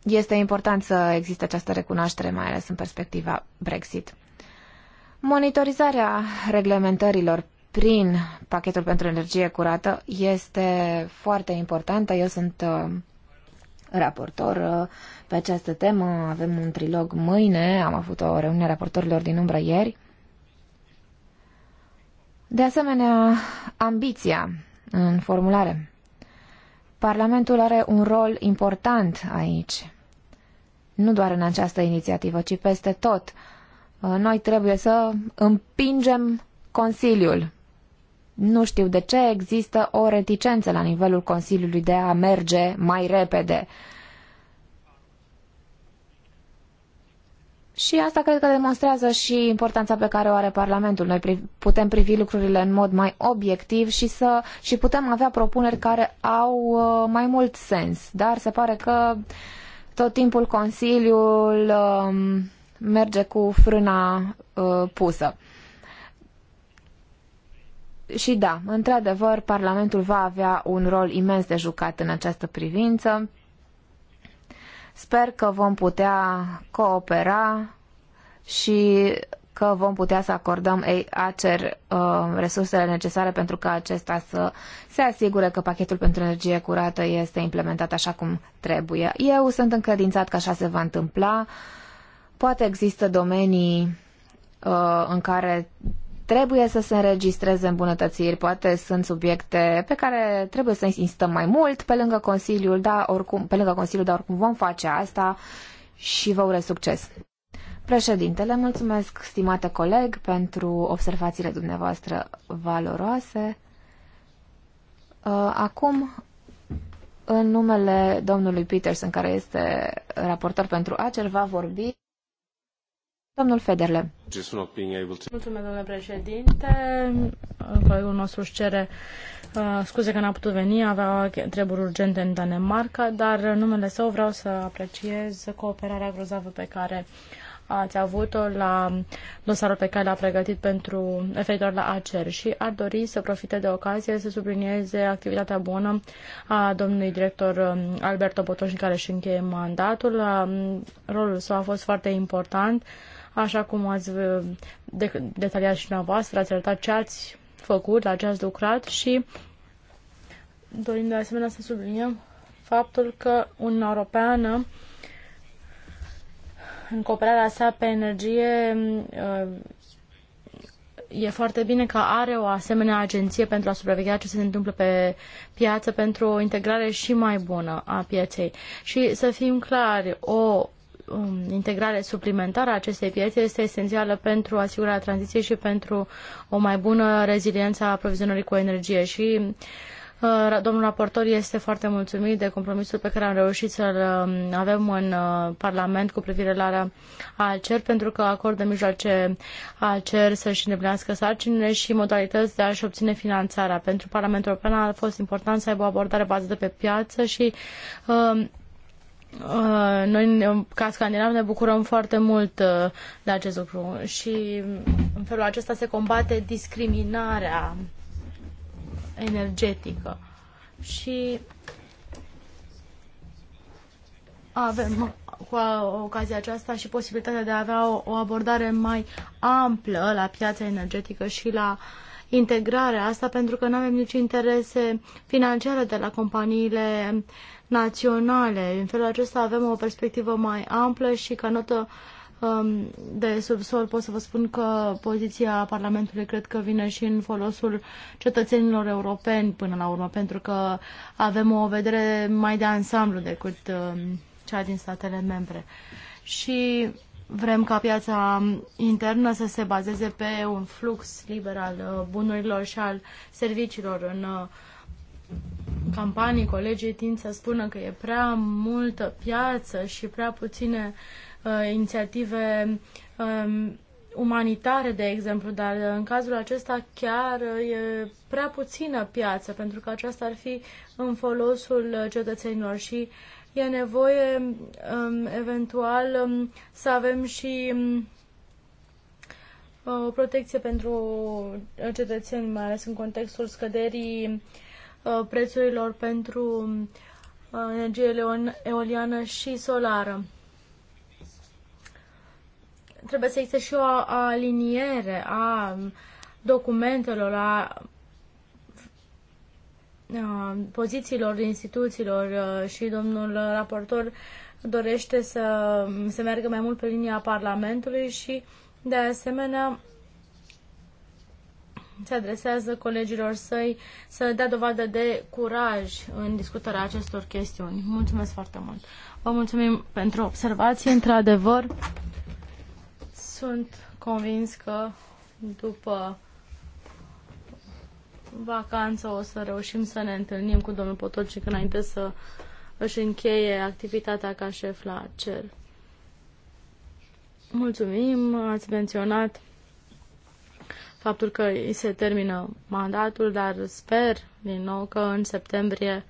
este important să existe această recunoaștere, mai ales în perspectiva Brexit. Monitorizarea reglementărilor prin pachetul pentru energie curată este foarte importantă. Eu sunt uh, raportor uh, pe această temă. Avem un trilog mâine, am avut o reuniune a raportorilor din umbră ieri de asemenea, ambiția în formulare. Parlamentul are un rol important aici. Nu doar în această inițiativă, ci peste tot. Noi trebuie să împingem Consiliul. Nu știu de ce există o reticență la nivelul Consiliului de a merge mai repede. Uh, Și asta cred că demonstrează și importanța pe care o are Parlamentul. Noi putem privi lucrurile în mod mai obiectiv și, să, și putem avea propuneri care au uh, mai mult sens. Dar se pare că tot timpul Consiliul uh, merge cu frâna uh, pusă. Și da, într-adevăr, Parlamentul va avea un rol imens de jucat în această privință. Sper că vom putea coopera și că vom putea să acordăm ACER uh, resursele necesare pentru ca acesta să se asigure că pachetul pentru energie curată este implementat așa cum trebuie. Eu sunt încredințat că așa se va întâmpla. Poate există domenii uh, în care trebuie să se înregistreze îmbunătățiri, poate sunt subiecte pe care trebuie să insistăm mai mult pe lângă Consiliul, dar oricum, pe lângă Consiliul, dar oricum vom face asta și vă urez succes. Președintele, mulțumesc, stimate coleg, pentru observațiile dumneavoastră valoroase. Uh, acum, în numele domnului Peterson, care este raportor pentru ACER, va vorbi Domnul Federle. Colegul nostru își cere uh, scuze că n-a putut veni, avea treburi urgente în Danemarca, dar numele său vreau să apreciez cooperarea grozavă pe care ați avut-o la dosarul pe care l-a pregătit pentru referitor la ACER și ar dori să profite de ocazie să sublinieze activitatea bună a domnului director um, Alberto Botoșin care și încheie mandatul. Um, rolul său a fost foarte important așa cum ați uh, detaliat și dumneavoastră, ați arătat ce ați făcut, la ce ați lucrat și dorim de asemenea să subliniem faptul că un Europeană în cooperarea sa pe energie uh, e foarte bine că are o asemenea agenție pentru a supraveghea ce se întâmplă pe piață pentru o integrare și mai bună a pieței. Și să fim clari, o Um, integrare suplimentară a acestei piețe este esențială pentru asigurarea tranziției și pentru o mai bună reziliență a aprovizionării cu energie. Și uh, Domnul raportor este foarte mulțumit de compromisul pe care am reușit să-l um, avem în uh, Parlament cu privire la ALCER, pentru că acordă mijloace ALCER să-și îndeplinească sarcinile și modalități de a-și obține finanțarea. Pentru Parlamentul European a fost important să aibă o abordare bazată pe piață și um, Uh, noi, ca scandinavi, ne bucurăm foarte mult uh, de acest lucru și în felul acesta se combate discriminarea energetică. Și avem cu ocazia aceasta și posibilitatea de a avea o, o abordare mai amplă la piața energetică și la integrarea asta, pentru că nu avem nici interese financiare de la companiile naționale. În felul acesta avem o perspectivă mai amplă și ca notă um, de subsol pot să vă spun că poziția Parlamentului cred că vine și în folosul cetățenilor europeni până la urmă, pentru că avem o vedere mai de ansamblu decât um, cea din statele membre. Și vrem ca piața internă să se bazeze pe un flux liber al uh, bunurilor și al serviciilor în uh, campanii, colegii tind să spună că e prea multă piață și prea puține uh, inițiative um, umanitare, de exemplu, dar în cazul acesta chiar uh, e prea puțină piață, pentru că aceasta ar fi în folosul cetățenilor și e nevoie um, eventual um, să avem și um, o protecție pentru cetățeni, mai ales în contextul scăderii uh, Uh, prețurilor pentru uh, energie eoliană și solară. Trebuie să existe și o aliniere a documentelor, a pozițiilor instituțiilor uh, și domnul raportor dorește să se meargă mai mult pe linia Parlamentului și, de asemenea, se adresează colegilor săi să dea dovadă de curaj în discutarea acestor chestiuni. Mulțumesc foarte mult. Vă mulțumim pentru observații. Într-adevăr, sunt convins că după vacanță o să reușim să ne întâlnim cu domnul Potocic înainte să își încheie activitatea ca șef la CER. Mulțumim, ați menționat faptul că îi se termină mandatul, dar sper din nou că în septembrie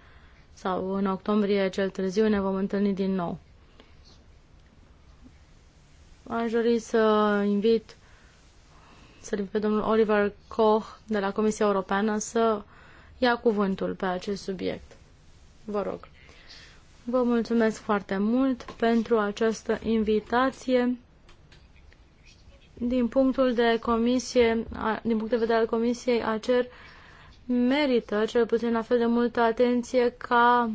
sau în octombrie cel târziu ne vom întâlni din nou. Aș dori să invit să pe domnul Oliver Koch de la Comisia Europeană să ia cuvântul pe acest subiect. Vă rog. Vă mulțumesc foarte mult pentru această invitație din punctul de comisie, din punct de vedere al comisiei, ACER merită cel puțin la fel de multă atenție ca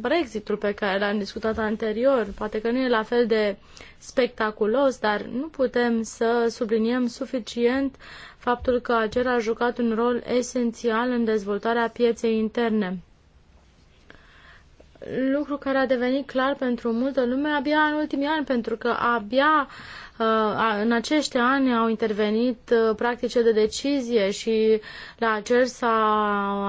Brexitul pe care l-am discutat anterior. Poate că nu e la fel de spectaculos, dar nu putem să subliniem suficient faptul că acel a jucat un rol esențial în dezvoltarea pieței interne. Lucru care a devenit clar pentru multă lume abia în ultimii ani, pentru că abia uh, Uh, în acești ani au intervenit uh, practice de decizie și la cer s-a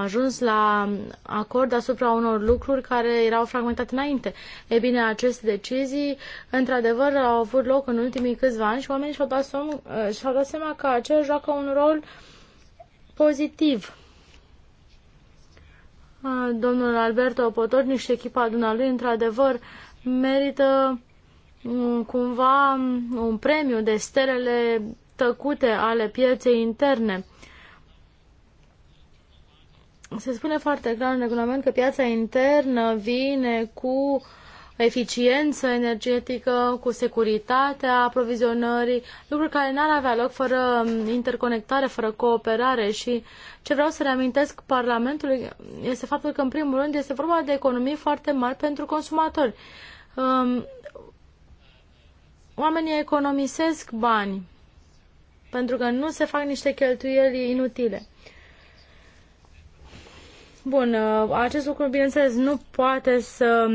ajuns la acord asupra unor lucruri care erau fragmentate înainte. E bine, aceste decizii, într-adevăr, au avut loc în ultimii câțiva ani și oamenii și-au dat, uh, și dat seama că acel joacă un rol pozitiv domnul Alberto Potornic și echipa dumnealui, într-adevăr, merită Mm, cumva un premiu de sterele tăcute ale pieței interne. Se spune foarte clar în regulament că piața internă vine cu eficiență energetică, cu securitatea aprovizionării, lucruri care n-ar avea loc fără mm, interconectare, fără cooperare și ce vreau să reamintesc Parlamentului este faptul că, în primul rând, este vorba de economii foarte mari pentru consumatori. Mm, oamenii economisesc bani pentru că nu se fac niște cheltuieli inutile. Bun, uh, acest lucru, bineînțeles, nu poate să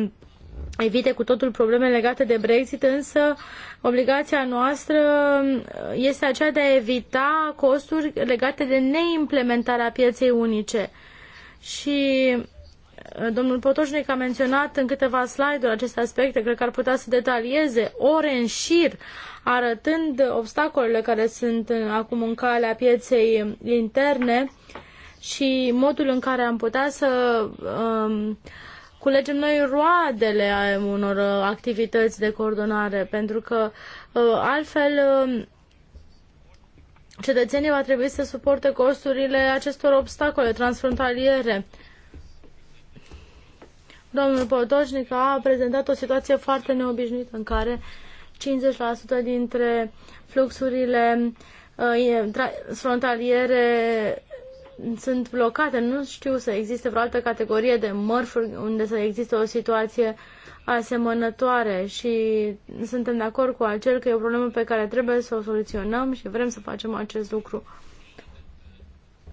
evite cu totul probleme legate de Brexit, însă obligația noastră este aceea de a evita costuri legate de neimplementarea pieței unice. Și Domnul Potoșnic a menționat în câteva slide-uri aceste aspecte, cred că ar putea să detalieze ore în șir, arătând obstacolele care sunt uh, acum în calea pieței interne și modul în care am putea să um, culegem noi roadele unor uh, activități de coordonare, pentru că uh, altfel uh, cetățenii va trebui să suporte costurile acestor obstacole transfrontaliere. Domnul podoșnic a prezentat o situație foarte neobișnuită în care 50% dintre fluxurile uh, frontaliere sunt blocate. Nu știu să existe vreo altă categorie de mărfuri unde să existe o situație asemănătoare și suntem de acord cu acel că e o problemă pe care trebuie să o soluționăm și vrem să facem acest lucru.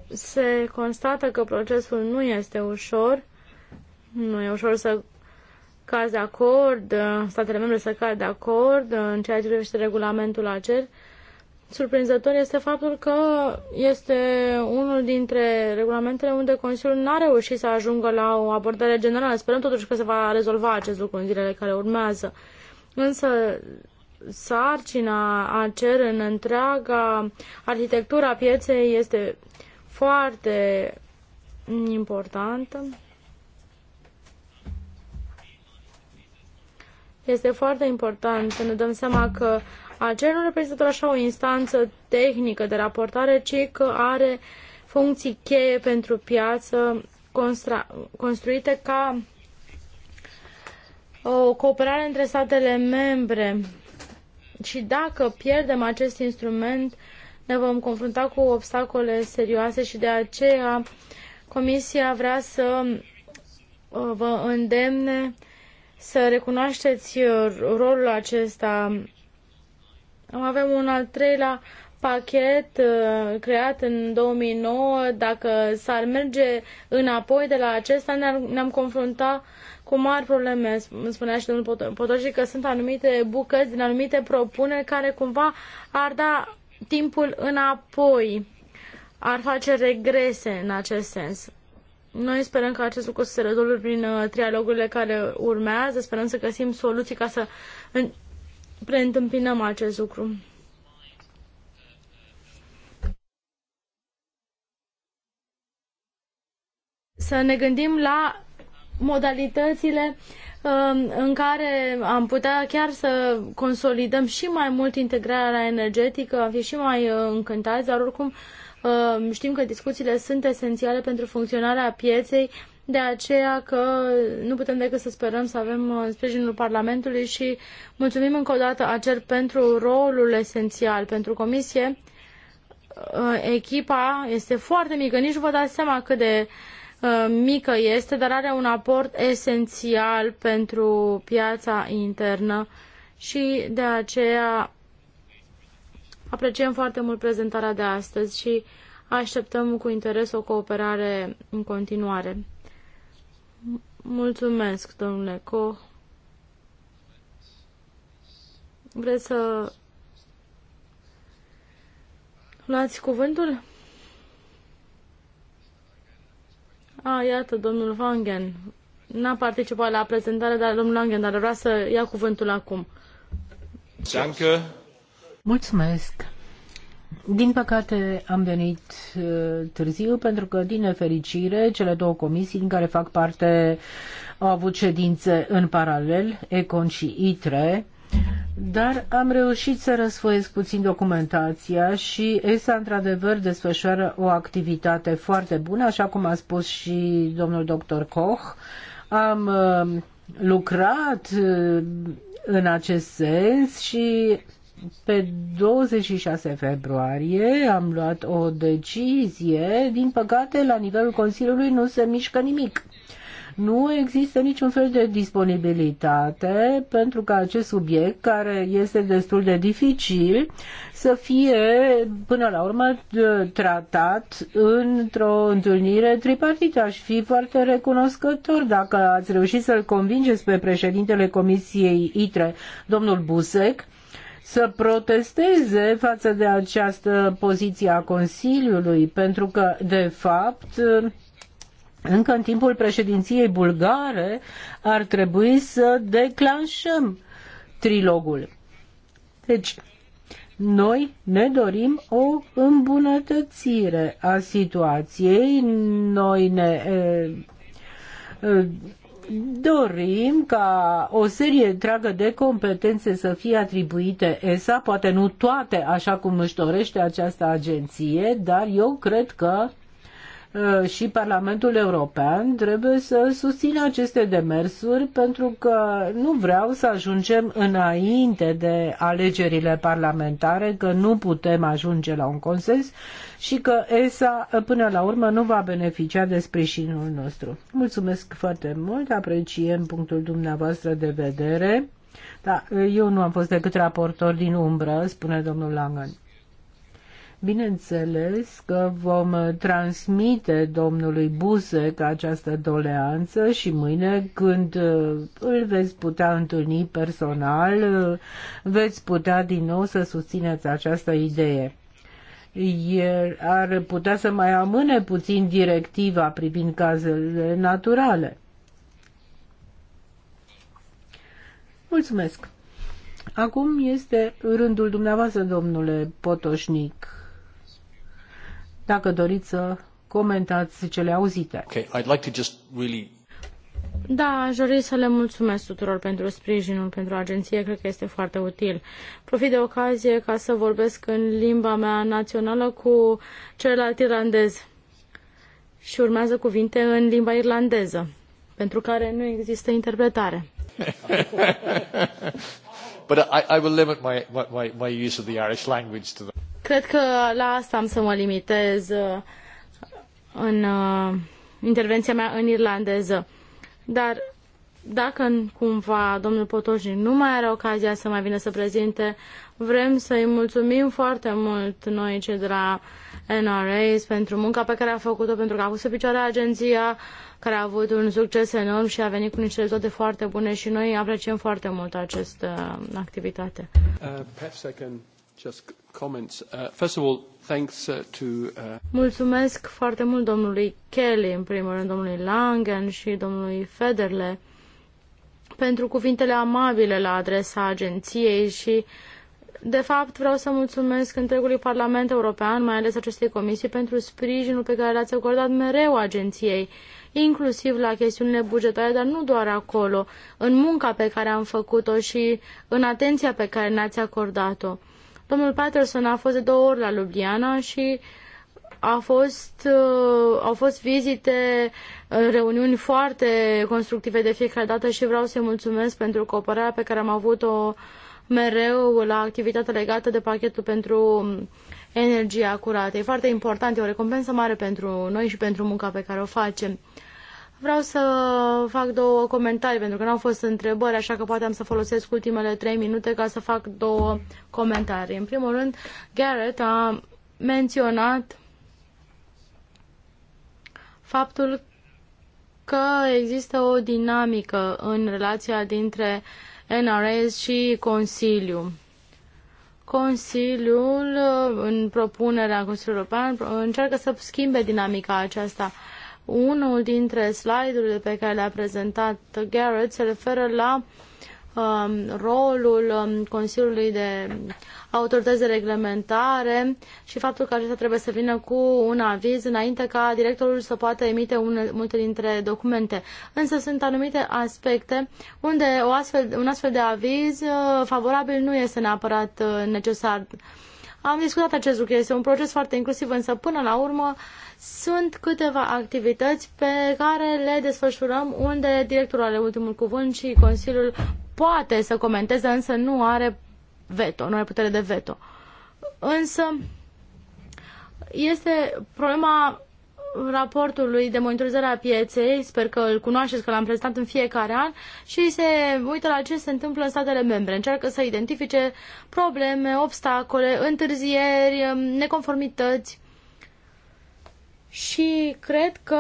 Se constată că procesul nu este ușor nu e ușor să cazi de acord, uh, statele membre să cazi de acord uh, în ceea ce privește regulamentul acel. Surprinzător este faptul că este unul dintre regulamentele unde Consiliul n-a reușit să ajungă la o abordare generală. Sperăm totuși că se va rezolva acest lucru în zilele care urmează. Însă sarcina cer în întreaga arhitectura pieței este foarte importantă Este foarte important să ne dăm seama că acel nu reprezintă așa o instanță tehnică de raportare, ci că are funcții cheie pentru piață construite ca o cooperare între statele membre. Și dacă pierdem acest instrument, ne vom confrunta cu obstacole serioase și de aceea Comisia vrea să uh, vă îndemne să recunoașteți uh, rolul acesta. Avem un al treilea pachet uh, creat în 2009. Dacă s-ar merge înapoi de la acesta, ne-am confrunta cu mari probleme, spunea și domnul Potoci, că sunt anumite bucăți din anumite propuneri care cumva ar da timpul înapoi, ar face regrese în acest sens. Noi sperăm că acest lucru să se rezolve prin uh, trialogurile care urmează. Sperăm să găsim soluții ca să în... preîntâmpinăm acest lucru. Să ne gândim la modalitățile uh, în care am putea chiar să consolidăm și mai mult integrarea energetică, am fi și mai uh, încântați, dar oricum uh, Ehm, știm că discuțiile sunt esențiale pentru funcționarea pieței, de aceea că nu putem decât să sperăm să avem uh, sprijinul Parlamentului și mulțumim încă o dată acer pentru rolul esențial pentru Comisie. Uh, echipa este foarte mică, nici vă dați seama cât de uh, mică este, dar are un aport esențial pentru piața internă și de aceea Apreciem foarte mult prezentarea de astăzi și așteptăm cu interes o cooperare în continuare. Mulțumesc, domnule Co. Vreți să luați cuvântul? A, iată, domnul Vangen. N-a participat la prezentare, dar domnul Vangen, dar vrea să ia cuvântul acum. Danke. Mulțumesc. Din păcate am venit uh, târziu pentru că, din nefericire, cele două comisii din care fac parte au avut ședințe în paralel, Econ și ITRE, dar am reușit să răsfoiesc puțin documentația și ESA, într-adevăr, desfășoară o activitate foarte bună, așa cum a spus și domnul doctor Koch. Am uh, lucrat uh, în acest sens și pe 26 februarie am luat o decizie, din păcate la nivelul Consiliului nu se mișcă nimic. Nu există niciun fel de disponibilitate pentru ca acest subiect, care este destul de dificil, să fie până la urmă tratat într-o întâlnire tripartită. Aș fi foarte recunoscător dacă ați reușit să-l convingeți pe președintele Comisiei ITRE, domnul Busec, să protesteze față de această poziție a Consiliului, pentru că, de fapt, încă în timpul președinției bulgare ar trebui să declanșăm trilogul. Deci, noi ne dorim o îmbunătățire a situației, noi ne e, dorim ca o serie întreagă de competențe să fie atribuite ESA, poate nu toate așa cum își dorește această agenție, dar eu cred că Uh, și Parlamentul European trebuie să susțină aceste demersuri pentru că nu vreau să ajungem înainte de alegerile parlamentare, că nu putem ajunge la un consens și că ESA uh, până la urmă nu va beneficia de sprijinul nostru. Mulțumesc foarte mult, apreciem punctul dumneavoastră de vedere. Da, eu nu am fost decât raportor din umbră, spune domnul Langan. Bineînțeles că vom transmite domnului Buzec această doleanță și mâine când uh, îl veți putea întâlni personal, uh, veți putea din nou să susțineți această idee. El ar putea să mai amâne puțin directiva privind cazele naturale. Mulțumesc! Acum este rândul dumneavoastră, domnule Potoșnic dacă doriți să comentați cele auzite. Okay, I'd like to just really... Da, aș dori să le mulțumesc tuturor pentru sprijinul pentru agenție, cred că este foarte util. Profit de ocazie ca să vorbesc în limba mea națională cu celălalt irlandez și urmează cuvinte în limba irlandeză, pentru care nu există interpretare. But I, I will limit my, my, my use of the Irish language to that. Cred că la asta am să mă limitez uh, în uh, intervenția mea în irlandeză. Dar dacă cumva domnul Potoșnic nu mai are ocazia să mai vină să prezinte, vrem să-i mulțumim foarte mult noi cei de la NRAs pentru munca pe care a făcut-o, pentru că a avut pe picioare agenția, care a avut un succes enorm și a venit cu niște rezultate foarte bune și noi apreciem foarte mult această uh, activitate. Uh, Uh, uh, uh, mulțumesc foarte mult domnului Kelly, în primul rând domnului Langen și domnului Federle pentru cuvintele amabile la adresa agenției și de fapt, vreau să mulțumesc întregului Parlament European, mai ales acestei comisii, pentru sprijinul pe care l-ați acordat mereu agenției, inclusiv la chestiunile bugetare, dar nu doar acolo, în munca pe care am făcut-o și în atenția pe care ne-ați acordat-o. Domnul Patterson a fost de două ori la Ljubljana și a fost, uh, au fost vizite, uh, reuniuni foarte constructive de fiecare dată și vreau să-i mulțumesc pentru cooperarea pe care am avut-o mereu la activitatea legată de pachetul pentru energia curată. E foarte important, e o recompensă mare pentru noi și pentru munca pe care o facem. Vreau să fac două comentarii, pentru că nu au fost întrebări, așa că poate am să folosesc ultimele trei minute ca să fac două comentarii. În primul rând, Garrett a menționat faptul că există o dinamică în relația dintre NRS și Consiliu. Consiliul, în propunerea Consiliului European, încearcă să schimbe dinamica aceasta unul dintre slide-urile pe care le-a prezentat Garrett se referă la um, rolul um, Consiliului de autorități de reglementare și faptul că acesta trebuie să vină cu un aviz înainte ca directorul să poată emite une, multe dintre documente. Însă sunt anumite aspecte unde o astfel, un astfel de aviz uh, favorabil nu este neapărat uh, necesar. Uh, am discutat acest lucru, este un proces foarte inclusiv, însă până la urmă sunt câteva activități pe care le desfășurăm unde directorul are ultimul cuvânt și Consiliul poate să comenteze, însă nu are veto, nu are putere de veto. Însă este problema raportului de monitorizare a pieței, sper că îl cunoașteți, că l-am prezentat în fiecare an, și se uită la ce se întâmplă în statele membre. Încearcă să identifice probleme, obstacole, întârzieri, neconformități. Și cred că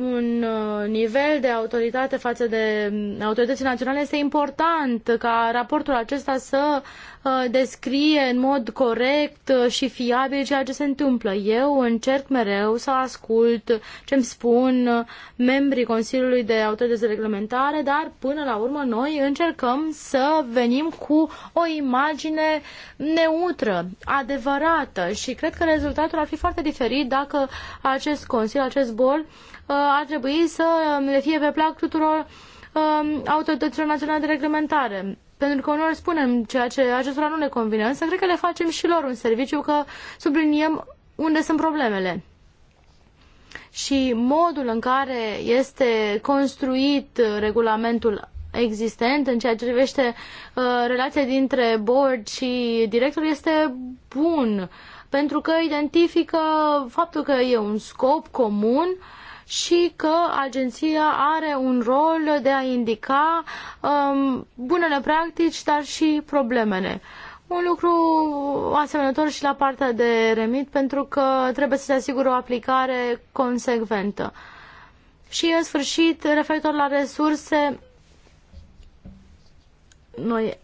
un nivel de autoritate față de autoritățile naționale este important ca raportul acesta să Uh, descrie în mod corect uh, și fiabil ceea ce se întâmplă. Eu încerc mereu să ascult ce îmi spun uh, membrii Consiliului de Autorități de Reglementare, dar până la urmă noi încercăm să venim cu o imagine neutră, adevărată și cred că rezultatul ar fi foarte diferit dacă acest Consiliu, acest bol ar trebui să le fie pe plac tuturor um, autorităților naționale de reglementare pentru că uneori spunem ceea ce acestora nu ne convine, însă cred că le facem și lor un serviciu că subliniem unde sunt problemele. Și modul în care este construit regulamentul existent în ceea ce privește uh, relația dintre board și director este bun, pentru că identifică faptul că e un scop comun uh, și că agenția are un rol de a indica um, bunele practici, dar și problemele. Un lucru asemănător și la partea de remit, pentru că trebuie să se asigure o aplicare consecventă. Și, în sfârșit, referitor la resurse, noi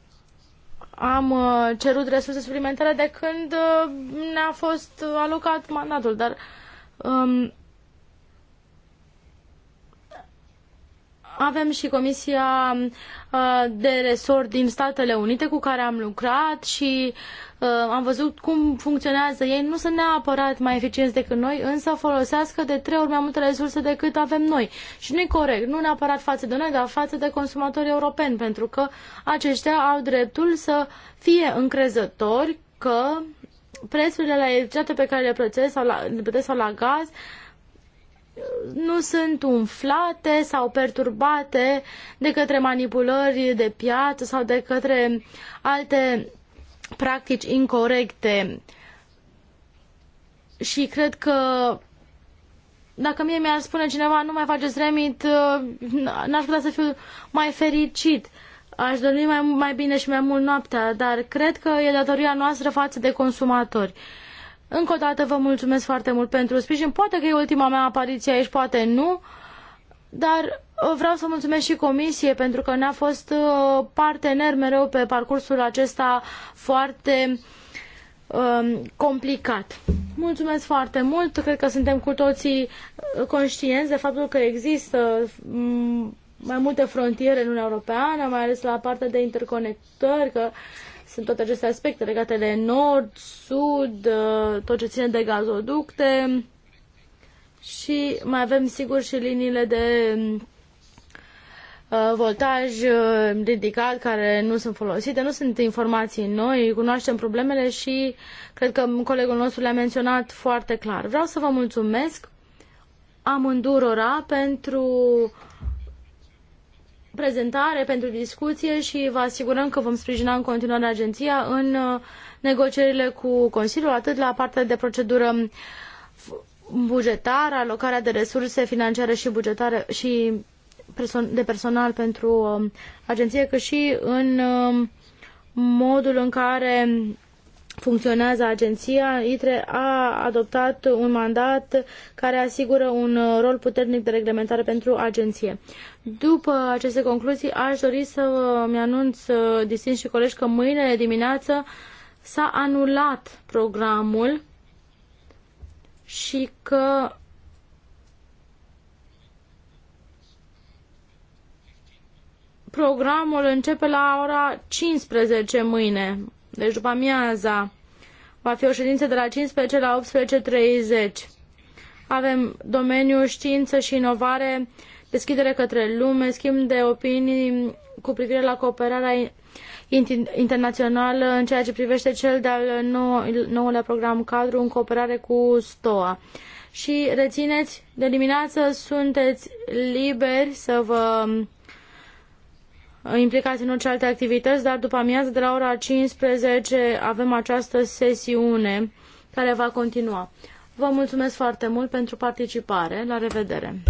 am uh, cerut resurse suplimentare de când uh, ne-a fost alocat mandatul, dar um, avem și Comisia uh, de Resort din Statele Unite cu care am lucrat și uh, am văzut cum funcționează. Ei nu sunt neapărat mai eficienți decât noi, însă folosească de trei ori mai multe resurse decât avem noi. Și nu-i corect, nu neapărat față de noi, dar față de consumatorii europeni, pentru că aceștia au dreptul să fie încrezători că prețurile la electricitate pe care le plătesc sau la, le plătesc sau la gaz nu sunt umflate sau perturbate de către manipulări de piață sau de către alte practici incorrecte. Și cred că dacă mie mi-ar spune cineva nu mai faceți remit, n-aș putea să fiu mai fericit. Aș dormi mai, mai bine și mai mult noaptea, dar cred că e datoria noastră față de consumatori. Uh, încă o dată vă mulțumesc foarte mult pentru sprijin. Poate că e ultima mea apariție aici, poate nu, dar uh, vreau să mulțumesc și comisie pentru că ne-a fost uh, partener mereu pe parcursul acesta foarte um, complicat. Mulțumesc foarte mult. Cred că suntem cu toții uh, conștienți de faptul că există mm, mai multe frontiere în Uniunea Europeană, mai ales la partea de interconectări, că sunt toate aceste aspecte legate de nord, sud, uh, tot ce ține de gazoducte și mai avem sigur și liniile de mm, uh, voltaj uh, ridicat care nu sunt folosite, nu sunt informații noi, cunoaștem problemele și cred că colegul nostru le-a menționat foarte clar. Vreau să vă mulțumesc amândurora pentru prezentare, pentru discuție și vă asigurăm că vom sprijina în continuare agenția în uh, negocierile cu Consiliul, atât la partea de procedură bugetară, alocarea de resurse financiare și bugetare și de personal pentru um, agenție, cât și în um, modul în care funcționează agenția, ITRE a adoptat un mandat care asigură un uh, rol puternic de reglementare pentru agenție. După aceste concluzii, aș dori să mi-anunț, distinși și colegi, că mâine dimineață s-a anulat programul și că programul începe la ora 15 mâine, deci după amiaza. Va fi o ședință de la 15 la 18.30. Avem domeniul știință și inovare deschidere către lume, schimb de opinii cu privire la cooperarea internațională în ceea ce privește cel de-al nouălea program cadru în cooperare cu STOA. Și rețineți, de dimineață sunteți liberi să vă um, implicați în orice alte activități, dar după amiază de la ora 15 avem această sesiune care va continua. Vă mulțumesc foarte mult pentru participare. La revedere!